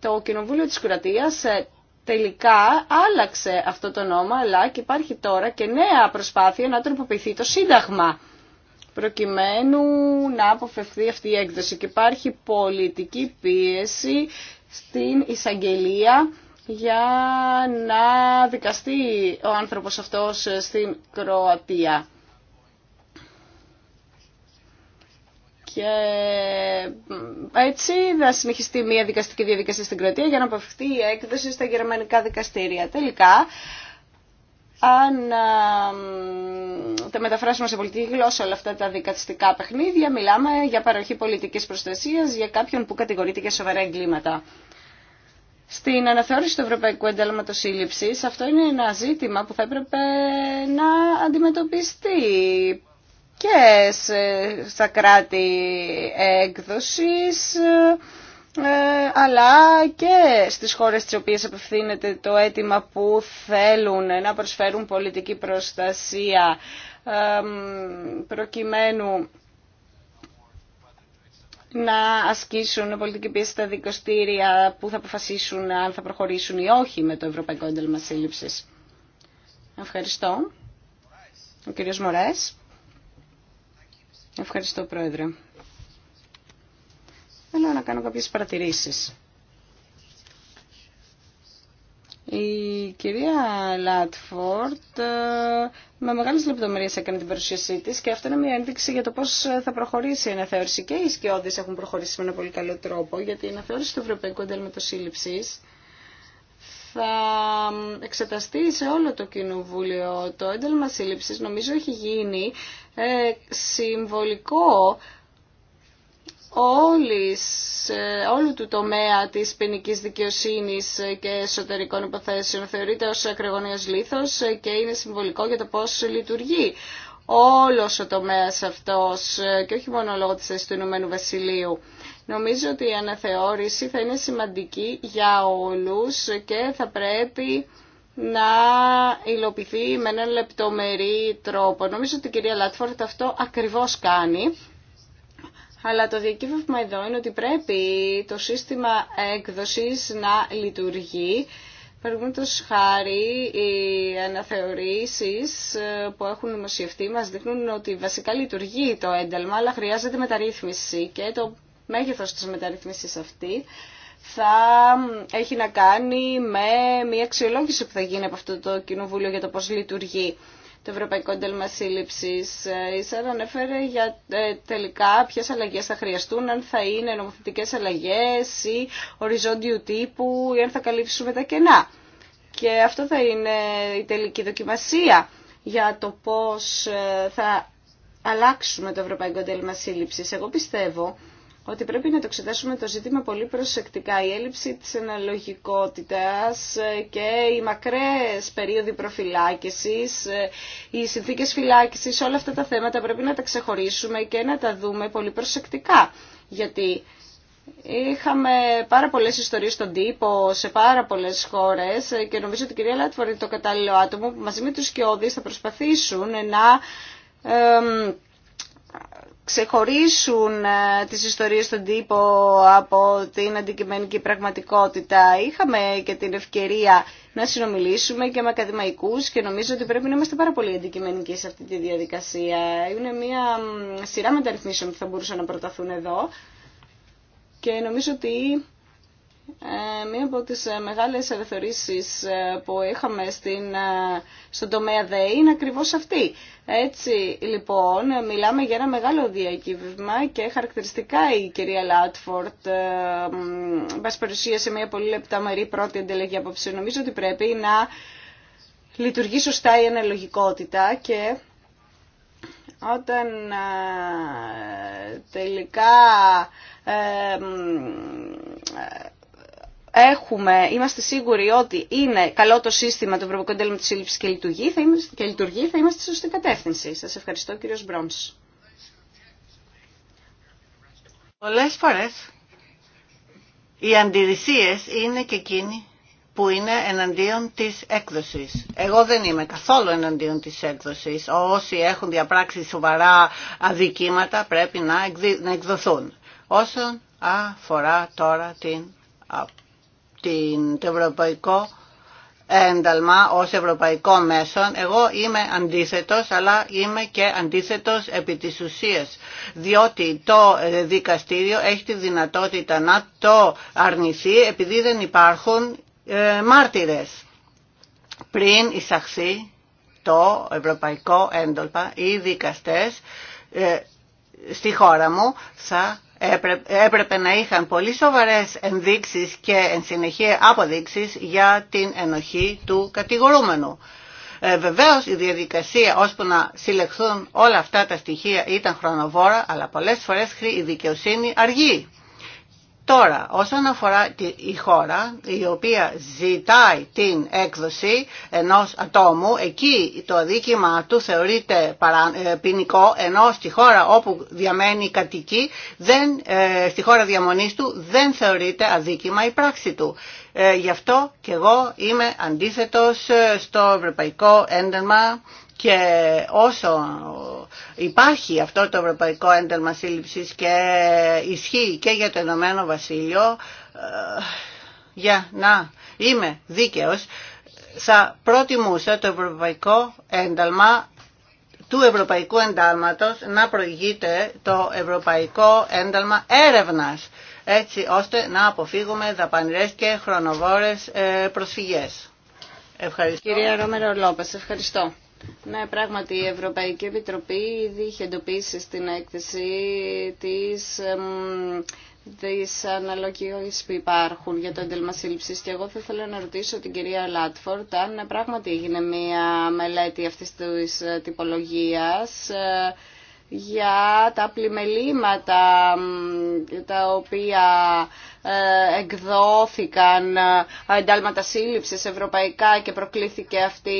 το Κοινοβούλιο της Κουρατίας ε, τελικά άλλαξε αυτό το νόμο, αλλά και υπάρχει τώρα και νέα προσπάθεια να τροποποιηθεί το Σύνταγμα προκειμένου να αποφευθεί αυτή η έκδοση. Και υπάρχει πολιτική πίεση στην εισαγγελία για να δικαστεί ο άνθρωπος αυτός ε, στην Κροατία. Και έτσι θα συνεχιστεί μια δικαστική διαδικασία στην Κροατία για να αποφευκτεί η έκδοση στα γερμανικά δικαστήρια. Τελικά, αν τα μεταφράσουμε σε πολιτική γλώσσα όλα αυτά τα δικαστικά παιχνίδια, μιλάμε για παροχή πολιτικής προστασίας για κάποιον που κατηγορείται για σοβαρά εγκλήματα. Στην αναθεώρηση του Ευρωπαϊκού Εντάλματο Σύλληψη, αυτό είναι ένα ζήτημα που θα έπρεπε να αντιμετωπιστεί και ε, στα κράτη έκδοσης ε, αλλά και στις χώρες στις οποίες απευθύνεται το αίτημα που θέλουν να προσφέρουν πολιτική προστασία προκειμένου να ασκήσουν πολιτική πίεση στα δικοστήρια που θα αποφασίσουν αν θα προχωρήσουν ή όχι με το Ευρωπαϊκό Ένταλμα Σύλληψης. Ευχαριστώ. Ο κύριος Μωρές. Ευχαριστώ, Πρόεδρε. Θέλω να κάνω κάποιες παρατηρήσεις. Η κυρία Λάτφορτ ε, με μεγάλες λεπτομερίες έκανε την παρουσίασή της και αυτό είναι μια ένδειξη για το πώς θα προχωρήσει η αναθεώρηση. Και οι σκιώδεις έχουν προχωρήσει με ένα πολύ καλό τρόπο, γιατί η αναθεώρηση του Ευρωπαϊκού Εντέλματος σύλληψη θα εξεταστεί σε όλο το Κοινοβούλιο. Το ένταλμα σύλληψης νομίζω έχει γίνει ε, συμβολικό όλης, ε, όλου του τομέα της ποινική δικαιοσύνης και εσωτερικών υποθέσεων θεωρείται ως ακρογωνίας λήθος και είναι συμβολικό για το πώς λειτουργεί όλος ο τομέας αυτός ε, και όχι μόνο λόγω της Βασιλείου. Νομίζω ότι η αναθεώρηση θα είναι σημαντική για όλους και θα πρέπει να υλοποιηθεί με έναν λεπτομερή τρόπο. Νομίζω ότι η κυρία Λάτφορτ αυτό ακριβώς κάνει. Αλλά το διακύβευμα εδώ είναι ότι πρέπει το σύστημα έκδοσης να λειτουργεί. Παραδείγματος χάρη, οι αναθεωρήσεις που έχουν δημοσιευτεί μας δείχνουν ότι βασικά λειτουργεί το ένταλμα, αλλά χρειάζεται μεταρρύθμιση. Και το μέγεθος της μεταρρύθμισης αυτή θα έχει να κάνει με μια αξιολόγηση που θα γίνει από αυτό το Κοινοβούλιο για το πώς λειτουργεί το Ευρωπαϊκό Έντελμα Σύλληψη. Ήσαν ε, ανέφερε για ε, τελικά ποιε αλλαγέ θα χρειαστούν, αν θα είναι νομοθετικέ αλλαγέ ή οριζόντιου τύπου ή αν θα καλύψουμε τα κενά. Και αυτό θα είναι η τελική δοκιμασία για το πώς ε, θα αλλάξουμε το Ευρωπαϊκό Έντελμα Σύλληψης. Εγώ πιστεύω ότι πρέπει να το εξετάσουμε το ζήτημα πολύ προσεκτικά. Η έλλειψη της αναλογικότητας ε, και οι μακρές περίοδοι προφυλάκησης, ε, οι συνθήκες φυλάκησης, όλα αυτά τα θέματα πρέπει να τα ξεχωρίσουμε και να τα δούμε πολύ προσεκτικά. Γιατί Είχαμε πάρα πολλές ιστορίες στον τύπο σε πάρα πολλές χώρες ε, και νομίζω ότι η κυρία Λάτφορ είναι το κατάλληλο άτομο που μαζί με του Κιώδη θα προσπαθήσουν να ξεχωρίσουν ε, τις ιστορίες στον τύπο από την αντικειμενική πραγματικότητα. Είχαμε και την ευκαιρία να συνομιλήσουμε και με ακαδημαϊκούς και νομίζω ότι πρέπει να είμαστε πάρα πολύ αντικειμενικοί σε αυτή τη διαδικασία. Είναι μια σειρά μεταρρυθμίσεων που θα μπορούσαν να προταθούν εδώ και νομίζω ότι ε, μία από τις ε, μεγάλες ελευθερήσεις ε, που είχαμε στην, στον τομέα ΔΕΗ είναι ακριβώς αυτή. Έτσι λοιπόν μιλάμε για ένα μεγάλο διακύβευμα και χαρακτηριστικά η κυρία Λάτφορτ μας παρουσίασε μια πολύ λεπταμερή πρώτη ανταλλαγή αποψη Νομίζω ότι πρέπει να λειτουργεί σωστά η αναλογικότητα και όταν τελικά έχουμε, είμαστε σίγουροι ότι είναι καλό το σύστημα του Ευρωπαϊκού της Σύλληψης και λειτουργεί, θα είμαστε, και λειτουργεί, θα είμαστε σωστή κατεύθυνση. Σας ευχαριστώ κύριος Μπρόνς. Πολλές φορές οι αντιρρησίες είναι και εκείνοι που είναι εναντίον της έκδοσης. Εγώ δεν είμαι καθόλου εναντίον της έκδοσης. Όσοι έχουν διαπράξει σοβαρά αδικήματα πρέπει να εκδοθούν. Όσον αφορά τώρα την την, το ευρωπαϊκό ένταλμα ως ευρωπαϊκό μέσον. Εγώ είμαι αντίθετος, αλλά είμαι και αντίθετος επί της ουσίας, διότι το ε, δικαστήριο έχει τη δυνατότητα να το αρνηθεί επειδή δεν υπάρχουν ε, μάρτυρες. Πριν εισαχθεί το ευρωπαϊκό ένταλμα, οι δικαστές ε, στη χώρα μου θα έπρεπε να είχαν πολύ σοβαρές ενδείξεις και εν συνεχεία αποδείξεις για την ενοχή του κατηγορούμενου. Ε, Βεβαίω η διαδικασία ώσπου να συλλεχθούν όλα αυτά τα στοιχεία ήταν χρονοβόρα, αλλά πολλές φορές η δικαιοσύνη αργεί. Τώρα, όσον αφορά τη χώρα η οποία ζητάει την έκδοση ενός ατόμου, εκεί το αδίκημα του θεωρείται ε, ποινικό, ενώ στη χώρα όπου διαμένει κατοικεί, δεν, ε, στη χώρα διαμονής του δεν θεωρείται αδίκημα η πράξη του. Ε, γι' αυτό και εγώ είμαι αντίθετος στο ευρωπαϊκό ένταλμα και όσο υπάρχει αυτό το ευρωπαϊκό ένταλμα σύλληψης και ισχύει και για το Ενωμένο Βασίλειο, ε, για να είμαι δίκαιος, θα προτιμούσα το ευρωπαϊκό ένταλμα του Ευρωπαϊκού Εντάλματος να προηγείται το Ευρωπαϊκό Ένταλμα Έρευνας, έτσι ώστε να αποφύγουμε δαπανηρές και χρονοβόρες ε, προσφυγές. Ευχαριστώ. Κυρία Ρόμερο Λόπες, ευχαριστώ. Ναι, πράγματι η Ευρωπαϊκή Επιτροπή ήδη είχε εντοπίσει στην έκθεση της τις αναλογίες που υπάρχουν για το έντελμα σύλληψης και εγώ θα ήθελα να ρωτήσω την κυρία Λάτφορτ αν ε, πράγματι έγινε μια μελέτη αυτής της ε, τυπολογίας ε, για τα πλημελήματα τα οποία ε, εκδόθηκαν ε, εντάλματα σύλληψης ευρωπαϊκά και προκλήθηκε αυτή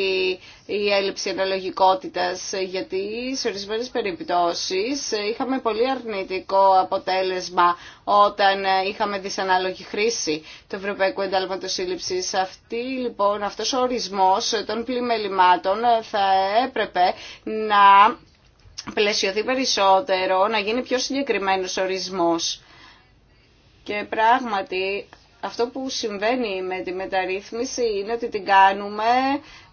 η έλλειψη αναλογικότητας γιατί σε ορισμένες περιπτώσεις ε, είχαμε πολύ αρνητικό αποτέλεσμα όταν είχαμε δυσανάλογη χρήση του Ευρωπαϊκού Εντάλματος Σύλληψης. Αυτή, λοιπόν, αυτός ο ορισμός των πλημελημάτων θα έπρεπε να πλαισιωθεί περισσότερο, να γίνει πιο συγκεκριμένος ορισμός. Και πράγματι αυτό που συμβαίνει με τη μεταρρύθμιση είναι ότι την κάνουμε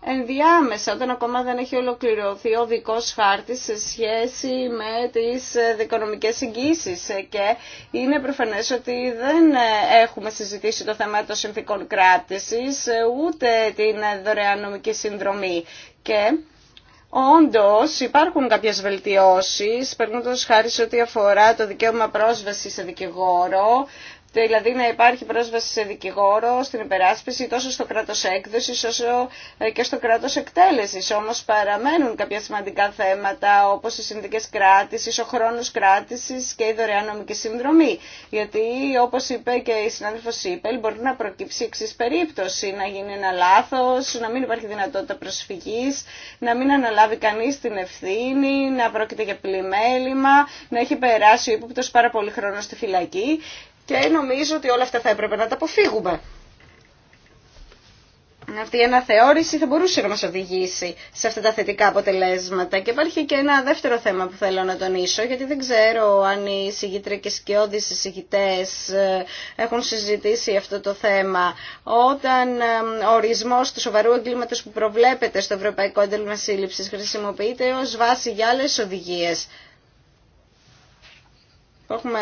ενδιάμεσα, όταν ακόμα δεν έχει ολοκληρωθεί ο δικός χάρτης σε σχέση με τις δικονομικές εγγύσεις. Και είναι προφανές ότι δεν έχουμε συζητήσει το θέμα των συνθήκων κράτησης, ούτε την δωρεάν νομική συνδρομή. Και Όντω, υπάρχουν κάποιες βελτιώσει, περνώντα χάρη σε ό,τι αφορά το δικαίωμα πρόσβαση σε δικηγόρο, δηλαδή να υπάρχει πρόσβαση σε δικηγόρο, στην υπεράσπιση τόσο στο κράτος έκδοσης όσο ε, και στο κράτος εκτέλεσης. Όμως παραμένουν κάποια σημαντικά θέματα όπως οι συνδικές κράτησης, ο χρόνος κράτησης και η δωρεάν νομική συνδρομή. Γιατί όπως είπε και η συνάδελφος Σίπελ μπορεί να προκύψει εξή περίπτωση, να γίνει ένα λάθος, να μην υπάρχει δυνατότητα προσφυγής, να μην αναλάβει κανείς την ευθύνη, να πρόκειται για πλημέλημα, να έχει περάσει ο ύποπτος πάρα πολύ χρόνο στη φυλακή και νομίζω ότι όλα αυτά θα έπρεπε να τα αποφύγουμε. Αυτή η αναθεώρηση θα μπορούσε να μας οδηγήσει σε αυτά τα θετικά αποτελέσματα. Και υπάρχει και ένα δεύτερο θέμα που θέλω να τονίσω, γιατί δεν ξέρω αν οι συγγητρικές και οι συγγητές ε, έχουν συζητήσει αυτό το θέμα. Όταν ε, ο ορισμός του σοβαρού εγκλήματος που προβλέπεται στο Ευρωπαϊκό Ένταλμα Σύλληψης χρησιμοποιείται ως βάση για άλλες οδηγίες που έχουμε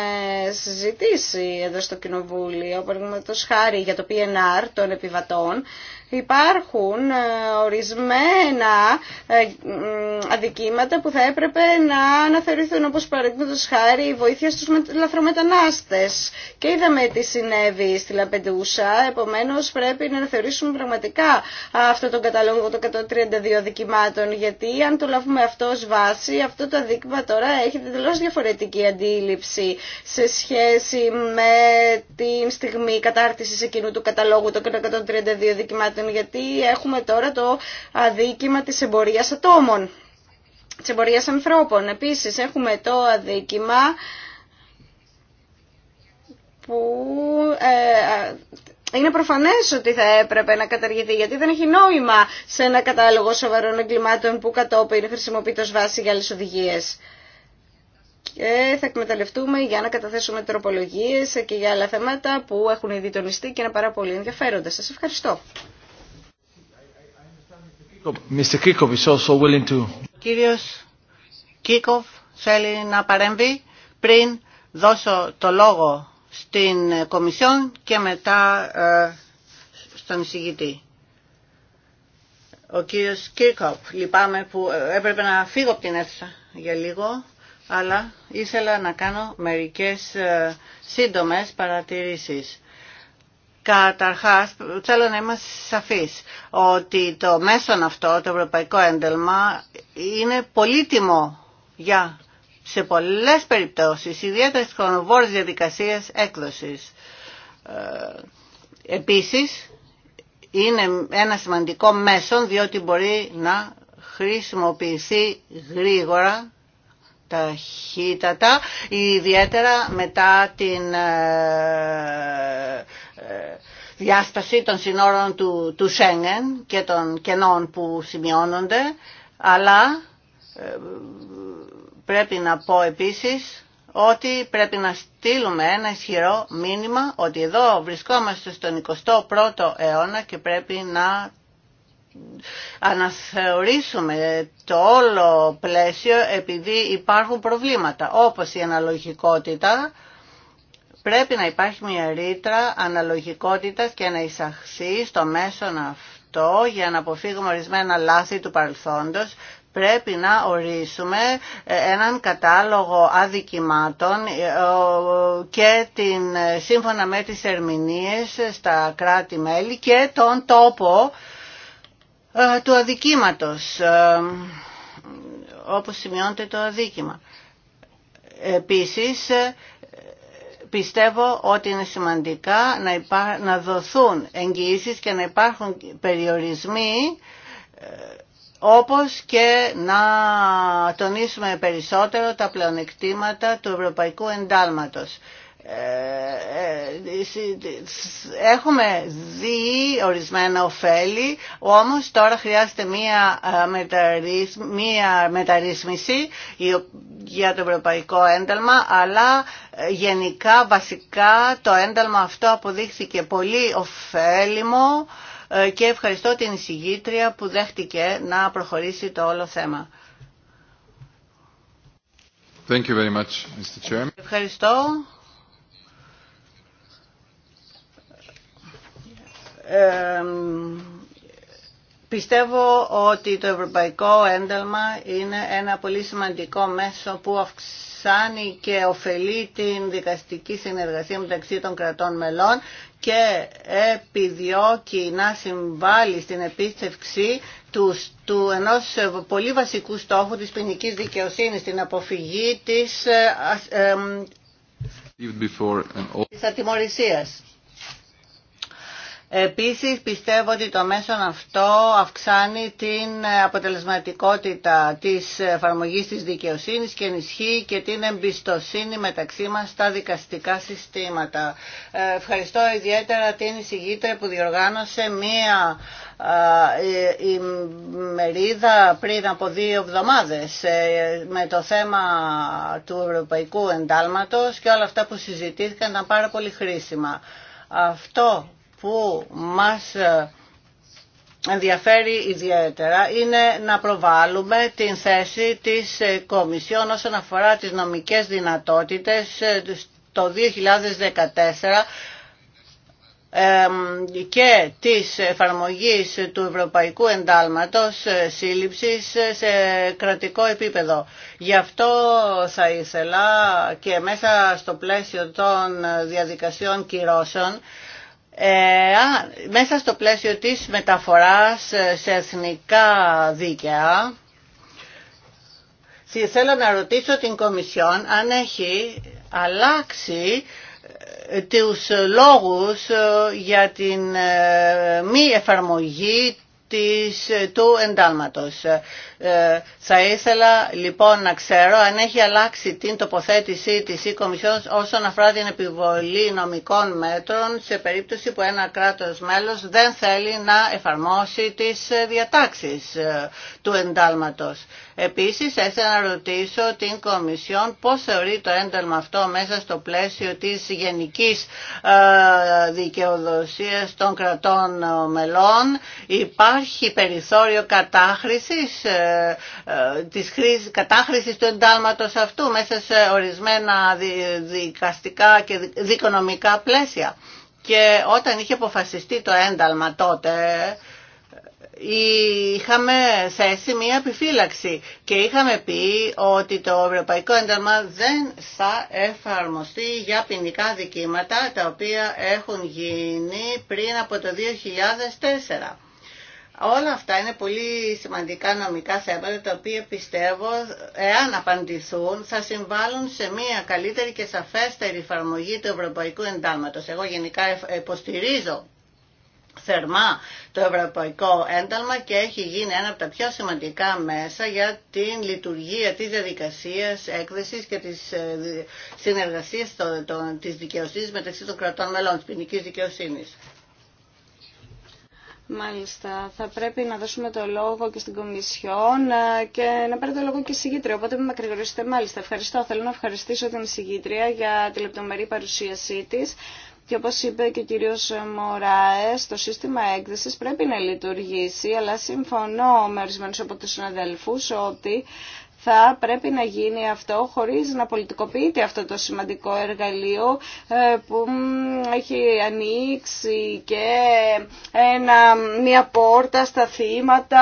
συζητήσει εδώ στο Κοινοβούλιο, παραδείγματο χάρη για το PNR των επιβατών υπάρχουν ε, ορισμένα ε, αδικήματα που θα έπρεπε να αναθεωρηθούν όπως παραδείγματο χάρη η βοήθεια στους λαθρομετανάστες. Και είδαμε τι συνέβη στη Λαπεντούσα, επομένως πρέπει να αναθεωρήσουμε πραγματικά αυτό τον καταλόγο των 132 δικημάτων γιατί αν το λάβουμε αυτό ως βάση, αυτό το αδίκημα τώρα έχει τελώς διαφορετική αντίληψη σε σχέση με την στιγμή κατάρτισης εκείνου του καταλόγου των 132 δικημάτων γιατί έχουμε τώρα το αδίκημα της εμπορίας ατόμων, της εμπορίας ανθρώπων. Επίσης έχουμε το αδίκημα που ε, είναι προφανές ότι θα έπρεπε να καταργηθεί, γιατί δεν έχει νόημα σε ένα κατάλογο σοβαρών εγκλημάτων που κατόπιν χρησιμοποιείται ως βάση για άλλες οδηγίες. Και θα εκμεταλλευτούμε για να καταθέσουμε τροπολογίες και για άλλα θέματα που έχουν ήδη τονιστεί και είναι πάρα πολύ ενδιαφέροντα. Σας ευχαριστώ. Κύριος Κίκοφ θέλει να παρέμβει πριν δώσω το λόγο στην Κομισιόν και μετά ε, στον εισηγητή. Ο κύριος Κίκοφ, λυπάμαι που ε, έπρεπε να φύγω από την αίθουσα για λίγο, αλλά ήθελα να κάνω μερικές ε, σύντομες παρατηρήσεις. Καταρχάς, θέλω να είμαστε σαφείς ότι το μέσον αυτό, το ευρωπαϊκό ένταλμα, είναι πολύτιμο για σε πολλές περιπτώσεις, ιδιαίτερα στις χρονοβόρες διαδικασίες έκδοσης. Ε, επίσης, είναι ένα σημαντικό μέσον διότι μπορεί να χρησιμοποιηθεί γρήγορα ταχύτατα, ιδιαίτερα μετά την ε, ε, διάσταση των συνόρων του, του Σέγγεν και των κενών που σημειώνονται, αλλά ε, πρέπει να πω επίσης ότι πρέπει να στείλουμε ένα ισχυρό μήνυμα ότι εδώ βρισκόμαστε στον 21ο αιώνα και πρέπει να αναθεωρήσουμε το όλο πλαίσιο επειδή υπάρχουν προβλήματα όπως η αναλογικότητα πρέπει να υπάρχει μια ρήτρα αναλογικότητας και να εισαχθεί στο μέσον αυτό για να αποφύγουμε ορισμένα λάθη του παρελθόντος πρέπει να ορίσουμε ε, έναν κατάλογο αδικημάτων ε, και την, ε, σύμφωνα με τις ερμηνείες στα κράτη-μέλη και τον τόπο του αδικήματος όπως σημειώνεται το αδίκημα. Επίσης, πιστεύω ότι είναι σημαντικά να, δοθούν εγγυήσεις και να υπάρχουν περιορισμοί ε, όπως και να τονίσουμε περισσότερο τα πλεονεκτήματα του ευρωπαϊκού εντάλματος. Ε, ε, ε, έχουμε δει ορισμένα ωφέλη, όμως τώρα χρειάζεται μία, μία μεταρρύθμιση για το ευρωπαϊκό ένταλμα, αλλά γενικά βασικά το ένταλμα αυτό αποδείχθηκε πολύ ωφέλιμο και ευχαριστώ την εισηγήτρια που δέχτηκε να προχωρήσει το όλο θέμα. Thank you very much, Ευχαριστώ. Πιστεύω ότι το ευρωπαϊκό ένταλμα είναι ένα πολύ σημαντικό μέσο που αυξάνει και ωφελεί την δικαστική συνεργασία μεταξύ των κρατών μελών και επιδιώκει να συμβάλλει στην επίστευξη του, του ενός πολύ βασικού στόχου της ποινική δικαιοσύνης, την αποφυγή της, ε, Επίσης πιστεύω ότι το μέσον αυτό αυξάνει την αποτελεσματικότητα της εφαρμογής της δικαιοσύνης και ενισχύει και την εμπιστοσύνη μεταξύ μας στα δικαστικά συστήματα. Ε, ευχαριστώ ιδιαίτερα την εισηγήτρια που διοργάνωσε μία η μερίδα πριν από δύο εβδομάδες ε, με το θέμα του ευρωπαϊκού εντάλματος και όλα αυτά που συζητήθηκαν ήταν πάρα πολύ χρήσιμα. Αυτό που μας ε, ενδιαφέρει ιδιαίτερα είναι να προβάλλουμε την θέση της ε, Κομισιόν όσον αφορά τις νομικές δυνατότητες ε, το 2014 και της εφαρμογής του Ευρωπαϊκού Εντάλματος σύλληψης σε κρατικό επίπεδο. Γι' αυτό θα ήθελα και μέσα στο πλαίσιο των διαδικασιών κυρώσεων μέσα στο πλαίσιο της μεταφοράς σε εθνικά δίκαια, θέλω να ρωτήσω την Κομισιόν αν έχει αλλάξει ε, τους λόγους ε, για την ε, μη εφαρμογή της, του εντάλματος. Ε, θα ήθελα λοιπόν να ξέρω αν έχει αλλάξει την τοποθέτησή της η Κομισιόν όσον αφορά την επιβολή νομικών μέτρων σε περίπτωση που ένα κράτος μέλος δεν θέλει να εφαρμόσει τις ε, διατάξεις ε, του εντάλματος. Επίσης, ήθελα να ρωτήσω την Κομισιόν πώς θεωρεί το ένταλμα αυτό μέσα στο πλαίσιο της γενικής δικαιοδοσίας των κρατών μελών. Υπάρχει περιθώριο κατάχρησης ε, της χρήσης, κατάχρησης του εντάλματος αυτού μέσα σε ορισμένα δικαστικά και δικονομικά πλαίσια. Και όταν είχε αποφασιστεί το ένταλμα τότε, ε, είχαμε θέσει μία επιφύλαξη και είχαμε πει ότι το Ευρωπαϊκό Ένταλμα δεν θα εφαρμοστεί για ποινικά δικήματα τα οποία έχουν γίνει πριν από το 2004. Όλα αυτά είναι πολύ σημαντικά νομικά θέματα τα οποία πιστεύω εάν απαντηθούν θα συμβάλλουν σε μια καλύτερη και σαφέστερη εφαρμογή του ευρωπαϊκού εντάλματος. Εγώ γενικά υποστηρίζω θερμά το ευρωπαϊκό ένταλμα και έχει γίνει ένα από τα πιο σημαντικά μέσα για την λειτουργία της διαδικασίας έκθεσης και της ε, συνεργασίας της δικαιοσύνης μεταξύ των κρατών μελών της ποινικής δικαιοσύνης. Μάλιστα. Θα πρέπει να δώσουμε το λόγο και στην Κομισιόν ε, και να πάρει το λόγο και η συγγήτρια. Οπότε με μακρηγορήσετε. Μάλιστα. Ευχαριστώ. Θέλω να ευχαριστήσω την συγγήτρια για τη λεπτομερή παρουσίασή της. Και όπως είπε και ο κύριος Μωράες, το σύστημα έκδεσης πρέπει να λειτουργήσει, αλλά συμφωνώ με ορισμένου από τους συναδέλφους ότι θα πρέπει να γίνει αυτό χωρίς να πολιτικοποιείται αυτό το σημαντικό εργαλείο ε, που έχει ανοίξει και ένα, μια πόρτα στα θύματα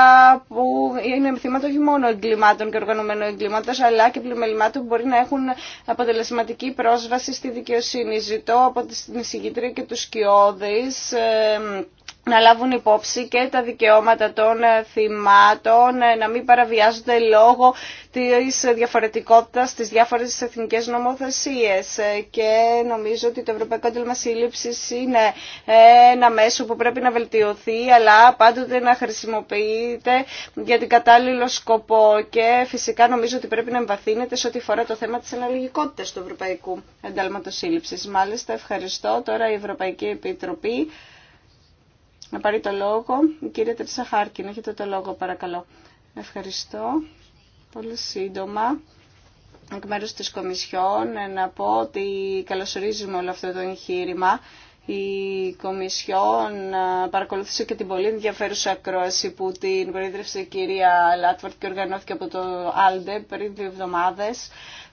που είναι θύματα όχι μόνο εγκλημάτων και οργανωμένων εγκλημάτων αλλά και πλημελημάτων που μπορεί να έχουν αποτελεσματική πρόσβαση στη δικαιοσύνη. Ζητώ από την εισηγητρία και τους κοιόδης να λάβουν υπόψη και τα δικαιώματα των ε, θυμάτων, ε, να μην παραβιάζονται λόγω της διαφορετικότητας στις διάφορες εθνικές νομοθεσίες. Ε, και νομίζω ότι το Ευρωπαϊκό Τέλμα Σύλληψης είναι ένα μέσο που πρέπει να βελτιωθεί, αλλά πάντοτε να χρησιμοποιείται για την κατάλληλο σκοπό. Και φυσικά νομίζω ότι πρέπει να εμβαθύνεται σε ό,τι φορά το θέμα της αναλογικότητας του Ευρωπαϊκού Εντάλματος Σύλληψης. Μάλιστα, ευχαριστώ. Τώρα η Ευρωπαϊκή Επιτροπή να πάρει το λόγο η κυρία Τρίσα Χάρκιν. Έχετε το λόγο παρακαλώ. Ευχαριστώ. Πολύ σύντομα εκ μέρους της Κομισιόν να πω ότι καλωσορίζουμε όλο αυτό το εγχείρημα. Η Κομισιόν ε, παρακολούθησε και την πολύ ενδιαφέρουσα ακρόαση που την προείδρευσε η κυρία Λάτφορτ και οργανώθηκε από το Άλντε πριν δύο εβδομάδες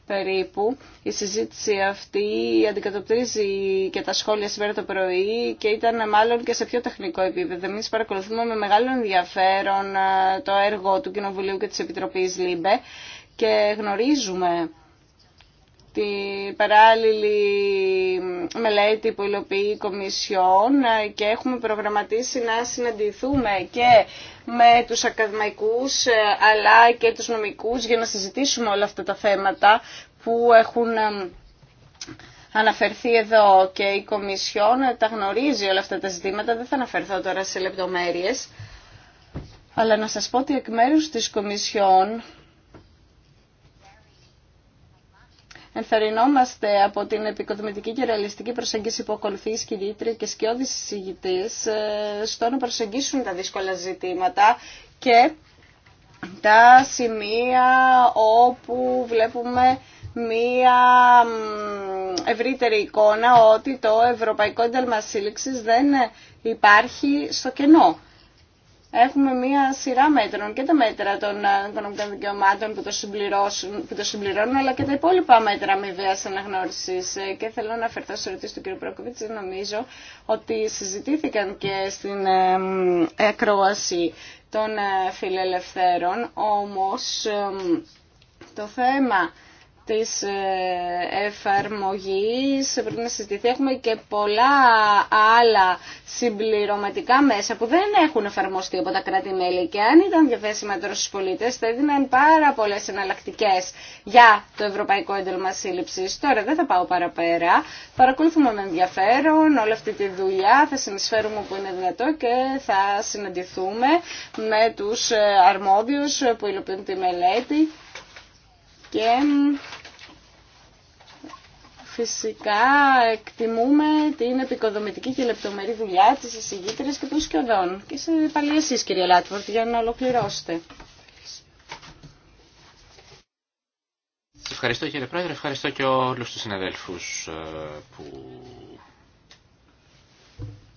περίπου. Η συζήτηση αυτή αντικατοπτρίζει και τα σχόλια σήμερα το πρωί και ήταν μάλλον και σε πιο τεχνικό επίπεδο. Εμεί παρακολουθούμε με μεγάλο ενδιαφέρον ε, το έργο του Κοινοβουλίου και της Επιτροπής ΛΥΜΠΕ και γνωρίζουμε την παράλληλη μελέτη που υλοποιεί η Κομισιόν και έχουμε προγραμματίσει να συναντηθούμε και με τους ακαδημαϊκούς ε, αλλά και τους νομικούς για να συζητήσουμε όλα αυτά τα θέματα που έχουν ε, αναφερθεί εδώ και η Κομισιόν τα γνωρίζει όλα αυτά τα ζητήματα. Δεν θα αναφερθώ τώρα σε λεπτομέρειες. Αλλά να σας πω ότι εκ μέρους της Κομισιόν ενθαρρυνόμαστε από την επικοδομητική και ρεαλιστική προσέγγιση που ακολουθεί η και σκιώδης συζητητής ε, στο να προσεγγίσουν τα δύσκολα ζητήματα και τα σημεία όπου βλέπουμε μία ευρύτερη εικόνα ότι το Ευρωπαϊκό Ένταλμα Σύλληξης δεν υπάρχει στο κενό έχουμε μία σειρά μέτρων και τα μέτρα των οικονομικών δικαιωμάτων που το, που το συμπληρώνουν, αλλά και τα υπόλοιπα μέτρα αμοιβαία αναγνώριση. Ε, και θέλω να αφαιρθώ σε ερωτήσει του κ. Πρόκοβιτ. Νομίζω ότι συζητήθηκαν και στην ακρόαση των ε, φιλελευθέρων, όμως το θέμα της ε, εφαρμογής πρέπει να συζητηθεί. Έχουμε και πολλά άλλα συμπληρωματικά μέσα που δεν έχουν εφαρμοστεί από τα κράτη-μέλη και αν ήταν διαθέσιμα τώρα στους πολίτες θα έδιναν πάρα πολλές εναλλακτικέ για το Ευρωπαϊκό Ένταλμα Σύλληψης. Τώρα δεν θα πάω παραπέρα. Παρακολουθούμε με ενδιαφέρον όλη αυτή τη δουλειά. Θα συνεισφέρουμε που είναι δυνατό και θα συναντηθούμε με τους ε, αρμόδιους που υλοποιούν τη μελέτη και φυσικά εκτιμούμε την επικοδομητική και λεπτομερή δουλειά της εισηγήτριας και των σκιωδών. Και σε πάλι εσείς κύριε Λάτφορτ για να ολοκληρώσετε. Ευχαριστώ κύριε Πρόεδρε, ευχαριστώ και όλους τους συναδέλφους ε, που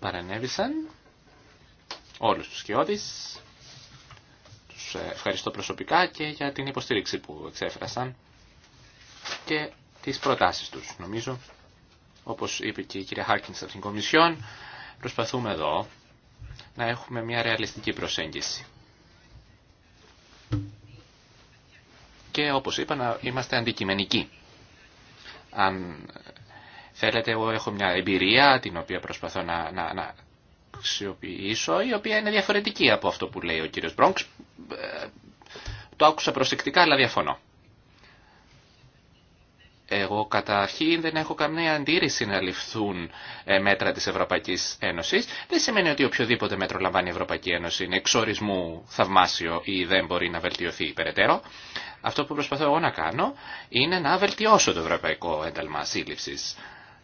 παρανέβησαν, όλους τους σκιώδεις τους ε, ευχαριστώ προσωπικά και για την υποστήριξη που εξέφρασαν και τις προτάσεις τους. Νομίζω, όπως είπε και η κυρία Χάρκινς από την Κομισιόν, προσπαθούμε εδώ να έχουμε μια ρεαλιστική προσέγγιση. Και όπως είπα, να είμαστε αντικειμενικοί. Αν θέλετε, εγώ έχω μια εμπειρία την οποία προσπαθώ να, να, να αξιοποιήσω, η οποία είναι διαφορετική από αυτό που λέει ο κύριος Μπρόγκς. Ε, το άκουσα προσεκτικά, αλλά διαφωνώ. Εγώ καταρχήν δεν έχω καμία αντίρρηση να ληφθούν ε, μέτρα της Ευρωπαϊκής Ένωσης. Δεν σημαίνει ότι οποιοδήποτε μέτρο λαμβάνει η Ευρωπαϊκή Ένωση είναι εξορισμού θαυμάσιο ή δεν μπορεί να βελτιωθεί περαιτέρω. Αυτό που προσπαθώ εγώ να κάνω είναι να βελτιώσω το ευρωπαϊκό ένταλμα σύλληψης.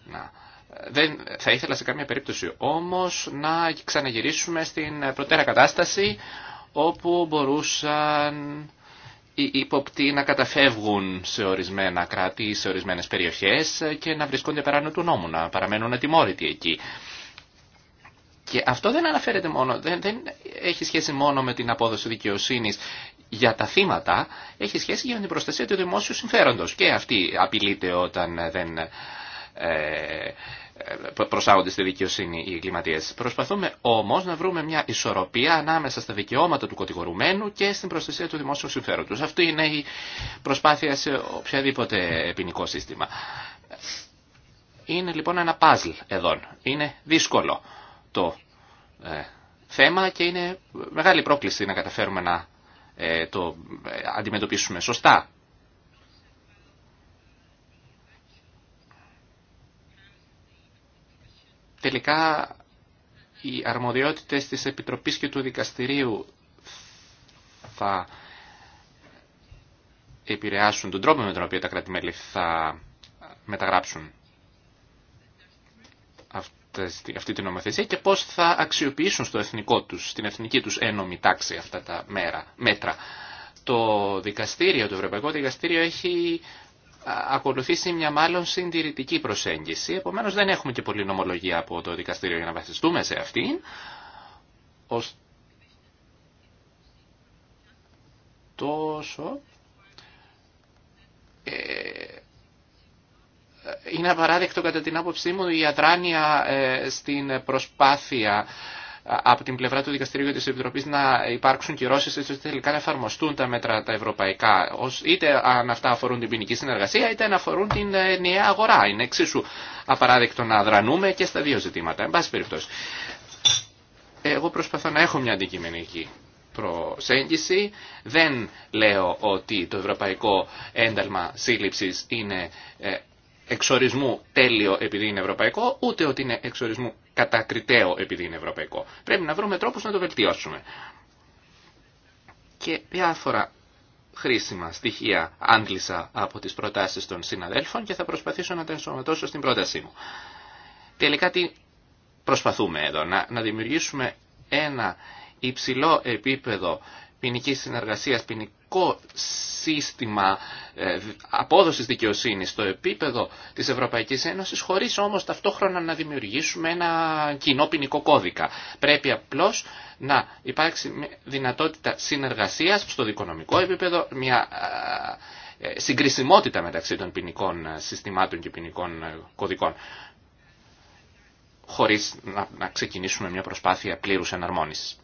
Να. Ε, δεν θα ήθελα σε καμία περίπτωση όμως να ξαναγυρίσουμε στην προτέρα κατάσταση όπου μπορούσαν οι υποπτοί να καταφεύγουν σε ορισμένα κράτη ή σε ορισμένες περιοχές και να βρισκόνται περάνω του νόμου, να παραμένουν ατιμόρυτοι εκεί. Και αυτό δεν αναφέρεται μόνο, δεν, δεν έχει σχέση μόνο με την απόδοση δικαιοσύνης για τα θύματα, έχει σχέση για την προστασία του δημόσιου συμφέροντος. Και αυτή απειλείται όταν δεν ε, ε, προσάγονται στη δικαιοσύνη οι εγκληματίες. Προσπαθούμε όμως να βρούμε μια ισορροπία ανάμεσα στα δικαιώματα του κατηγορουμένου και στην προστασία του δημόσιου συμφέροντος. Αυτή είναι η προσπάθεια σε οποιαδήποτε ποινικό σύστημα. Είναι λοιπόν ένα παζλ εδώ. Είναι δύσκολο το ε, θέμα και είναι μεγάλη πρόκληση να καταφέρουμε να ε, το αντιμετωπίσουμε σωστά. τελικά οι αρμοδιότητες της Επιτροπής και του Δικαστηρίου θα επηρεάσουν τον τρόπο με τον οποίο τα κράτη-μέλη θα μεταγράψουν αυτή την νομοθεσία και πώς θα αξιοποιήσουν στο εθνικό τους, στην εθνική τους ένομη τάξη αυτά τα μέρα, μέτρα. Το δικαστήριο, το Ευρωπαϊκό Δικαστήριο έχει ακολουθήσει μια μάλλον συντηρητική προσέγγιση. Επομένως δεν έχουμε και πολλή νομολογία από το δικαστήριο για να βασιστούμε σε αυτήν. Ωστόσο, ε, είναι απαράδεκτο κατά την άποψή μου η αδράνεια ε, στην προσπάθεια από την πλευρά του Δικαστηρίου και της Επιτροπής να υπάρξουν κυρώσει έτσι ώστε τελικά να εφαρμοστούν τα μέτρα τα ευρωπαϊκά, είτε αν αυτά αφορούν την ποινική συνεργασία, είτε αν αφορούν την ε, νέα αγορά. Είναι εξίσου απαράδεκτο να δρανούμε και στα δύο ζητήματα. Εν πάση περιπτώσει, εγώ προσπαθώ να έχω μια αντικειμενική προσέγγιση. Δεν λέω ότι το ευρωπαϊκό ένταλμα σύλληψη είναι ε, εξορισμού τέλειο επειδή είναι ευρωπαϊκό, ούτε ότι είναι εξορισμού κατακριτέο επειδή είναι ευρωπαϊκό. Πρέπει να βρούμε τρόπους να το βελτιώσουμε. Και διάφορα χρήσιμα στοιχεία άντλησα από τις προτάσεις των συναδέλφων και θα προσπαθήσω να τα ενσωματώσω στην πρότασή μου. Τελικά τι προσπαθούμε εδώ, να, να δημιουργήσουμε ένα υψηλό επίπεδο ποινική συνεργασία, ποινικό σύστημα ε, απόδοσης δικαιοσύνης στο επίπεδο της Ευρωπαϊκής Ένωσης, χωρίς όμως ταυτόχρονα να δημιουργήσουμε ένα κοινό ποινικό κώδικα. Πρέπει απλώ να υπάρξει δυνατότητα συνεργασίας στο δικονομικό επίπεδο, μια ε, ε, συγκρισιμότητα μεταξύ των ποινικών συστημάτων και ποινικών κωδικών χωρίς να ξεκινήσουμε μια προσπάθεια πλήρους εναρμόνισης.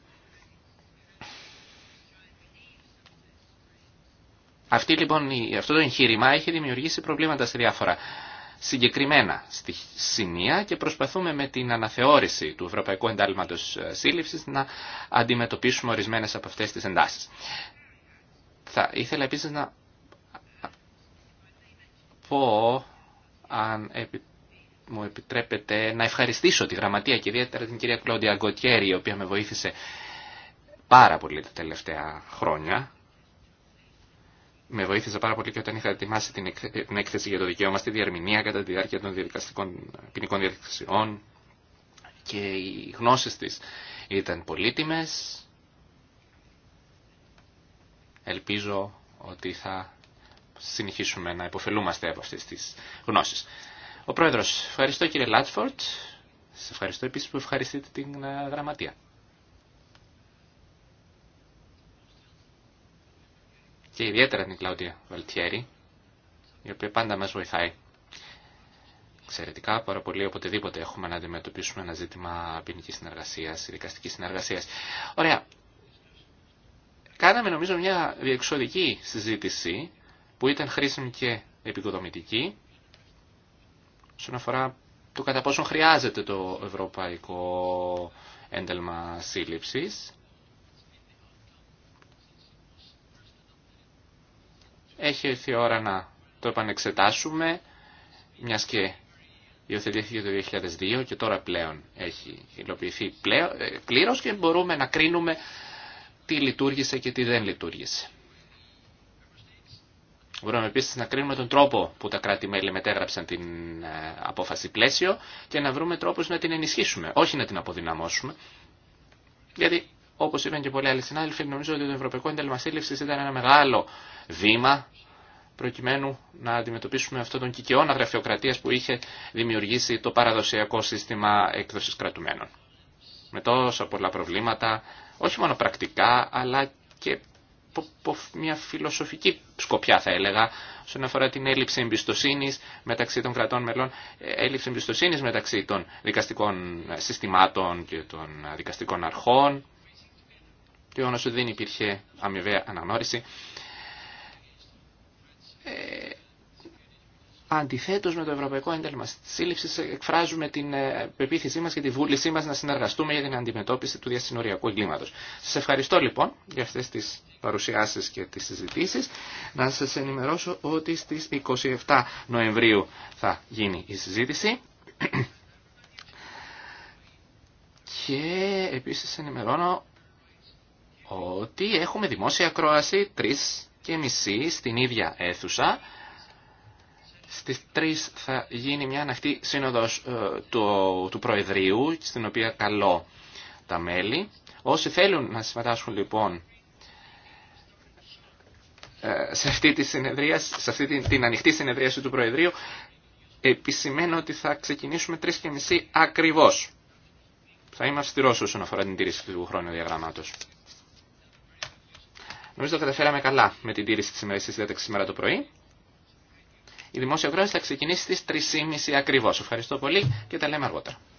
Αυτή, λοιπόν, αυτό το εγχείρημα έχει δημιουργήσει προβλήματα σε διάφορα συγκεκριμένα στη σημεία και προσπαθούμε με την αναθεώρηση του Ευρωπαϊκού Εντάλματος ε, Σύλληψης να αντιμετωπίσουμε ορισμένες από αυτές τις εντάσεις. Θα ήθελα επίσης να πω, αν μου επιτρέπετε, να ευχαριστήσω τη Γραμματεία και ιδιαίτερα την κυρία Κλόντια Γκοτιέρη, η οποία με βοήθησε πάρα πολύ τα τελευταία χρόνια με βοήθησε πάρα πολύ και όταν είχα ετοιμάσει την έκθεση για το δικαίωμα στη διαρμηνία κατά τη διάρκεια των διαδικαστικών ποινικών διαδικασιών και οι γνώσεις της ήταν πολύτιμες. Ελπίζω ότι θα συνεχίσουμε να υποφελούμαστε από αυτές τις γνώσεις. Ο Πρόεδρος, ευχαριστώ κύριε Λάτσφορτ. Σας ευχαριστώ επίσης που ευχαριστείτε την ε, γραμματεία. και ιδιαίτερα την Κλάουδια Βαλτιέρη, η οποία πάντα μας βοηθάει εξαιρετικά πάρα πολύ οποτεδήποτε έχουμε να αντιμετωπίσουμε ένα ζήτημα ποινική συνεργασία, δικαστική συνεργασία. Ωραία. Κάναμε νομίζω μια διεξοδική συζήτηση που ήταν χρήσιμη και επικοδομητική όσον αφορά το κατά πόσο χρειάζεται το ευρωπαϊκό ένταλμα σύλληψης Έχει έρθει η ώρα να το επανεξετάσουμε, μιας και υιοθετήθηκε το 2002 και τώρα πλέον έχει υλοποιηθεί πλέον, ε, και μπορούμε να κρίνουμε τι λειτουργήσε και τι δεν λειτουργήσε. Μπορούμε επίσης να κρίνουμε τον τρόπο που τα κράτη-μέλη μετέγραψαν την ε, απόφαση πλαίσιο και να βρούμε τρόπους να την ενισχύσουμε, όχι να την αποδυναμώσουμε. Γιατί Όπω είπαν και πολλοί άλλοι συνάδελφοι, νομίζω ότι το Ευρωπαϊκό Ένταλμα ήταν ένα μεγάλο βήμα προκειμένου να αντιμετωπίσουμε αυτόν τον κικαιώνα γραφειοκρατία που είχε δημιουργήσει το παραδοσιακό σύστημα έκδοση κρατουμένων. Με τόσα πολλά προβλήματα, όχι μόνο πρακτικά, αλλά και μια φιλοσοφική σκοπιά θα έλεγα, όσον αφορά την έλλειψη εμπιστοσύνη μεταξύ των κρατών μελών, ε, έλλειψη εμπιστοσύνη μεταξύ των δικαστικών συστημάτων και των δικαστικών αρχών, το γεγονό ότι δεν υπήρχε αμοιβαία αναγνώριση. Ε, Αντιθέτω με το Ευρωπαϊκό Ένταλμα Σύλληψη, εκφράζουμε την ε, πεποίθησή μας και τη βούλησή μας να συνεργαστούμε για την αντιμετώπιση του διασυνοριακού εγκλήματος. Σας ευχαριστώ λοιπόν για αυτές τις παρουσιάσεις και τις συζητήσεις. Να σας ενημερώσω ότι στις 27 Νοεμβρίου θα γίνει η συζήτηση. Και επίσης ενημερώνω ότι έχουμε δημόσια ακρόαση 3 και μισή στην ίδια αίθουσα. Στις 3 θα γίνει μια ανοιχτή σύνοδος ε, του, του Προεδρίου, στην οποία καλώ τα μέλη. Όσοι θέλουν να συμμετάσχουν λοιπόν ε, σε αυτή, τη συνεδρία, σε αυτή την, την ανοιχτή συνεδρίαση του προεδρίου, επισημαίνω ότι θα ξεκινήσουμε μισή ακριβώς. Θα είμαι αυστηρός όσον αφορά την τήρηση του χρόνου Νομίζω το καταφέραμε καλά με την τήρηση της ημερήσια διάταξη σήμερα το πρωί. Η δημόσια γρόση θα ξεκινήσει στι 3.30 ακριβώ. Ευχαριστώ πολύ και τα λέμε αργότερα.